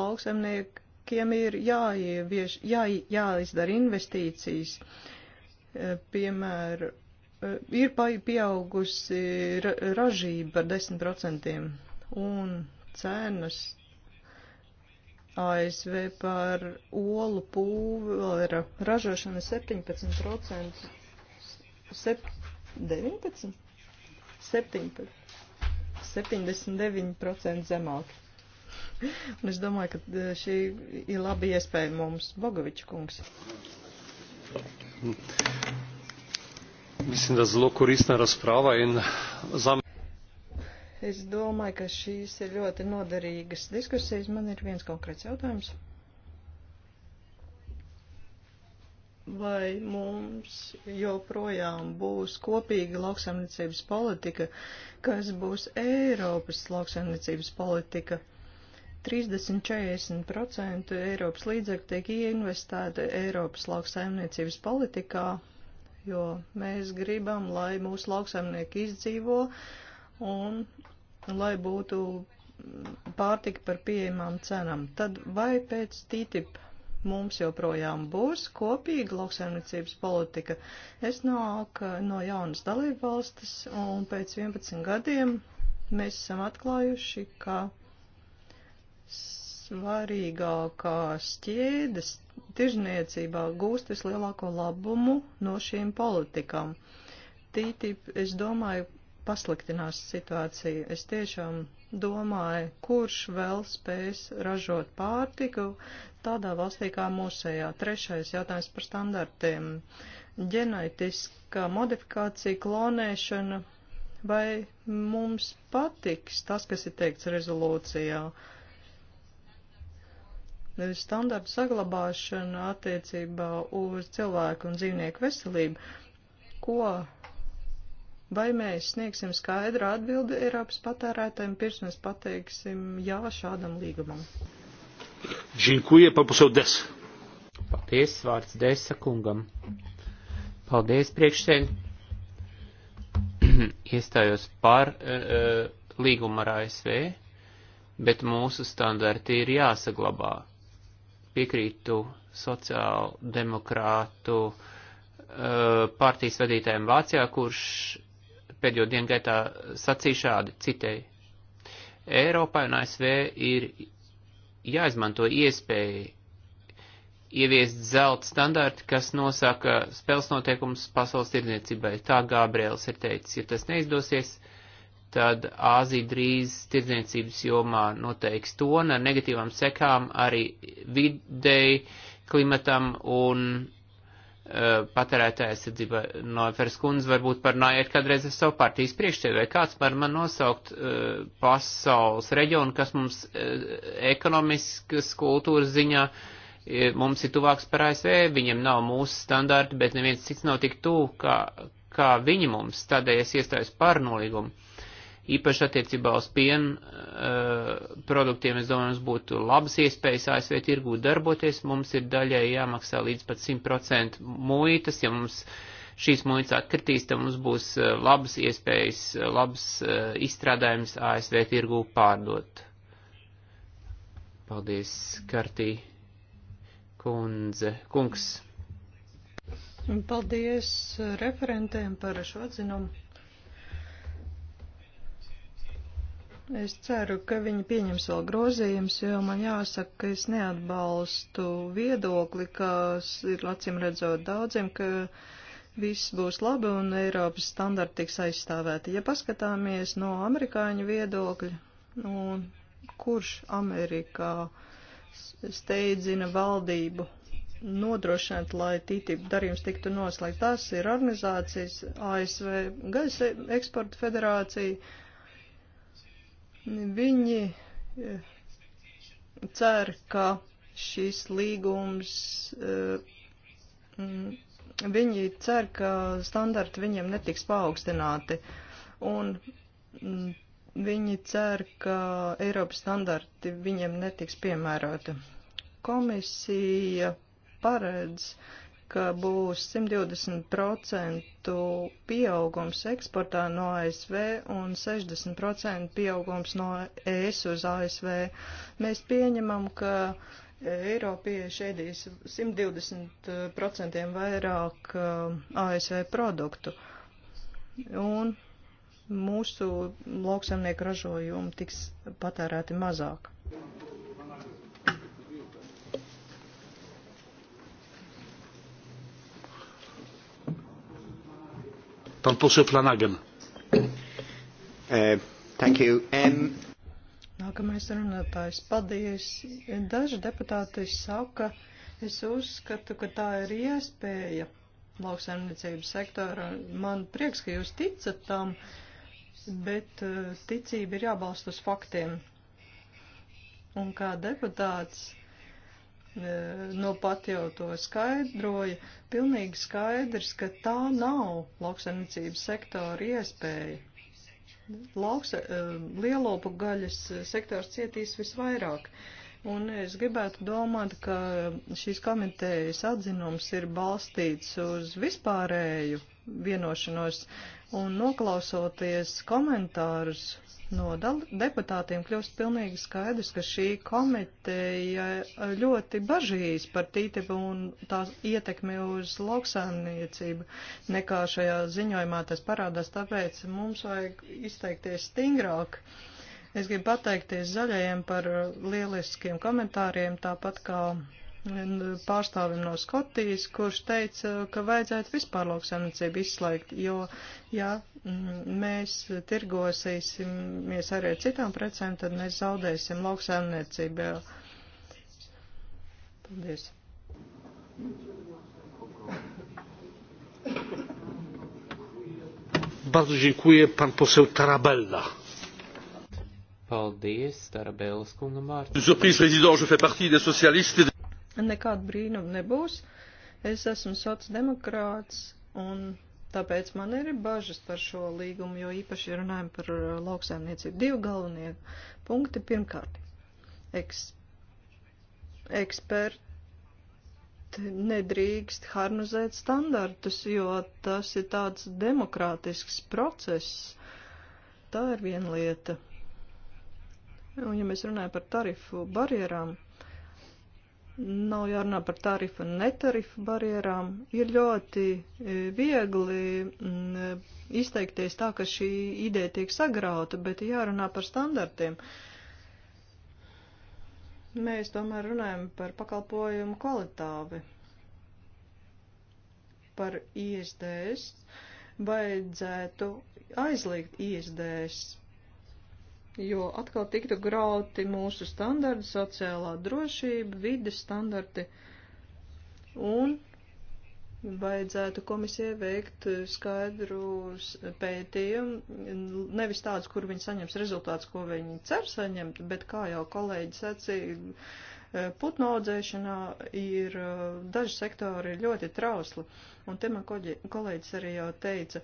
D: lauksemniekiem ir jāievieš, jā, jāizdara investīcijas, piemēram, ir pieaugusi ražība par 10% un cenas ASV par olu pūvera ražošanu 17%, sep, 19? 17, 79% zemāk. Un es domāju, ka e, šī ir laba iespēja mums, Bogoviča kungs.
A: Mislim, da zelo koristna razprava in zame.
D: Es domāju, ka šīs ir ļoti noderīgas diskusijas. Man ir viens konkrēts jautājums. Vai mums joprojām būs kopīga lauksaimniecības politika, kas būs Eiropas lauksaimniecības politika? 30-40% Eiropas līdzekļu tiek ieinvestēta Eiropas lauksaimniecības politikā, jo mēs gribam, lai mūsu lauksaimnieki izdzīvo un lai būtu pārtika par pieejamām cenām. Tad vai pēc TTIP mums joprojām būs kopīga lauksaimniecības politika? Es nāku no jaunas dalību valstis un pēc 11 gadiem mēs esam atklājuši, ka svarīgākās ķēdes tirzniecībā gūst vislielāko labumu no šīm politikām. TTIP, es domāju, pasliktinās situācija. Es tiešām domāju, kurš vēl spēs ražot pārtiku tādā valstī kā mūsējā. Trešais jautājums par standartiem. Ģenētiskā modifikācija, klonēšana, vai mums patiks tas, kas ir teikts rezolūcijā? Standarta saglabāšana attiecībā uz cilvēku un dzīvnieku veselību. Ko Vai mēs sniegsim skaidru atbildi Eiropas patērētājiem, pirms mēs pateiksim jā šādam līgumam?
C: Džinkuje, papusau des. Paldies, vārds desa kungam. Paldies, priekšsēļ. (clears throat) Iestājos par uh, līgumu ar ASV, bet mūsu standarti ir jāsaglabā. Piekrītu sociāldemokrātu uh, partijas vadītājiem Vācijā, kurš pēdējo dienu gaitā sacīja šādi, citēji. Eiropai un ASV ir jāizmanto iespēja ieviest zelta standarti, kas nosaka spēles noteikumus pasaules tirdzniecībai. Tā Gabriels ir teicis, ja tas neizdosies, tad Āzija drīz tirdzniecības jomā noteiks tonu ar negatīvām sekām arī videi, klimatam un Eh, patērētāja aizsardzība no Fers kundze varbūt parunājiet kādreiz ar savu partijas priekšsēdu, vai kāds var man nosaukt uh, pasaules reģionu, kas mums uh, ekonomiskas kultūras ziņā uh, mums ir tuvāks par ASV, viņiem nav mūsu standarti, bet neviens cits nav tik tuvu, kā, kā viņi mums, tādēļ es iestājos par nolīgumu īpaši attiecībā uz pienu uh, produktiem, es domāju, mums būtu labas iespējas ASV tirgū darboties, mums ir daļai jāmaksā līdz pat 100% muitas, ja mums šīs muitas atkritīs, tad mums būs uh, labas iespējas, labas uh, eh, izstrādājums ASV tirgū pārdot. Paldies, Kartī kundze, kungs.
D: Paldies referentēm par šo atzinumu. Es ceru, ka viņi pieņems vēl grozījumus, jo man jāsaka, ka es neatbalstu viedokli, kas ir acīm redzot daudziem, ka viss būs labi un Eiropas standarti tiks aizstāvēti. Ja paskatāmies no amerikāņu viedokļa, nu, kurš Amerikā steidzina valdību nodrošināt, lai TTIP darījums tiktu noslēgts, tas ir organizācijas ASV Gaisa eksporta federācija Viņi eh, cer, ka šis līgums, eh, viņi cer, ka standarti viņiem netiks paaugstināti. Un viņi cer, ka Eiropas standarti viņiem netiks piemēroti. Komisija paredz uh, ka būs 120% pieaugums eksportā no ASV un 60% pieaugums no ES uz ASV. Mēs pieņemam, ka Eiropieši ēdīs 120% vairāk uh, ASV produktu. Un mūsu lauksaimnieku ražojumi tiks patērēti mazāk.
A: Pan poseł Flanagan. Uh,
D: thank you. Um... Nākamais runātājs. Paldies. Daži deputāti saka, es uzskatu, ka tā ir iespēja lauksaimniecības sektora. Man prieks, ka jūs ticat tam, bet uh, ticība ir jābalst uz faktiem. Un kā deputāts nu pat jau to skaidroja, pilnīgi skaidrs, ka tā nav lauksaimniecības sektora iespēja. Lauks, e, lielopu gaļas sektors cietīs visvairāk. Un es gribētu domāt, ka šīs komitejas atzinums ir balstīts uz vispārēju vienošanos. Un noklausoties komentārus no deputātiem, kļūst pilnīgi skaidrs, ka šī komiteja ļoti bažīs par tītibu un tās ietekmi uz lauksaimniecību, nekā šajā ziņojumā tas parādās, tāpēc mums vajag izteikties stingrāk. Es gribu pateikties zaļajiem par lieliskiem komentāriem, tāpat kā pārstāvim no Skotijas, kurš teica, ka vajadzētu vispār lauksaimniecību izslēgt, jo, ja mm, mēs tirgosīsimies arī ar citām precēm, tad mēs zaudēsim lauksaimniecību. Paldies.
A: Bardzo dziękuję, pan poseł Tarabella.
C: Paldies, Tarabellas kungam vārds.
D: Nekāda brīnuma nebūs. Es esmu sociāldemokrāts un tāpēc man ir bažas par šo līgumu, jo īpaši runājam par uh, lauksaimniecību. Divi galvenie punkti. Pirmkārt, eks, eksperti nedrīkst harmonizēt standartus, jo tas ir tāds demokrātisks process. Tā ir viena lieta. Un, ja mēs runājam par tarifu barjerām, Nav jārunā par tarifu un netarifu barjerām. Ir ļoti e, viegli mm, e, izteikties tā, ka šī ideja tiek sagrauta, bet jārunā par standartiem. Mēs tomēr runājam par pakalpojumu kvalitāvi, par ISDS. Vajadzētu aizliegt ISDS jo atkal tiktu grauti mūsu standarti, sociālā drošība, vides standarti, un vajadzētu komisijai veikt skaidru pētījumu, nevis tāds, kur viņi saņems rezultāts, ko viņi cer saņemt, bet kā jau kolēģis sacīja, putnu audzēšanā ir daži sektori ļoti trausli, un te man kolēģis arī jau teica,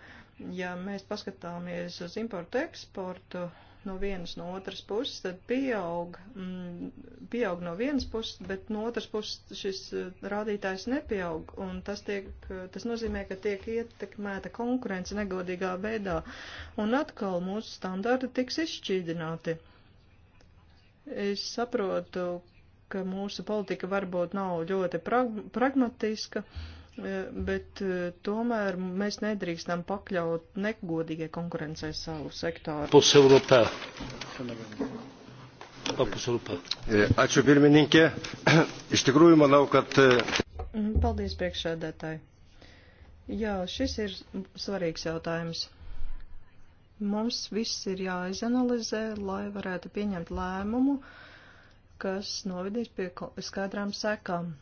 D: ja mēs paskatāmies uz importu eksportu, no vienas no otras puses, tad pieaug, mm, pieaug no vienas puses, bet no otras puses šis eh, rādītājs nepieaug, un tas, tiek, eh, tas nozīmē, ka tiek ietekmēta konkurence negodīgā veidā, un atkal mūsu standarti tiks izšķīdināti. Es saprotu, ka mūsu politika varbūt nav ļoti prag pragmatiska. Uh, Eh, bet eh, tomēr mēs nedrīkstam pakļaut negodīgai konkurencei savu sektoru. Pus
A: Europā. Pus Europā. Eh, ačiū pirmininkė. (clears throat) Iš tikrųjų manau, kad.
D: Mm, paldies priekšsēdētāji. Jā, šis ir svarīgs jautājums. Mums viss ir jāizanalizē, lai varētu pieņemt lēmumu, kas novedīs pie skaidrām sekām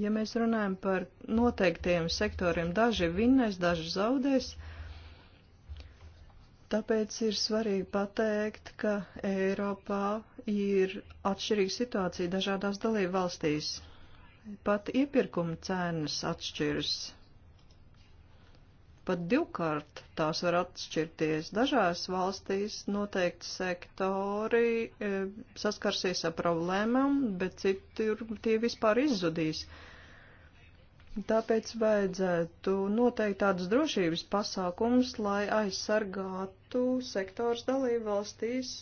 D: Ja mēs runājam par noteiktiem sektoriem, daži vinnēs, daži zaudēs, tāpēc ir svarīgi pateikt, ka Eiropā ir atšķirīga situācija dažādās dalību valstīs. Pat iepirkuma cenas atšķiras pat divkārt tās var atšķirties. Dažās valstīs noteikti sektori e, saskarsies ar problēmām, bet citur tie vispār izzudīs. Tāpēc vajadzētu noteikt tādus drošības pasākumus, lai aizsargātu sektors dalību valstīs,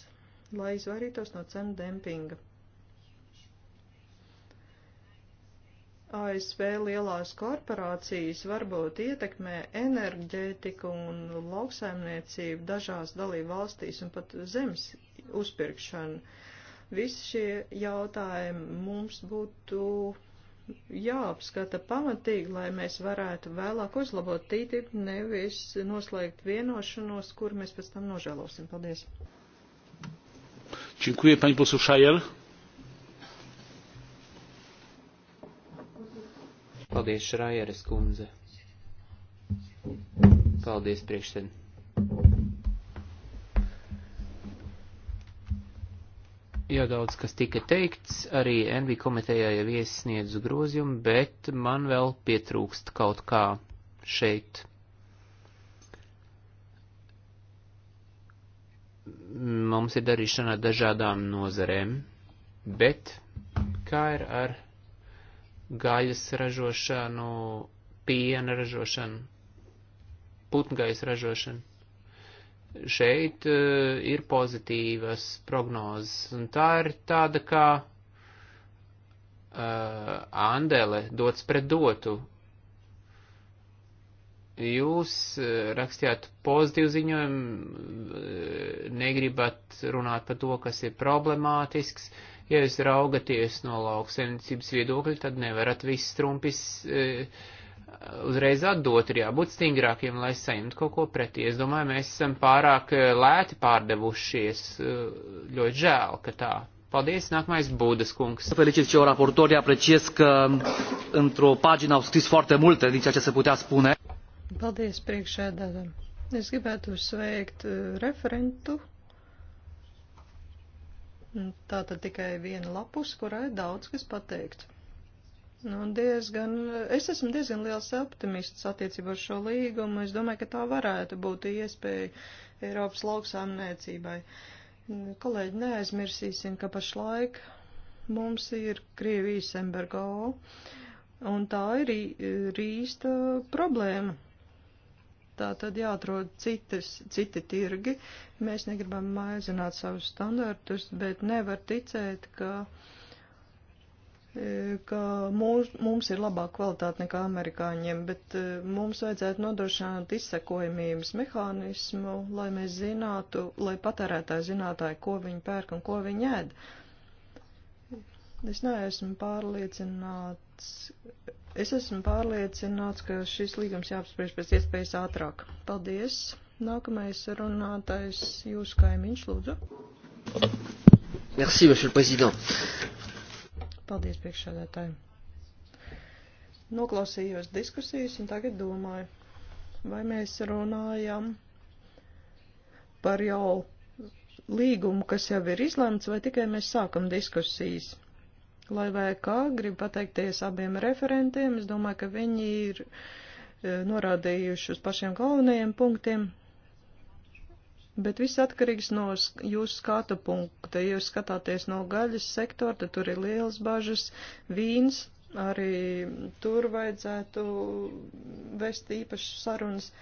D: lai izvairītos no cenu dempinga. ASV lielās korporācijas varbūt ietekmē enerģētiku un lauksaimniecību dažās dalību valstīs un pat zemes uzpirkšanu. Visi šie jautājumi mums būtu jāapskata pamatīgi, lai mēs varētu vēlāk uzlabot tītību, nevis noslēgt vienošanos, kur mēs pēc tam nožēlosim. Paldies.
C: Činkuja, paņi posušājēl. Paldies, Šrajeres kundze. Paldies, priekšsēd. Jau daudz, kas tika teikts, arī NV komitejā jau iesniedzu grozījumu, bet man vēl pietrūkst kaut kā šeit. Mums ir darīšana dažādām nozarēm, bet kā ir ar gaļas ražošanu, piena ražošanu, putngaļas ražošanu. Šeit uh, ir pozitīvas prognozes, un tā ir tāda kā uh, andele, dots pret dotu. Jūs uh, rakstījāt pozitīvu ziņojumu, uh, negribat runāt par to, kas ir problemātisks, uh, Ja jūs raugaties no lauksainicības viedokļa, tad nevarat viss trumpis e, uzreiz atdot, ir jābūt stingrākiem, lai saimtu kaut ko pretī. Es domāju, mēs esam pārāk e, lēti pārdevušies, e, ļoti žēl, ka tā. Paldies, nākamais Būdas kungs.
A: Felicit și eu raportori, apreciez că într-o pagină au scris foarte multe din ceea ce se putea spune.
D: Paldies, priekšēdētājiem. Es gribētu sveikt e, referentu Tā tad tikai viena lapus, kurai daudz kas pateikt. Nu, diezgan, es esmu diezgan liels optimists attiecībā ar šo līgumu. Es domāju, ka tā varētu būt iespēja Eiropas lauksāmniecībai. Kolēģi, neaizmirsīsim, ka pašlaik mums ir Krievijas embargo, un tā ir rīsta problēma. Tā tad jāatrod citas, citi tirgi. Mēs negribam maizināt savus standartus, bet nevar ticēt, ka, e, ka mūs, mums ir labāka kvalitāte nekā amerikāņiem, bet e, mums vajadzētu nodrošināt izsekojamības mehānismu, lai mēs zinātu, lai patērētāji zinātāji, ko viņi pērk un ko viņi ēd. Es neesmu pārliecināts, Es esmu pārliecināts, ka šis līgums jāapspriež pēc iespējas ātrāk. Paldies! Nākamais runātājs jūs kaimiņš, lūdzu.
A: Merci, monsieur le président.
D: Paldies, priekšsēdētāji. Noklausījos diskusijas un tagad domāju, vai mēs runājam par jau līgumu, kas jau ir izlemts, vai tikai mēs sākam diskusijas. Lai vai kā, gribu pateikties abiem referentiem. Es domāju, ka viņi ir e, norādījuši uz pašiem galvenajiem punktiem. Bet viss atkarīgs no jūsu skatu punkta. Ja jūs skatāties no gaļas sektora, tad tur ir liels bažas, vīns, arī tur vajadzētu vest īpašas sarunas.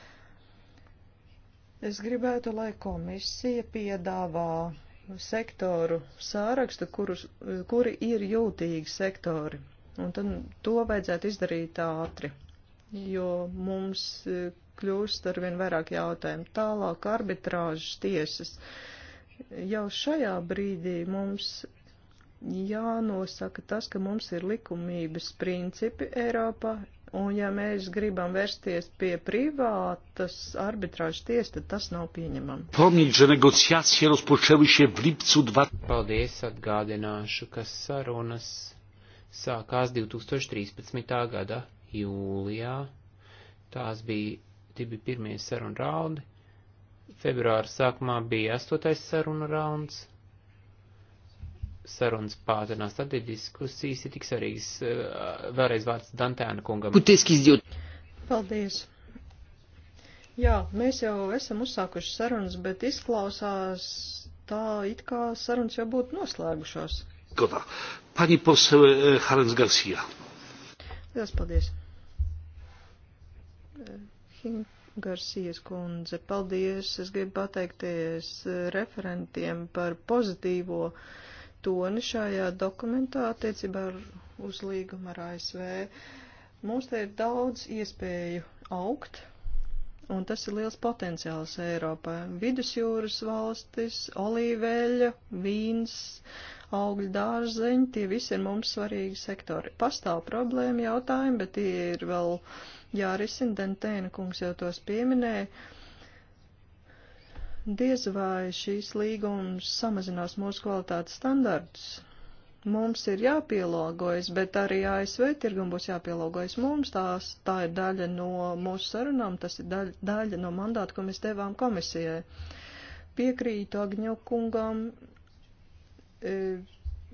D: Es gribētu, lai komisija piedāvā sektoru sārakstu, kurus, kuri ir jūtīgi sektori. Un tad to vajadzētu izdarīt ātri, jo mums e, kļūst ar vien vairāk jautājumu. Tālāk arbitrāžas tiesas. Jau šajā brīdī mums jānosaka tas, ka mums ir likumības principi Eiropā, Un ja mēs gribam vērsties pie privātas arbitrāžas tiesas, tad tas nav pieņemami.
C: Paldies, atgādināšu, ka sarunas sākās 2013. gada jūlijā. Tās bija divi pirmie sarunu raundi. Februāra sākumā bija astotais sarunu rauns sarunas pātrinās, tad ir diskusijas ir tik svarīgas. Eh, vēlreiz vārds Dantēna kungam.
D: Paldies! Jā, mēs jau esam uzsākuši sarunas, bet izklausās tā, it kā sarunas jau būtu noslēgušās.
A: Godā. Pani posel eh, Harens Garcia.
D: Lielas paldies. Eh, Garcijas kundze, paldies. Es gribu pateikties referentiem par pozitīvo uh, toni šajā dokumentā attiecībā uz līgumu ar ASV. Mums te ir daudz iespēju augt, un tas ir liels potenciāls Eiropai. Vidusjūras valstis, olīveļa, vīns, augļu dārzeņi, tie visi ir mums svarīgi sektori. Pastāv problēma jautājumi, bet tie ir vēl jārisina, Dentēna kungs jau tos pieminēja Diez vai šīs līgums samazinās mūsu kvalitātes standartus. Mums ir jāpielāgojas, bet arī ASV tirgum būs jāpielāgojas mums. Tās, tā ir daļa no mūsu sarunām, tas ir daļa, daļa no mandāta, ko mēs devām komisijai. Piekrītu Agņokungam. E,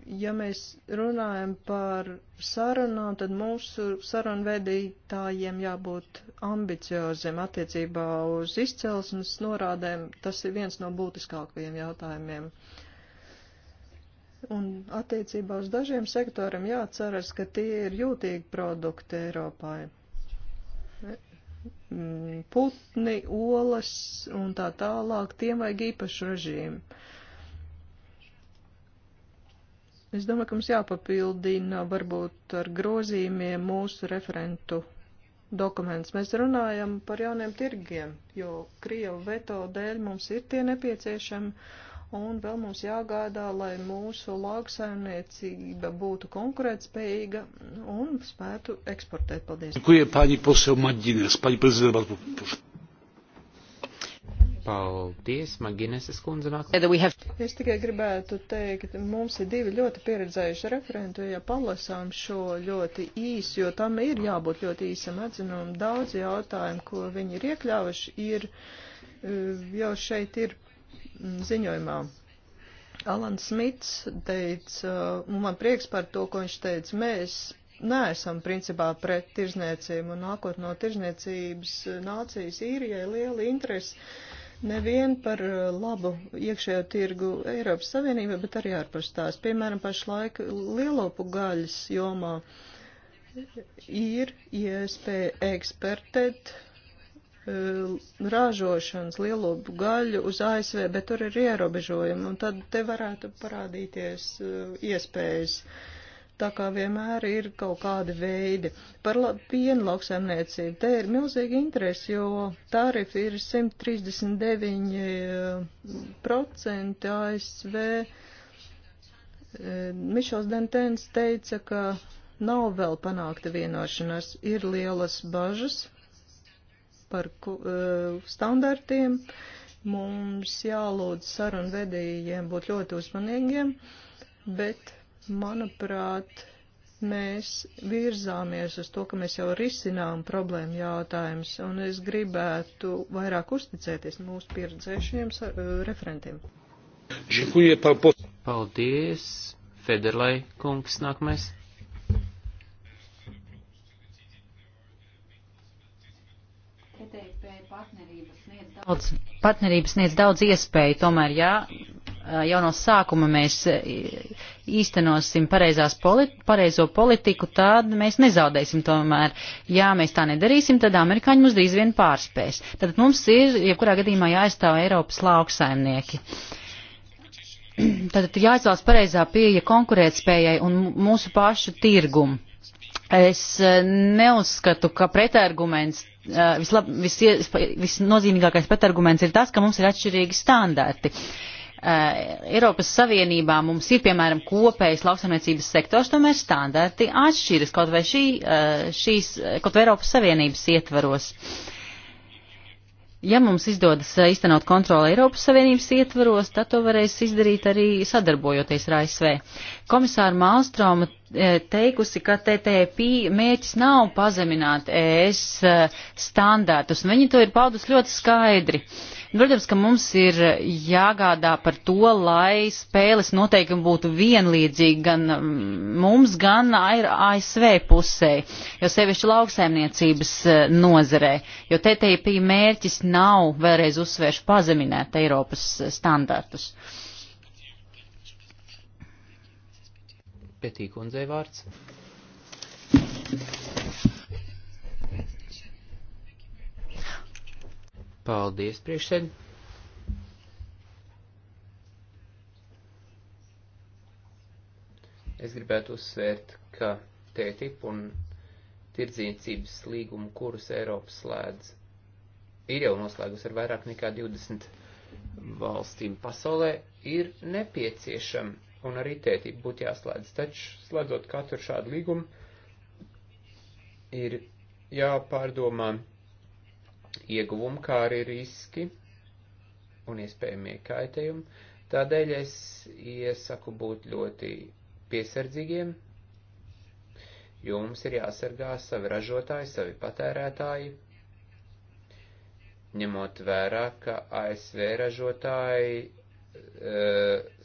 D: ja mēs runājam par sarunām, tad mūsu sarunvedītājiem jābūt ambicioziem attiecībā uz izcelsmes norādēm. Tas ir viens no būtiskākajiem jautājumiem. Un attiecībā uz dažiem sektoriem jāceras, ka tie ir jūtīgi produkti Eiropai. Mm, putni, olas un tā tālāk, tiem vajag īpašu režīmu Es domāju, ka mums jāpapildina varbūt ar grozījumiem mūsu referentu dokuments. Mēs runājam par jauniem tirgiem, jo Krievu veto dēļ mums ir tie nepieciešami, un vēl mums jāgādā, lai mūsu lauksaimniecība būtu konkurētspējīga un spētu eksportēt. Paldies. Dziękuję
C: pani poseł Madines, pani prezydent, bardzo proszę. Paldies, Magineses kundze nāk.
D: Es tikai gribētu teikt, mums ir divi ļoti pieredzējuši referentu, ja palasām šo ļoti īsu, jo tam ir jābūt ļoti īsam atzinumam. Daudz jautājumu, ko viņi ir iekļāvuši, ir e, jau šeit ir mm, ziņojumā. Alans Smits teica, un man prieks par to, ko viņš teica, mēs neesam principā pret tirzniecību un nākot no tirzniecības nācijas īrijai liela interese nevien par uh, labu iekšējo tirgu Eiropas Savienībā, bet arī ārpus tās. Piemēram, pašlaik lielopu gaļas jomā ir iespēja eksportēt uh, ražošanas lielopu gaļu uz ASV, bet tur ir ierobežojumi, un tad te varētu parādīties uh, iespējas. Uh, tā kā vienmēr ir kaut kādi veidi. Par la, pienu lauksaimniecību te ir milzīgi interesi, jo tarifi ir 139% eh, ASV. Eh, Mišels Dentens teica, ka nav vēl panākta vienošanās, ir lielas bažas par uh, standartiem. Mums jālūdz sarunvedējiem būt ļoti uzmanīgiem, bet Manuprāt, mēs virzāmies uz to, ka mēs jau risinām problēmu jautājumus, un es gribētu vairāk uzticēties mūsu pieredzējušiem eh, referentiem.
C: Paldies, Federlai kungs nākamais.
B: E daudz, partnerības sniedz daudz iespēju, tomēr, jā, e, jau no sākuma mēs e, īstenosim politi pareizo politiku, tad mēs nezaudēsim tomēr. Ja mēs tā nedarīsim, tad amerikāņi mūs drīz vien pārspēs. Tad mums ir, jebkurā gadījumā, jāaizstāv Eiropas lauksaimnieki. Tātad (clears throat) jāizvēlas pareizā pieeja konkurētspējai un mūsu pašu tirgumu. Es eh, neuzskatu, ka pretarguments, eh, vislab, vis, visnozīmīgākais pretarguments ir tas, ka mums ir atšķirīgi standarti. Uh, Eh, Eiropas Savienībā mums ir, piemēram, kopējs lauksamniecības sektors, tomēr standarti atšķiras kaut vai šī, eh, šīs, kaut vai Eiropas Savienības ietvaros. Ja mums izdodas eh, iztenot kontroli Eiropas Savienības ietvaros, tad to varēs izdarīt arī sadarbojoties ar ASV. Komisāra Malstroma teikusi, ka TTP mērķis nav pazemināt ES standārtus, un viņi to ir paudus ļoti skaidri. Uh, Protams, ka mums ir jāgādā par to, lai spēles noteikumi būtu vienlīdzīgi gan um, mums, gan ASV pusē, jo sevišķi lauksaimniecības uh, nozarē, jo TTIP mērķis nav vēlreiz uzsvērš pazeminēt Eiropas uh, standartus.
C: Petīkundzei vārds. Thank you. Paldies, priekšsēd. Es gribētu uzsvērt, ka TTIP un tirdzniecības līgumu, kurus Eiropas slēdz, ir jau noslēgus ar vairāk nekā 20 valstīm pasaulē, ir nepieciešama un arī tētība būtu jāslēdz. Taču, slēdzot katru šādu līgumu, ir jāpārdomā ieguvumi, kā arī riski un iespējamie kaitējumi. Tādēļ es iesaku būt ļoti piesardzīgiem, jo mums ir jāsargā savi ražotāji, savi patērētāji, ņemot vērā, ka ASV ražotāji e,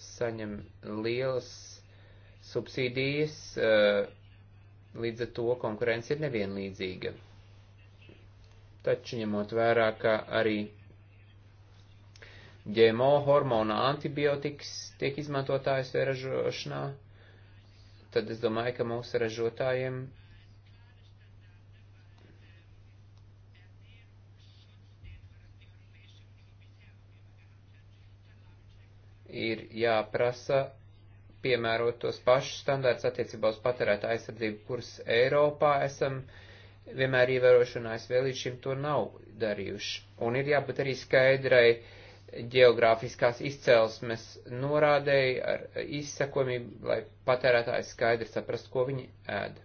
C: saņem lielas subsīdijas, e, līdz ar to konkurence ir nevienlīdzīga taču ņemot vērā, ka arī GMO hormona antibiotikas tiek izmantotājs ražošanā, tad es domāju, ka mūsu ražotājiem ir jāprasa piemērot tos pašus standārts attiecībā uz patērētāju aizsardzību, kurus Eiropā esam uh, vienmēr ievērošanās, vēl līdz šim to nav darījuši. Un ir jābūt arī skaidrai geogrāfiskās izcelsmes norādēji ar izsakomību, lai patērētājs skaidri saprast, ko viņi ēd.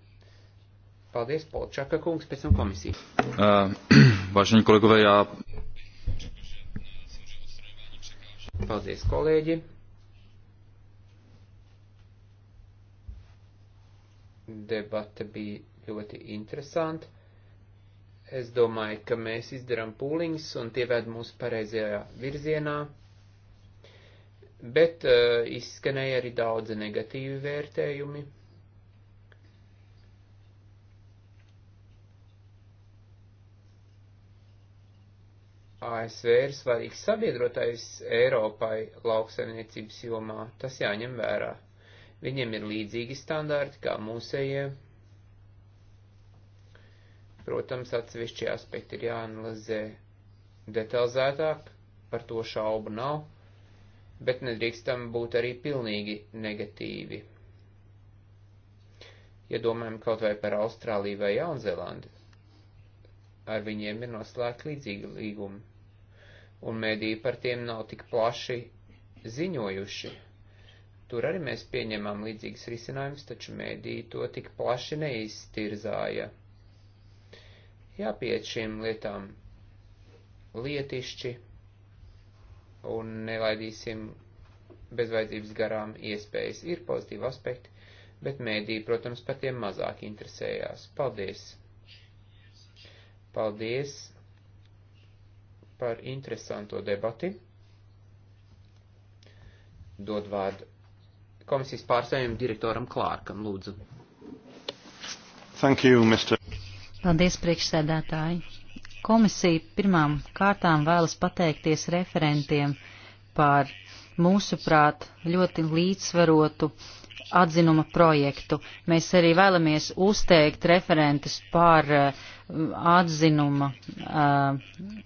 C: Paldies, Polčaka kungs, pēc tam komisija. Uh, (clears throat) Važiņi kolegovē, jā. Paldies, kolēģi. Debata bija ļoti interesanti. Es domāju, ka mēs izdarām pūliņus un tie ved mūsu pareizajā virzienā, bet uh, izskanēja arī daudzi negatīvi vērtējumi. ASV ir svarīgs sabiedrotais Eiropai lauksaimniecības jomā, tas jāņem vērā. Viņiem ir līdzīgi standarti kā mūsējiem, Protams, atsevišķi aspekti ir jāanalizē detalizētāk, par to šaubu nav, bet nedrīkstam būt arī pilnīgi negatīvi. Ja domājam kaut vai par Austrāliju vai Jaunzēlandi, ar viņiem ir noslēgta līdzīga līguma, un mēdī par tiem nav tik plaši ziņojuši. Tur arī mēs pieņemam līdzīgas risinājumus, taču mēdī to tik plaši neiztirzāja jāpiet šiem lietām lietišķi un nelaidīsim bezvaidzības garām iespējas. Ir pozitīvi aspekti, bet mēdī, protams, par tiem mazāk interesējās. Paldies! Paldies par interesanto debati. Dod vārdu komisijas pārstāvjiem direktoram Klārkam, lūdzu. Thank you, Mr.
B: Paldies, priekšsēdētāji. Komisija pirmām kārtām vēlas pateikties referentiem par mūsuprāt ļoti līdzsvarotu atzinuma projektu. Mēs arī vēlamies uzteikt referentus par uh, atzinuma, uh,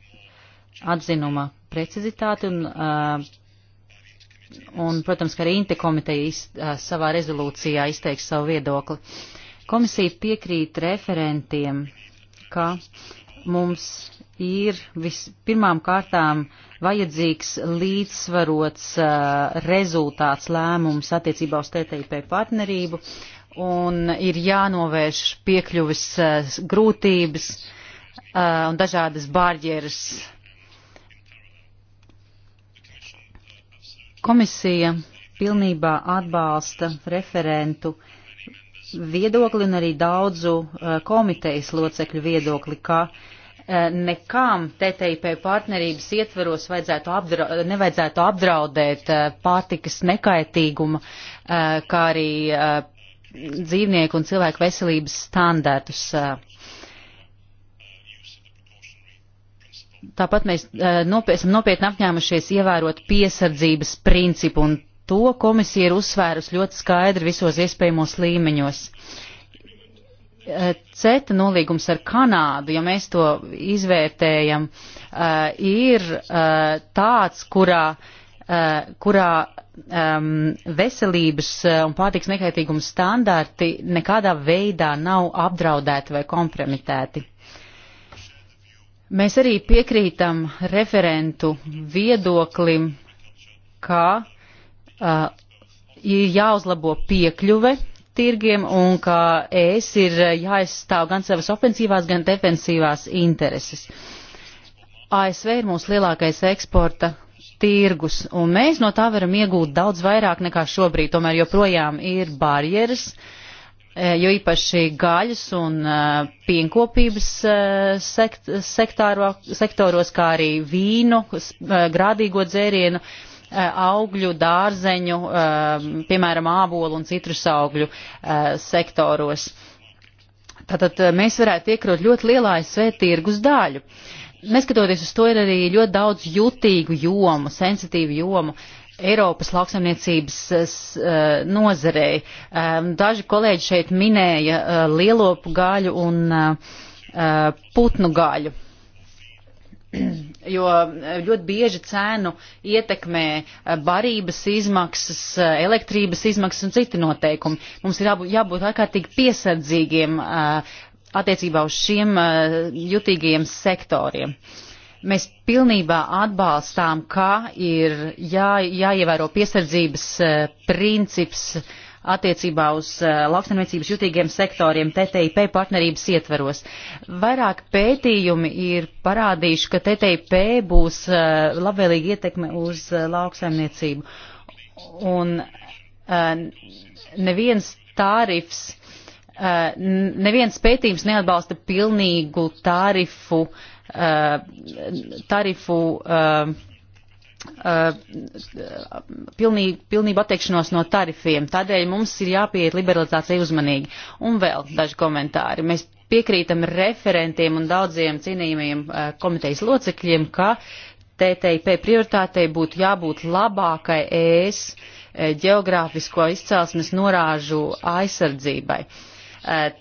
B: atzinuma precizitāti un, uh, un, protams, ka arī Inte komiteja iz, savā rezolūcijā izteiks savu viedokli. Komisija piekrīt referentiem, ka mums ir vispirmām kārtām vajadzīgs līdzsvarots uh, rezultāts lēmums attiecībā uz TTIP partnerību un ir jānovērš piekļuvis uh, grūtības uh, un dažādas barjeras. Komisija pilnībā atbalsta referentu uh, viedokli un arī daudzu uh, komitejas locekļu viedokli, ka uh, nekām TTIP partnerības ietveros vajadzētu apdra nevajadzētu apdraudēt uh, pārtikas nekaitīgumu, kā arī dzīvnieku un cilvēku veselības standartus. Tāpat mēs nopiet, esam nopietni apņēmušies ievērot piesardzības principu un to komisija ir uzsvērusi ļoti skaidri visos iespējamos līmeņos. Eh, CETA nolīgums ar Kanādu, ja mēs to izvērtējam, eh, ir eh, tāds, kurā, kurā ehm, veselības un pārtiks nekaitīguma standarti nekādā veidā nav apdraudēti vai kompromitēti. Mēs arī piekrītam referentu viedoklim, ka uh, Uh, ir jāuzlabo piekļuve tirgiem un ka ES ir uh, jāizstāv gan savas ofensīvās, gan defensīvās intereses. ASV ir mūsu lielākais eksporta tirgus, un mēs no tā varam iegūt daudz vairāk nekā šobrīd. Tomēr joprojām ir barjeras, eh, jo īpaši gaļas un eh, pienkopības eh, sekt, sektāro, sektoros, kā arī vīnu, grādīgo dzērienu Eh, augļu, dārzeņu, eh, piemēram, ābolu un citrus augļu eh, sektoros. Tātad mēs varētu iekrot ļoti lielā SV tirgus daļu. Neskatoties uz to, ir arī ļoti daudz jutīgu jomu, sensitīvu jomu. Eiropas lauksaimniecības nozarei. Daži kolēģi šeit minēja lielopu gaļu un putnu gaļu. (clears throat) jo eh, ļoti bieži cēnu ietekmē eh, barības izmaksas, eh, elektrības izmaksas un citi noteikumi. Mums ir jābūt, jābūt ārkārtīgi piesardzīgiem attiecībā uz šiem jutīgajiem sektoriem. Mēs pilnībā atbalstām, ka ir jā, jāievēro piesardzības princips uh, attiecībā uz eh, lauksaimniecības jutīgiem sektoriem TTIP partnerības ietveros. Vairāk pētījumi ir parādījuši, ka TTIP būs eh, labvēlīga ietekme uz eh, lauksaimniecību. Un neviens tārifs neviens pētījums neatbalsta pilnīgu tarifu, tarifu Uh, pilnīgi, pilnību atteikšanos no tarifiem. Tādēļ mums ir jāpieiet liberalizācijai uzmanīgi. Un vēl daži komentāri. Mēs piekrītam referentiem un daudziem cienījumiem uh, komitejas locekļiem, ka TTIP prioritātei būtu jābūt labākai ES ģeogrāfisko uh, izcelsmes norāžu aizsardzībai.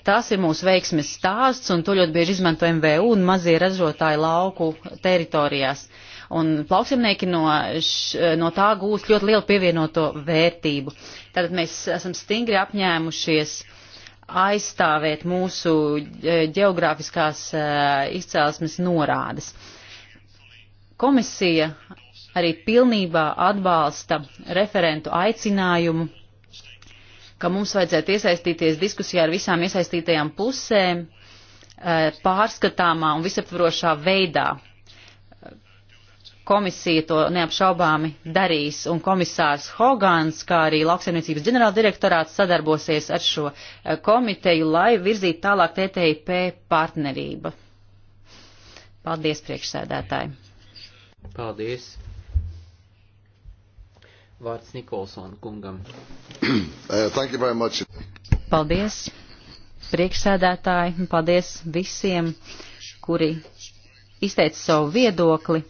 B: Tas ir mūsu veiksmes stāsts, un to ļoti bieži izmanto MVU un mazie ražotāji lauku teritorijās. Uh, un lauksimnieki no, š, no tā gūst ļoti lielu pievienoto vērtību. Tātad mēs esam stingri apņēmušies aizstāvēt mūsu e, geogrāfiskās e, izcelsmes norādes. Komisija arī pilnībā atbalsta referentu aicinājumu, ka mums vajadzētu iesaistīties diskusijā ar visām iesaistītajām pusēm e, pārskatāmā un visaptvarošā veidā komisija to neapšaubāmi darīs, un komisārs Hogans, kā arī lauksaimniecības ģenerāldirektorāts sadarbosies ar šo eh, komiteju, lai virzītu tālāk TTIP partnerību. Paldies, priekšsēdētāji!
C: Paldies! Vārds Nikolson kungam. (clears throat) Uh, thank you very much.
B: Paldies, priekšsēdētāji, un paldies visiem, kuri izteica savu viedokli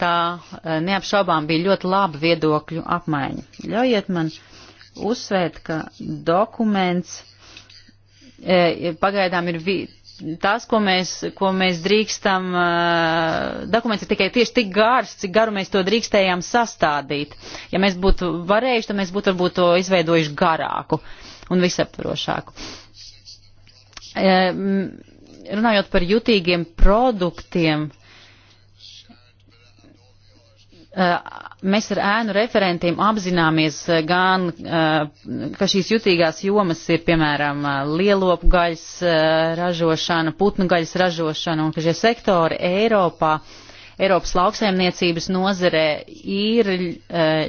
B: tā eh, neapšaubām bija ļoti laba viedokļu apmaiņa. Ļaujiet man uzsvērt, ka dokuments eh, pagaidām ir tas, ko mēs, ko mēs drīkstam, eh, dokuments ir tikai tieši tik gārs, cik garu mēs to drīkstējām sastādīt. Ja mēs būtu varējuši, tad mēs būtu varbūt to izveidojuši garāku un visaptvarošāku. Runājot par jutīgiem produktiem, Eh, mēs ar ēnu referentiem apzināmies eh, gan, eh, ka šīs jutīgās jomas ir, piemēram, lielopu gaļas ražošana, putnu gaļas ražošana, un ka šie sektori Eiropā, Eiropas lauksaimniecības nozarē ir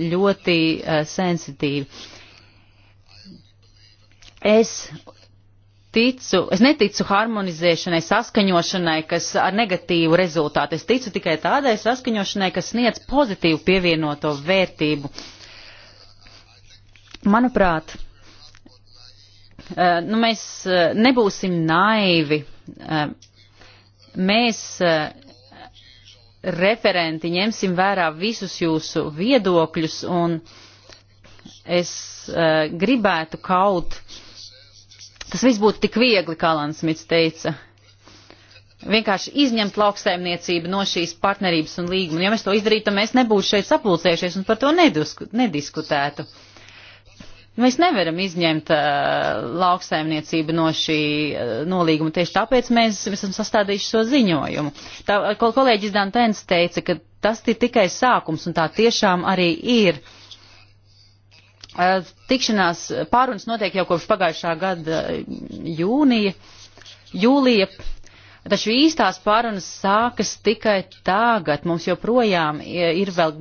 B: ļoti sensitīvi. Es ticu, es neticu harmonizēšanai, saskaņošanai, kas ar negatīvu rezultātu. Es ticu tikai tādai saskaņošanai, kas sniedz pozitīvu pievienoto vērtību. Manuprāt, eh, nu mēs eh, nebūsim naivi. Eh, mēs referenti ņemsim vērā visus jūsu viedokļus un es gribētu kaut uh, Tas viss būtu tik viegli, kā Lansmits teica. Vienkārši izņemt lauksaimniecību no šīs partnerības un līguma. Ja mēs to izdarītu, tad mēs nebūtu šeit sapulcējušies un par to nedusku, nediskutētu. Mēs nevaram izņemt uh, lauksaimniecību no šī uh, nolīguma. Tieši tāpēc mēs esam sastādījuši šo ziņojumu. Tā, kol kolēģis Dantēns teica, ka tas ir tikai sākums un tā tiešām arī ir. Uh, Eh, tikšanās eh, pārunas notiek jau kopš pagājušā gada eh, jūnija, jūlija, taču īstās pārunas sākas tikai tagad. Mums joprojām ir vēl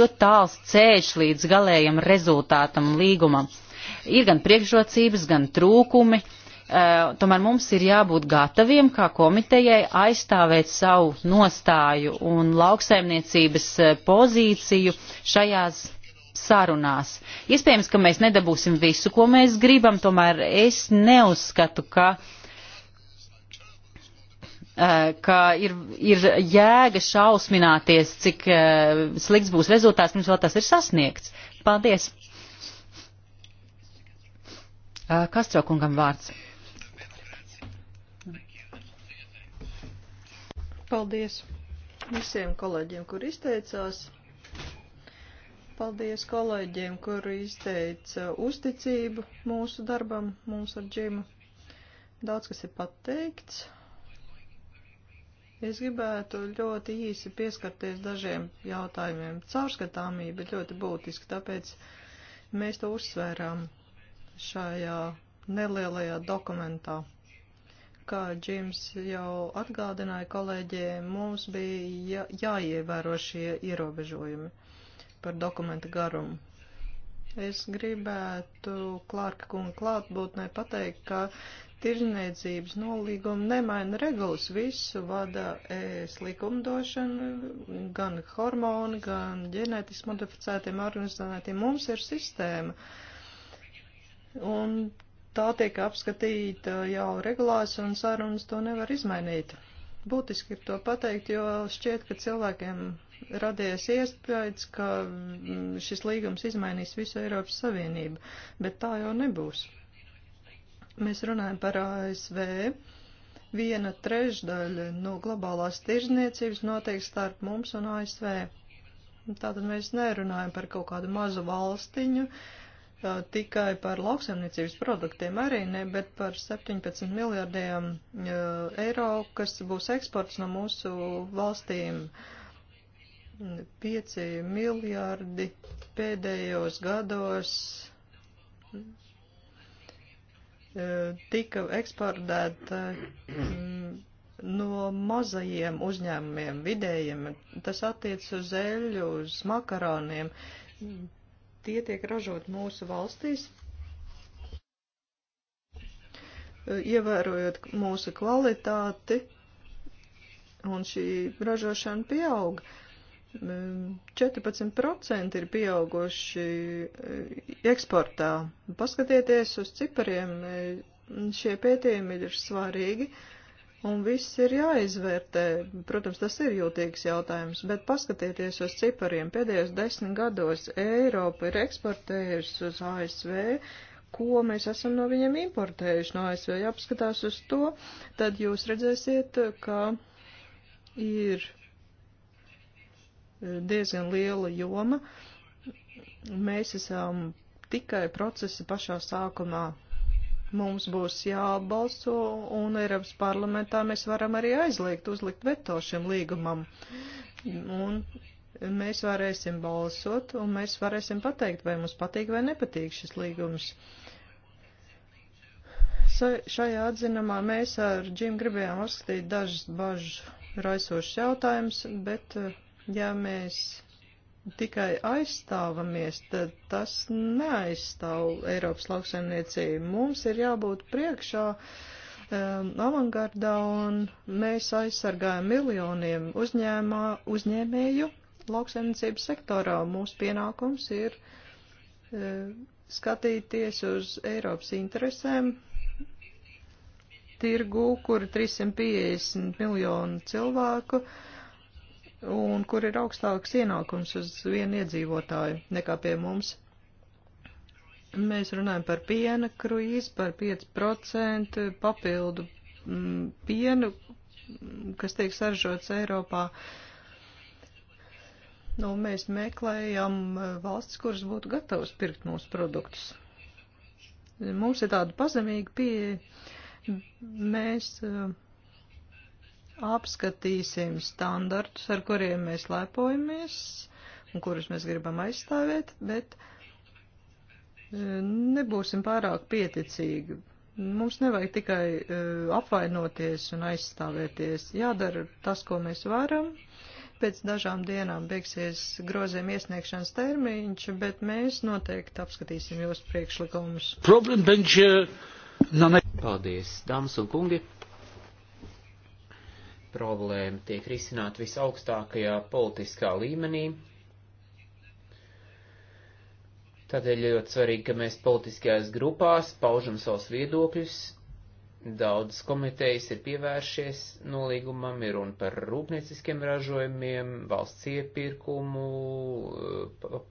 B: ļoti tāls ceļš līdz galējam rezultātam līgumam. Ir gan priekšrocības, gan trūkumi tomēr mums ir jābūt gataviem kā komitejai aizstāvēt savu nostāju un lauksaimniecības pozīciju šajās sarunās. Iespējams, ka mēs nedabūsim visu, ko mēs gribam, tomēr es neuzskatu, ka, eh, ka ir, ir jēga šausmināties, cik eh, slikts būs rezultāts, pirms vēl tas ir sasniegts. Paldies! Kastro eh, kungam vārds.
D: Paldies visiem kolēģiem, kur izteicās. Paldies kolēģiem, kuri izteica uzticību mūsu darbam, mums ar Džimu. Daudz kas ir pateikts. Es gribētu ļoti īsi pieskarties dažiem jautājumiem. Caurskatāmība ir ļoti būtiska, tāpēc mēs to uzsvērām šajā nelielajā dokumentā. Kā Džims jau atgādināja kolēģiem, mums bija jā, jāievēro šie ierobežojumi par dokumenta garumu. Es gribētu Klārka kunga klātbūtnē pateikt, ka tirzniecības nolīguma nemaina regulas, visu vada ēs likumdošana, gan hormoni, gan ģenētiski modificētiem organizētiem. Mums ir sistēma. Un tā tiek apskatīta jau regulās un sarunas to nevar izmainīt būtiski ir to pateikt, jo šķiet, ka cilvēkiem radies iespējas, ka mm, šis līgums izmainīs visu Eiropas Savienību, bet tā jau nebūs. Mēs runājam par ASV. Viena trešdaļa no globālās tirzniecības notiek starp mums un ASV. Tātad mēs nerunājam par kaut kādu mazu valstiņu, uh, tikai par lauksaimniecības produktiem arī ne, bet par 17 miljārdiem eiro, kas būs eksports no mūsu valstīm. 5 miljārdi pēdējos gados tika eksportēta no mazajiem uzņēmumiem, vidējiem. Tas attiec uz eļu, uz makaroniem tie tiek ražot mūsu valstīs, e, ievērojot mūsu kvalitāti, un šī ražošana pieaug. 14% e, ir pieauguši e, eksportā. Paskatieties uz cipariem, šie pētījumi ir svarīgi. Uh, Un viss ir jāizvērtē. Protams, tas ir jūtīgs jautājums, bet paskatieties uz cipariem. Pēdējos desmit gados Eiropa ir eksportējusi uz ASV, ko mēs esam no viņiem importējuši no ASV. Ja apskatās uz to, tad jūs redzēsiet, ka ir diezgan liela joma. Mēs esam tikai procesa pašā sākumā Mums būs jābalso, un Eiropas parlamentā mēs varam arī aizliegt uzlikt veto šim līgumam. Un mēs varēsim balsot, un mēs varēsim pateikt, vai mums patīk vai nepatīk šis līgums. Sa šajā atzinumā mēs ar Džim gribējām uzskatīt dažas bažu raisošas jautājumus, bet ja mēs tikai aizstāvamies, tad tas neaizstāv Eiropas lauksaimniecību. Mums ir jābūt priekšā um, avangardā un mēs aizsargājam miljoniem uzņēmā, uzņēmēju lauksaimniecības sektorā. Mūsu pienākums ir um, skatīties uz Eiropas interesēm tirgu, kur 350 miljonu cilvēku uh, un kur ir augstāks ienākums uz vienu iedzīvotāju nekā pie mums. Mēs runājam par piena kruīzi, par 5% papildu mm, pienu, kas tiek saržots Eiropā. Nu, mēs meklējam eh, valsts, kuras būtu gatavas pirkt mūsu produktus. Mums ir tāda pazemīga pieeja. Mēs uh, apskatīsim standartus, ar kuriem mēs lepojamies un kurus mēs gribam aizstāvēt, bet e, nebūsim pārāk pieticīgi. Mums nevajag tikai e, apvainoties un aizstāvēties. Jādara tas, ko mēs varam. Pēc dažām dienām beigsies groziem iesniegšanas termiņš, bet mēs noteikti apskatīsim jūsu priekšlikumus.
C: Paldies, dāmas un kungi! problēma tiek risināta visaugstākajā politiskā līmenī. Tādēļ ļoti svarīgi, ka mēs politiskajās grupās paužam savus viedokļus. Daudzas komitejas ir pievēršies nolīgumam, ir runa par rūpnieciskiem ražojumiem, valsts iepirkumu,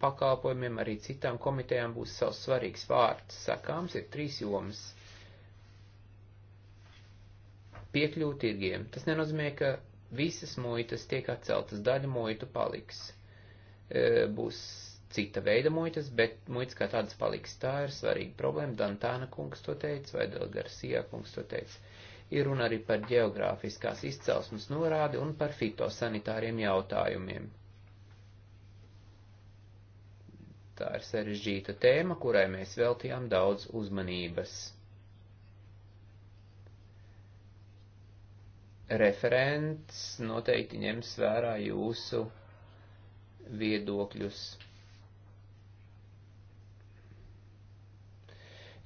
C: pakalpojumiem, arī citām komitejām būs savs svarīgs vārds sakāms, ir trīs jomas piekļuvu tirgiem. Tas nenozīmē, ka visas muitas tiek atceltas, daļa muitu paliks. E, būs cita veida muitas, bet muitas kā tādas paliks. Tā ir svarīga problēma. Dantāna kungs to teica, vai Delgarsijā kungs to teica. Ir runa arī par geogrāfiskās izcelsmes norādi un par fitosanitāriem jautājumiem. Tā ir sarežģīta tēma, kurai mēs veltījām daudz uzmanības. referents noteikti ņems vērā jūsu viedokļus.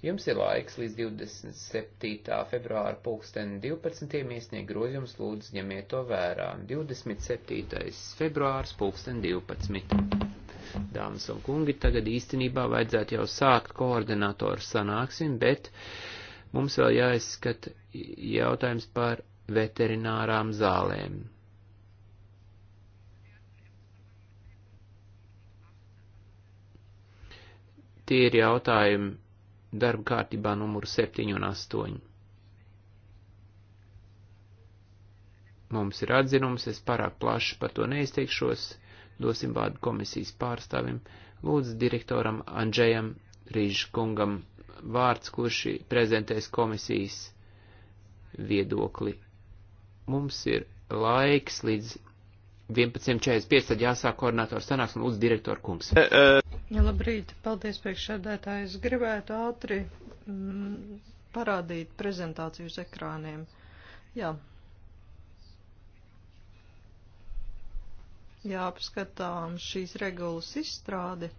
C: Jums ir laiks līdz 27. februāra pulksten 12. iesniegt grozījums, lūdzu ņemiet to vērā. 27. februārs pulksten 12. Dāmas un kungi, tagad īstenībā vajadzētu jau sākt koordinatoru sanāksim, bet mums vēl jāizskata jautājums par veterinārām zālēm. Tie ir jautājumi darba kārtībā numuru 7 un 8. Mums ir atzinums, es pārāk plaši par to neizteikšos, dosim vārdu komisijas pārstāvim, lūdzu direktoram Andžejam Rīžkungam vārds, kurš prezentēs komisijas viedokli Mums ir laiks līdz 11.45, tad jāsāk koordinātors sanāks un lūdzu direktoru kungs. E, e.
D: Ja, labrīt, paldies priekšsēdētāji. Es gribētu ātri mm, parādīt prezentāciju uz ekrāniem. Jā. Jāapskatām šīs regulas izstrādi.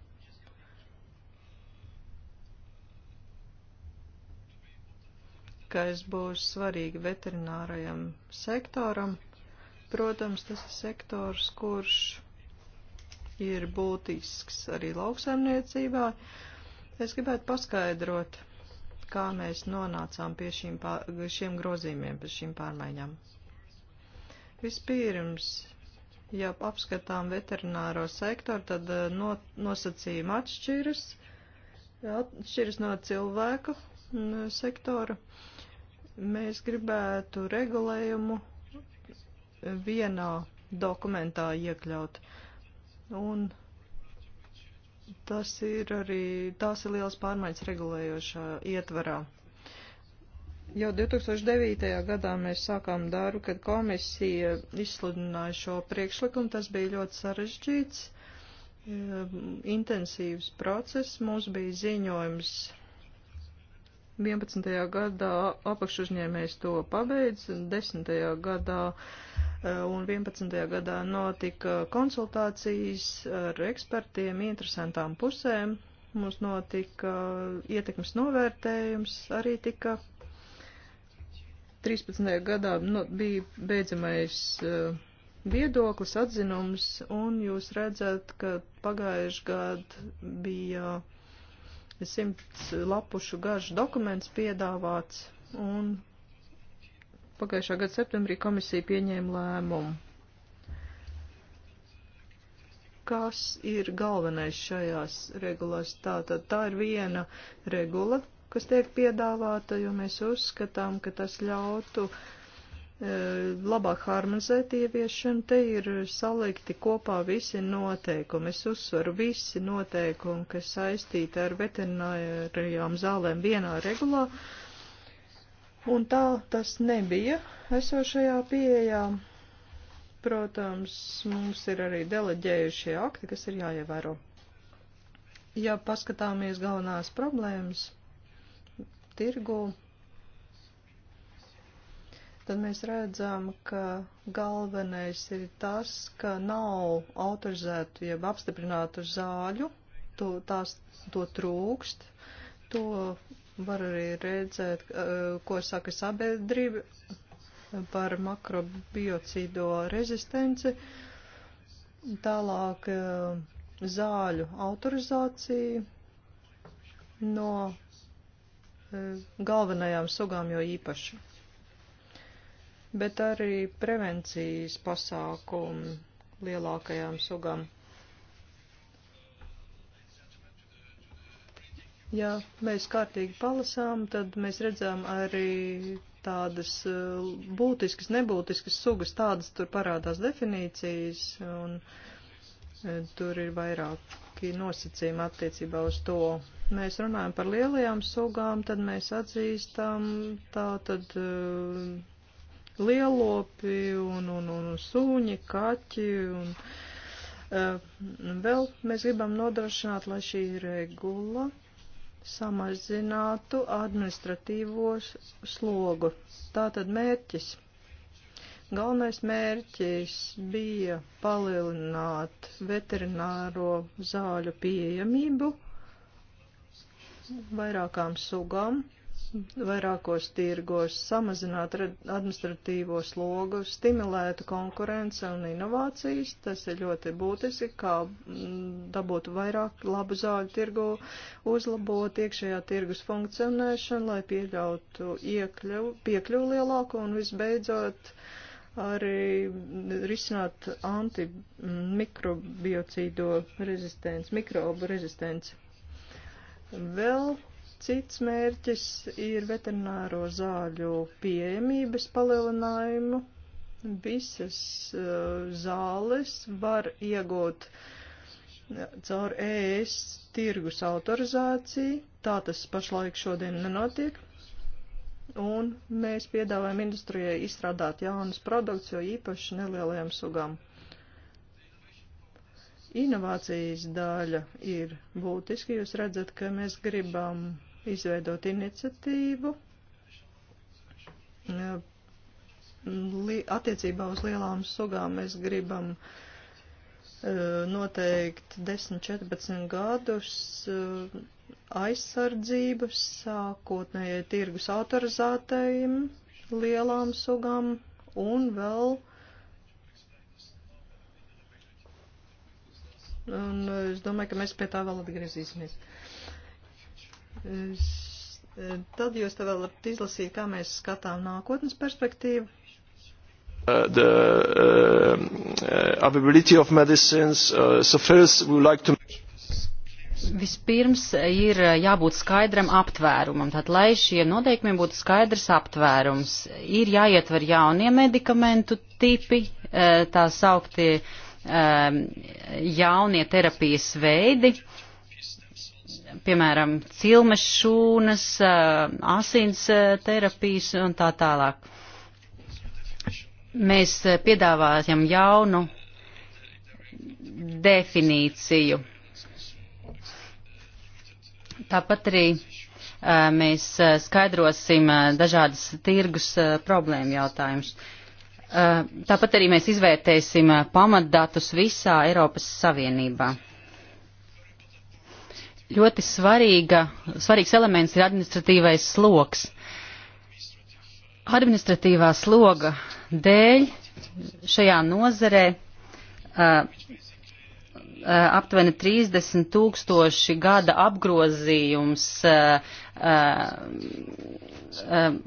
D: Etiskais būs svarīgi veterinārajam sektoram. Protams, tas ir sektors, kurš ir būtisks arī lauksaimniecībā. Es gribētu paskaidrot, kā mēs nonācām pie šīm, pār, šiem grozījumiem, pie šīm pārmaiņām. Vispirms, ja apskatām veterināro sektoru, tad eh, no, nosacījumi atšķiras, atšķiras no cilvēku sektora. Uh, Mēs gribētu regulējumu vienā dokumentā iekļaut. Un tas ir arī, tās ir liels pārmaiņas regulējošā ietvarā. Jau 2009. gadā mēs sākām darbu, kad komisija izsludināja šo priekšlikumu. Tas bija ļoti sarežģīts, eh, intensīvs process. Mums bija ziņojums 11. gadā apakšuzņēmējs to pabeidz, 10. gadā e, un 11. gadā notika konsultācijas ar ekspertiem, interesantām pusēm. Mums notika ietekmes novērtējums, arī tika 13. gadā no, bija beidzamais e, viedoklis, atzinums, un jūs redzat, ka pagājuši gadu bija simts lapušu garš dokuments piedāvāts, un pagājušā gada septembrī komisija pieņēma lēmumu. Kas ir galvenais šajās regulās? Tātad tā ir viena regula, kas tiek piedāvāta, jo mēs uzskatām, ka tas ļautu uh, E, labāk harmonizēt ieviešanu, te ir salikti kopā visi noteikumi. Es uzsveru visi noteikumi, kas saistīti ar veterinārijām zālēm vienā regulā. Un tā tas nebija esošajā pieejā. Protams, mums ir arī deleģējušie akti, kas ir jāievēro. Ja paskatāmies galvenās problēmas tirgu, tad mēs redzam, ka galvenais ir tas, ka nav autorizētu, jeb apstiprinātu zāļu, to, tās, to trūkst, to var arī redzēt, eh, ko saka sabiedrība par makrobiocīdo rezistenci, tālāk eh, zāļu autorizāciju no eh, galvenajām sugām jau īpaši bet arī prevencijas pasākumu lielākajām sugām. Ja mēs kārtīgi palasām, tad mēs redzam arī tādas eh, būtiskas, nebūtiskas sugas, tādas tur parādās definīcijas, un eh, tur ir vairāki nosacījumi attiecībā uz to. Mēs runājam par lielajām sugām, tad mēs atzīstam tā tad. Uh, lielopi un, un, un, un suņi, kaķi un uh, vēl mēs gribam nodrošināt, lai šī regula samazinātu administratīvo slogu. Tātad mērķis. Galvenais mērķis bija palielināt veterināro zāļu pieejamību vairākām sugām, vairākos tirgos, samazinātu administratīvo slogu, stimulētu konkurence un inovācijas. Tas ir ļoti būtiski, kā mm, dabūt vairāk labu zāļu tirgu, uzlabot iekšējā tirgus funkcionēšanu, lai pieļautu iekļu, piekļuvu lielāku un visbeidzot arī risināt antimikrobiocīdo rezistents, mikrobu rezistents. Vēl Cits mērķis ir veterināro zāļu pieejamības palielinājumu. Visas uh, zāles var iegūt uh, caur ES tirgus autorizāciju. Tā tas pašlaik šodien nenotiek. Un mēs piedāvājam industrijai izstrādāt jaunus produktus, jo īpaši nelielajām sugām. Inovācijas daļa ir būtiska. Jūs redzat, ka mēs gribam izveidot iniciatīvu attiecībā uz lielām sugām. Mēs gribam noteikt 10-14 gadus aizsardzību sākotnējai tirgus autorizētajiem lielām sugām un vēl Un es domāju, ka mēs pie tā vēl atgriezīsimies. Uh, E, tad jūs te vēl varat izlasīt, kā mēs skatām nākotnes perspektīvu. Uh, the uh, uh, availability of medicines. Uh, so first, we would like to.
B: Vispirms ir uh, jābūt skaidram aptvērumam, tad lai šiem noteikumiem būtu skaidrs aptvērums, ir jāietver jaunie medikamentu tipi, uh, tā sauktie um, jaunie terapijas veidi, piemēram, cilmes šūnas, asins terapijas un tā tālāk. Mēs piedāvājam jaunu definīciju. Tāpat arī mēs skaidrosim dažādas tirgus problēmu jautājumus. Tāpat arī mēs izvērtēsim pamatdatus visā Eiropas Savienībā ļoti svarīga, svarīgs elements ir administratīvais sloks. Administratīvā sloga dēļ šajā nozarē uh, uh aptuveni 30 tūkstoši gada apgrozījums uh, uh, um,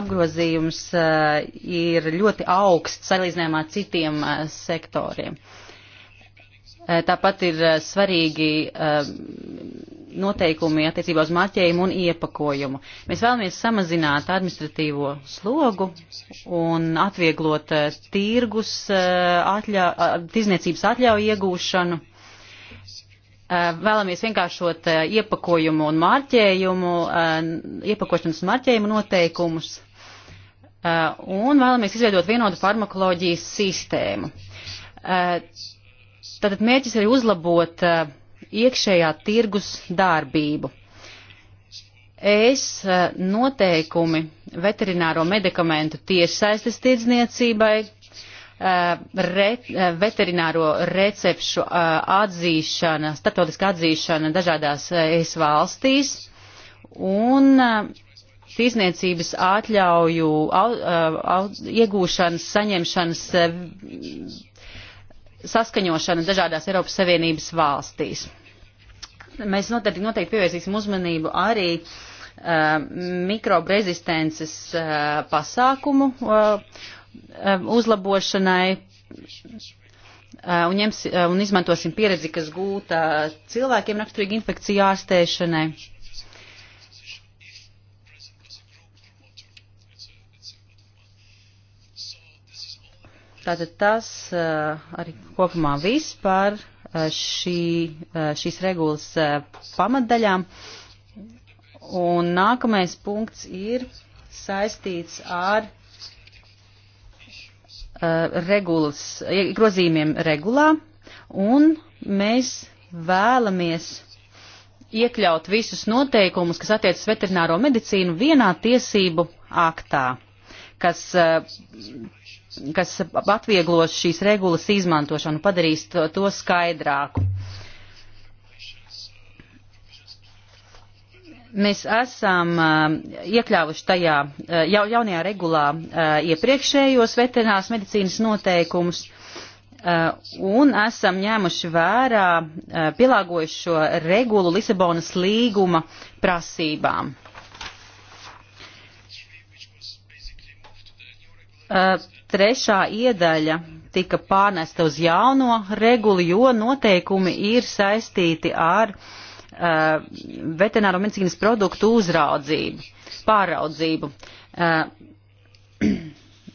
B: apgrozījums uh, ir ļoti augsts salīdzinājumā citiem uh, sektoriem. Uh, Eh, tāpat ir eh, svarīgi eh, noteikumi attiecībā uz marķējumu un iepakojumu. Mēs vēlamies samazināt administratīvo slogu un atvieglot tirgus atļa, tirzniecības atļauju iegūšanu. Vēlamies vienkāršot iepakojumu un marķējumu, iepakošanas un marķējumu noteikumus un vēlamies izveidot vienotu farmakoloģijas sistēmu. Tātad mērķis ir uzlabot uh, iekšējā tirgus dārbību. Es uh, noteikumi veterināro medikamentu tiešsaistes tirdzniecībai, uh, re, veterināro recepšu atzīšana, starptautiska atzīšana dažādās ES valstīs un tīzniecības atļauju au, au, iegūšanas, saņemšanas saskaņošanas dažādās Eiropas Savienības valstīs. Mēs noteikti, noteikti pievērsīsim uzmanību arī uh, mikrobezistences uh, pasākumu uh, um, uzlabošanai uh, un, ņems, uh, un izmantosim pieredzi, kas gūta cilvēkiem raksturīgi infekciju ārstēšanai. Tātad tas eh, arī kopumā viss par eh, šī, eh, šīs regulas pamatdaļām. Un nākamais punkts ir saistīts ar regulas, grozījumiem regulā, un mēs vēlamies iekļaut visus noteikumus, kas attiecas veterināro medicīnu vienā tiesību aktā kas, eh, kas atvieglos šīs regulas izmantošanu, padarīs to, to skaidrāku. Mēs esam eh, iekļāvuši tajā eh, jau, jaunajā regulā iepriekšējos veterinārās medicīnas noteikumus un esam ņēmuši vērā pielāgojušo regulu Lisabonas līguma prasībām. Eh, trešā iedaļa tika pārnesta uz jauno regulu, jo noteikumi ir saistīti ar uh, veterināro medicīnas produktu uzraudzību, pāraudzību. Uh, (clears throat)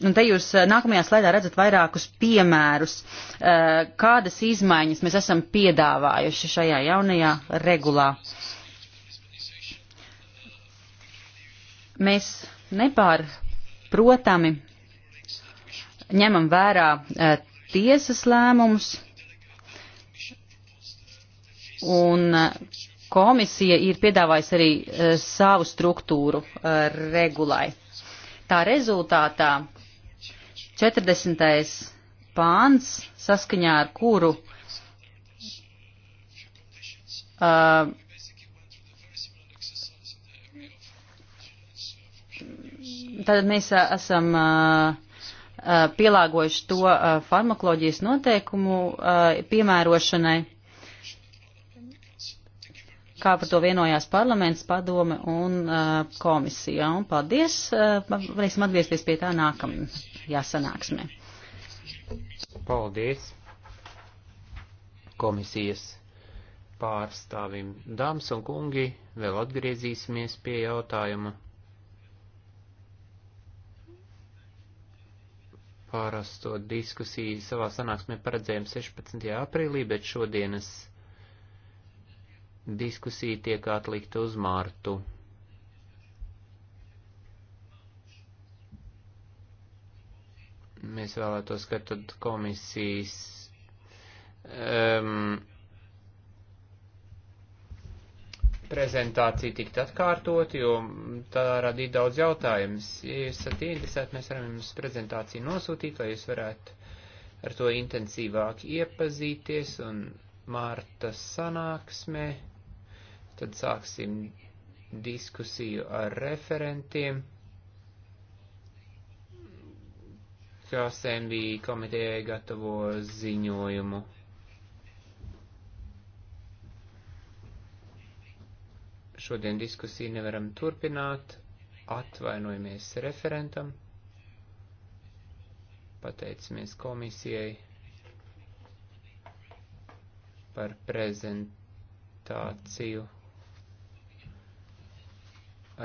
B: Un te jūs nākamajā slaidā redzat vairākus piemērus, uh, kādas izmaiņas mēs esam piedāvājuši šajā jaunajā regulā. Mēs nepārprotami ņemam vērā eh, tiesas lēmumus un eh, komisija ir piedāvājusi arī eh, savu struktūru regulai. Tā rezultātā 40. pāns, saskaņā ar kuru uh, tad mēs esam uh, Uh, pielāgojuši to uh, farmakoloģijas noteikumu uh, piemērošanai, kā par to vienojās parlaments, padome un komisija. Un paldies, varēsim atgriezties pie tā nākamajā sanāksmē.
C: Paldies komisijas pārstāvim. Dāmas un kungi, vēl atgriezīsimies pie jautājuma Pārasto diskusiju savā sanāksmē paredzējām 16. aprīlī, bet šodienas diskusija tiek atlikta uz mārtu. Mēs vēlētos, ka tad komisijas um, prezentācija tikt atkārtot, jo tā radīja daudz jautājumus. Ja jūs esat interesēti, mēs varam jums prezentāciju nosūtīt, lai jūs varētu ar to intensīvāk iepazīties un Mārta sanāksmē. Tad sāksim diskusiju ar referentiem, kas MVI komitejai gatavo ziņojumu. Šodien diskusiju nevaram turpināt. Atvainojamies referentam. Pateicamies komisijai par prezentāciju,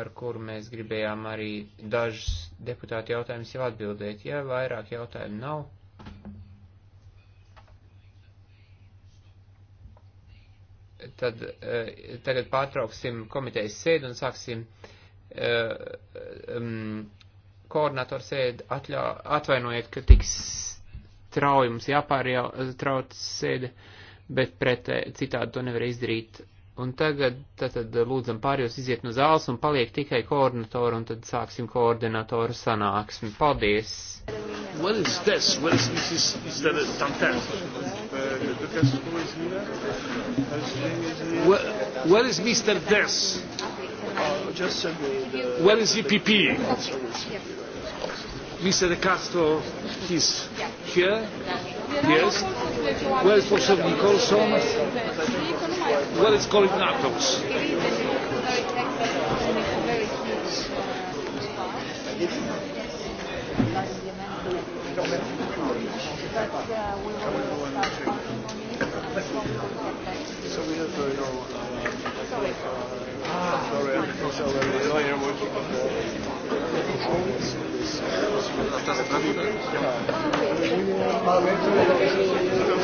C: ar kuru mēs gribējām arī dažus deputātu jautājumus jau atbildēt. Ja vairāk jautājumu nav, tad eh, tagad pārtrauksim komitejas sēdi un sāksim eh, um, koordinatoru sēdi. Atļā, atvainojiet, ka tik strauji mums jāpārtrauc sēde, bet pret eh, citādi to nevar izdarīt. Un tagad tad lūdzam pārējos iziet no zāles un paliek tikai koordinatoru un tad sāksim koordinatoru sanāksmi. Paldies!
A: What is this? What is this? Is, is that a tantan? Uh, the, the Where, where is Mr. Des? Where is EPP? Mr. De Castro is here.
D: Yes. Where is Professor
A: Nicholson? Where is Colin Natos? But uh, we will Sorry, I'm so very lawyer working on the.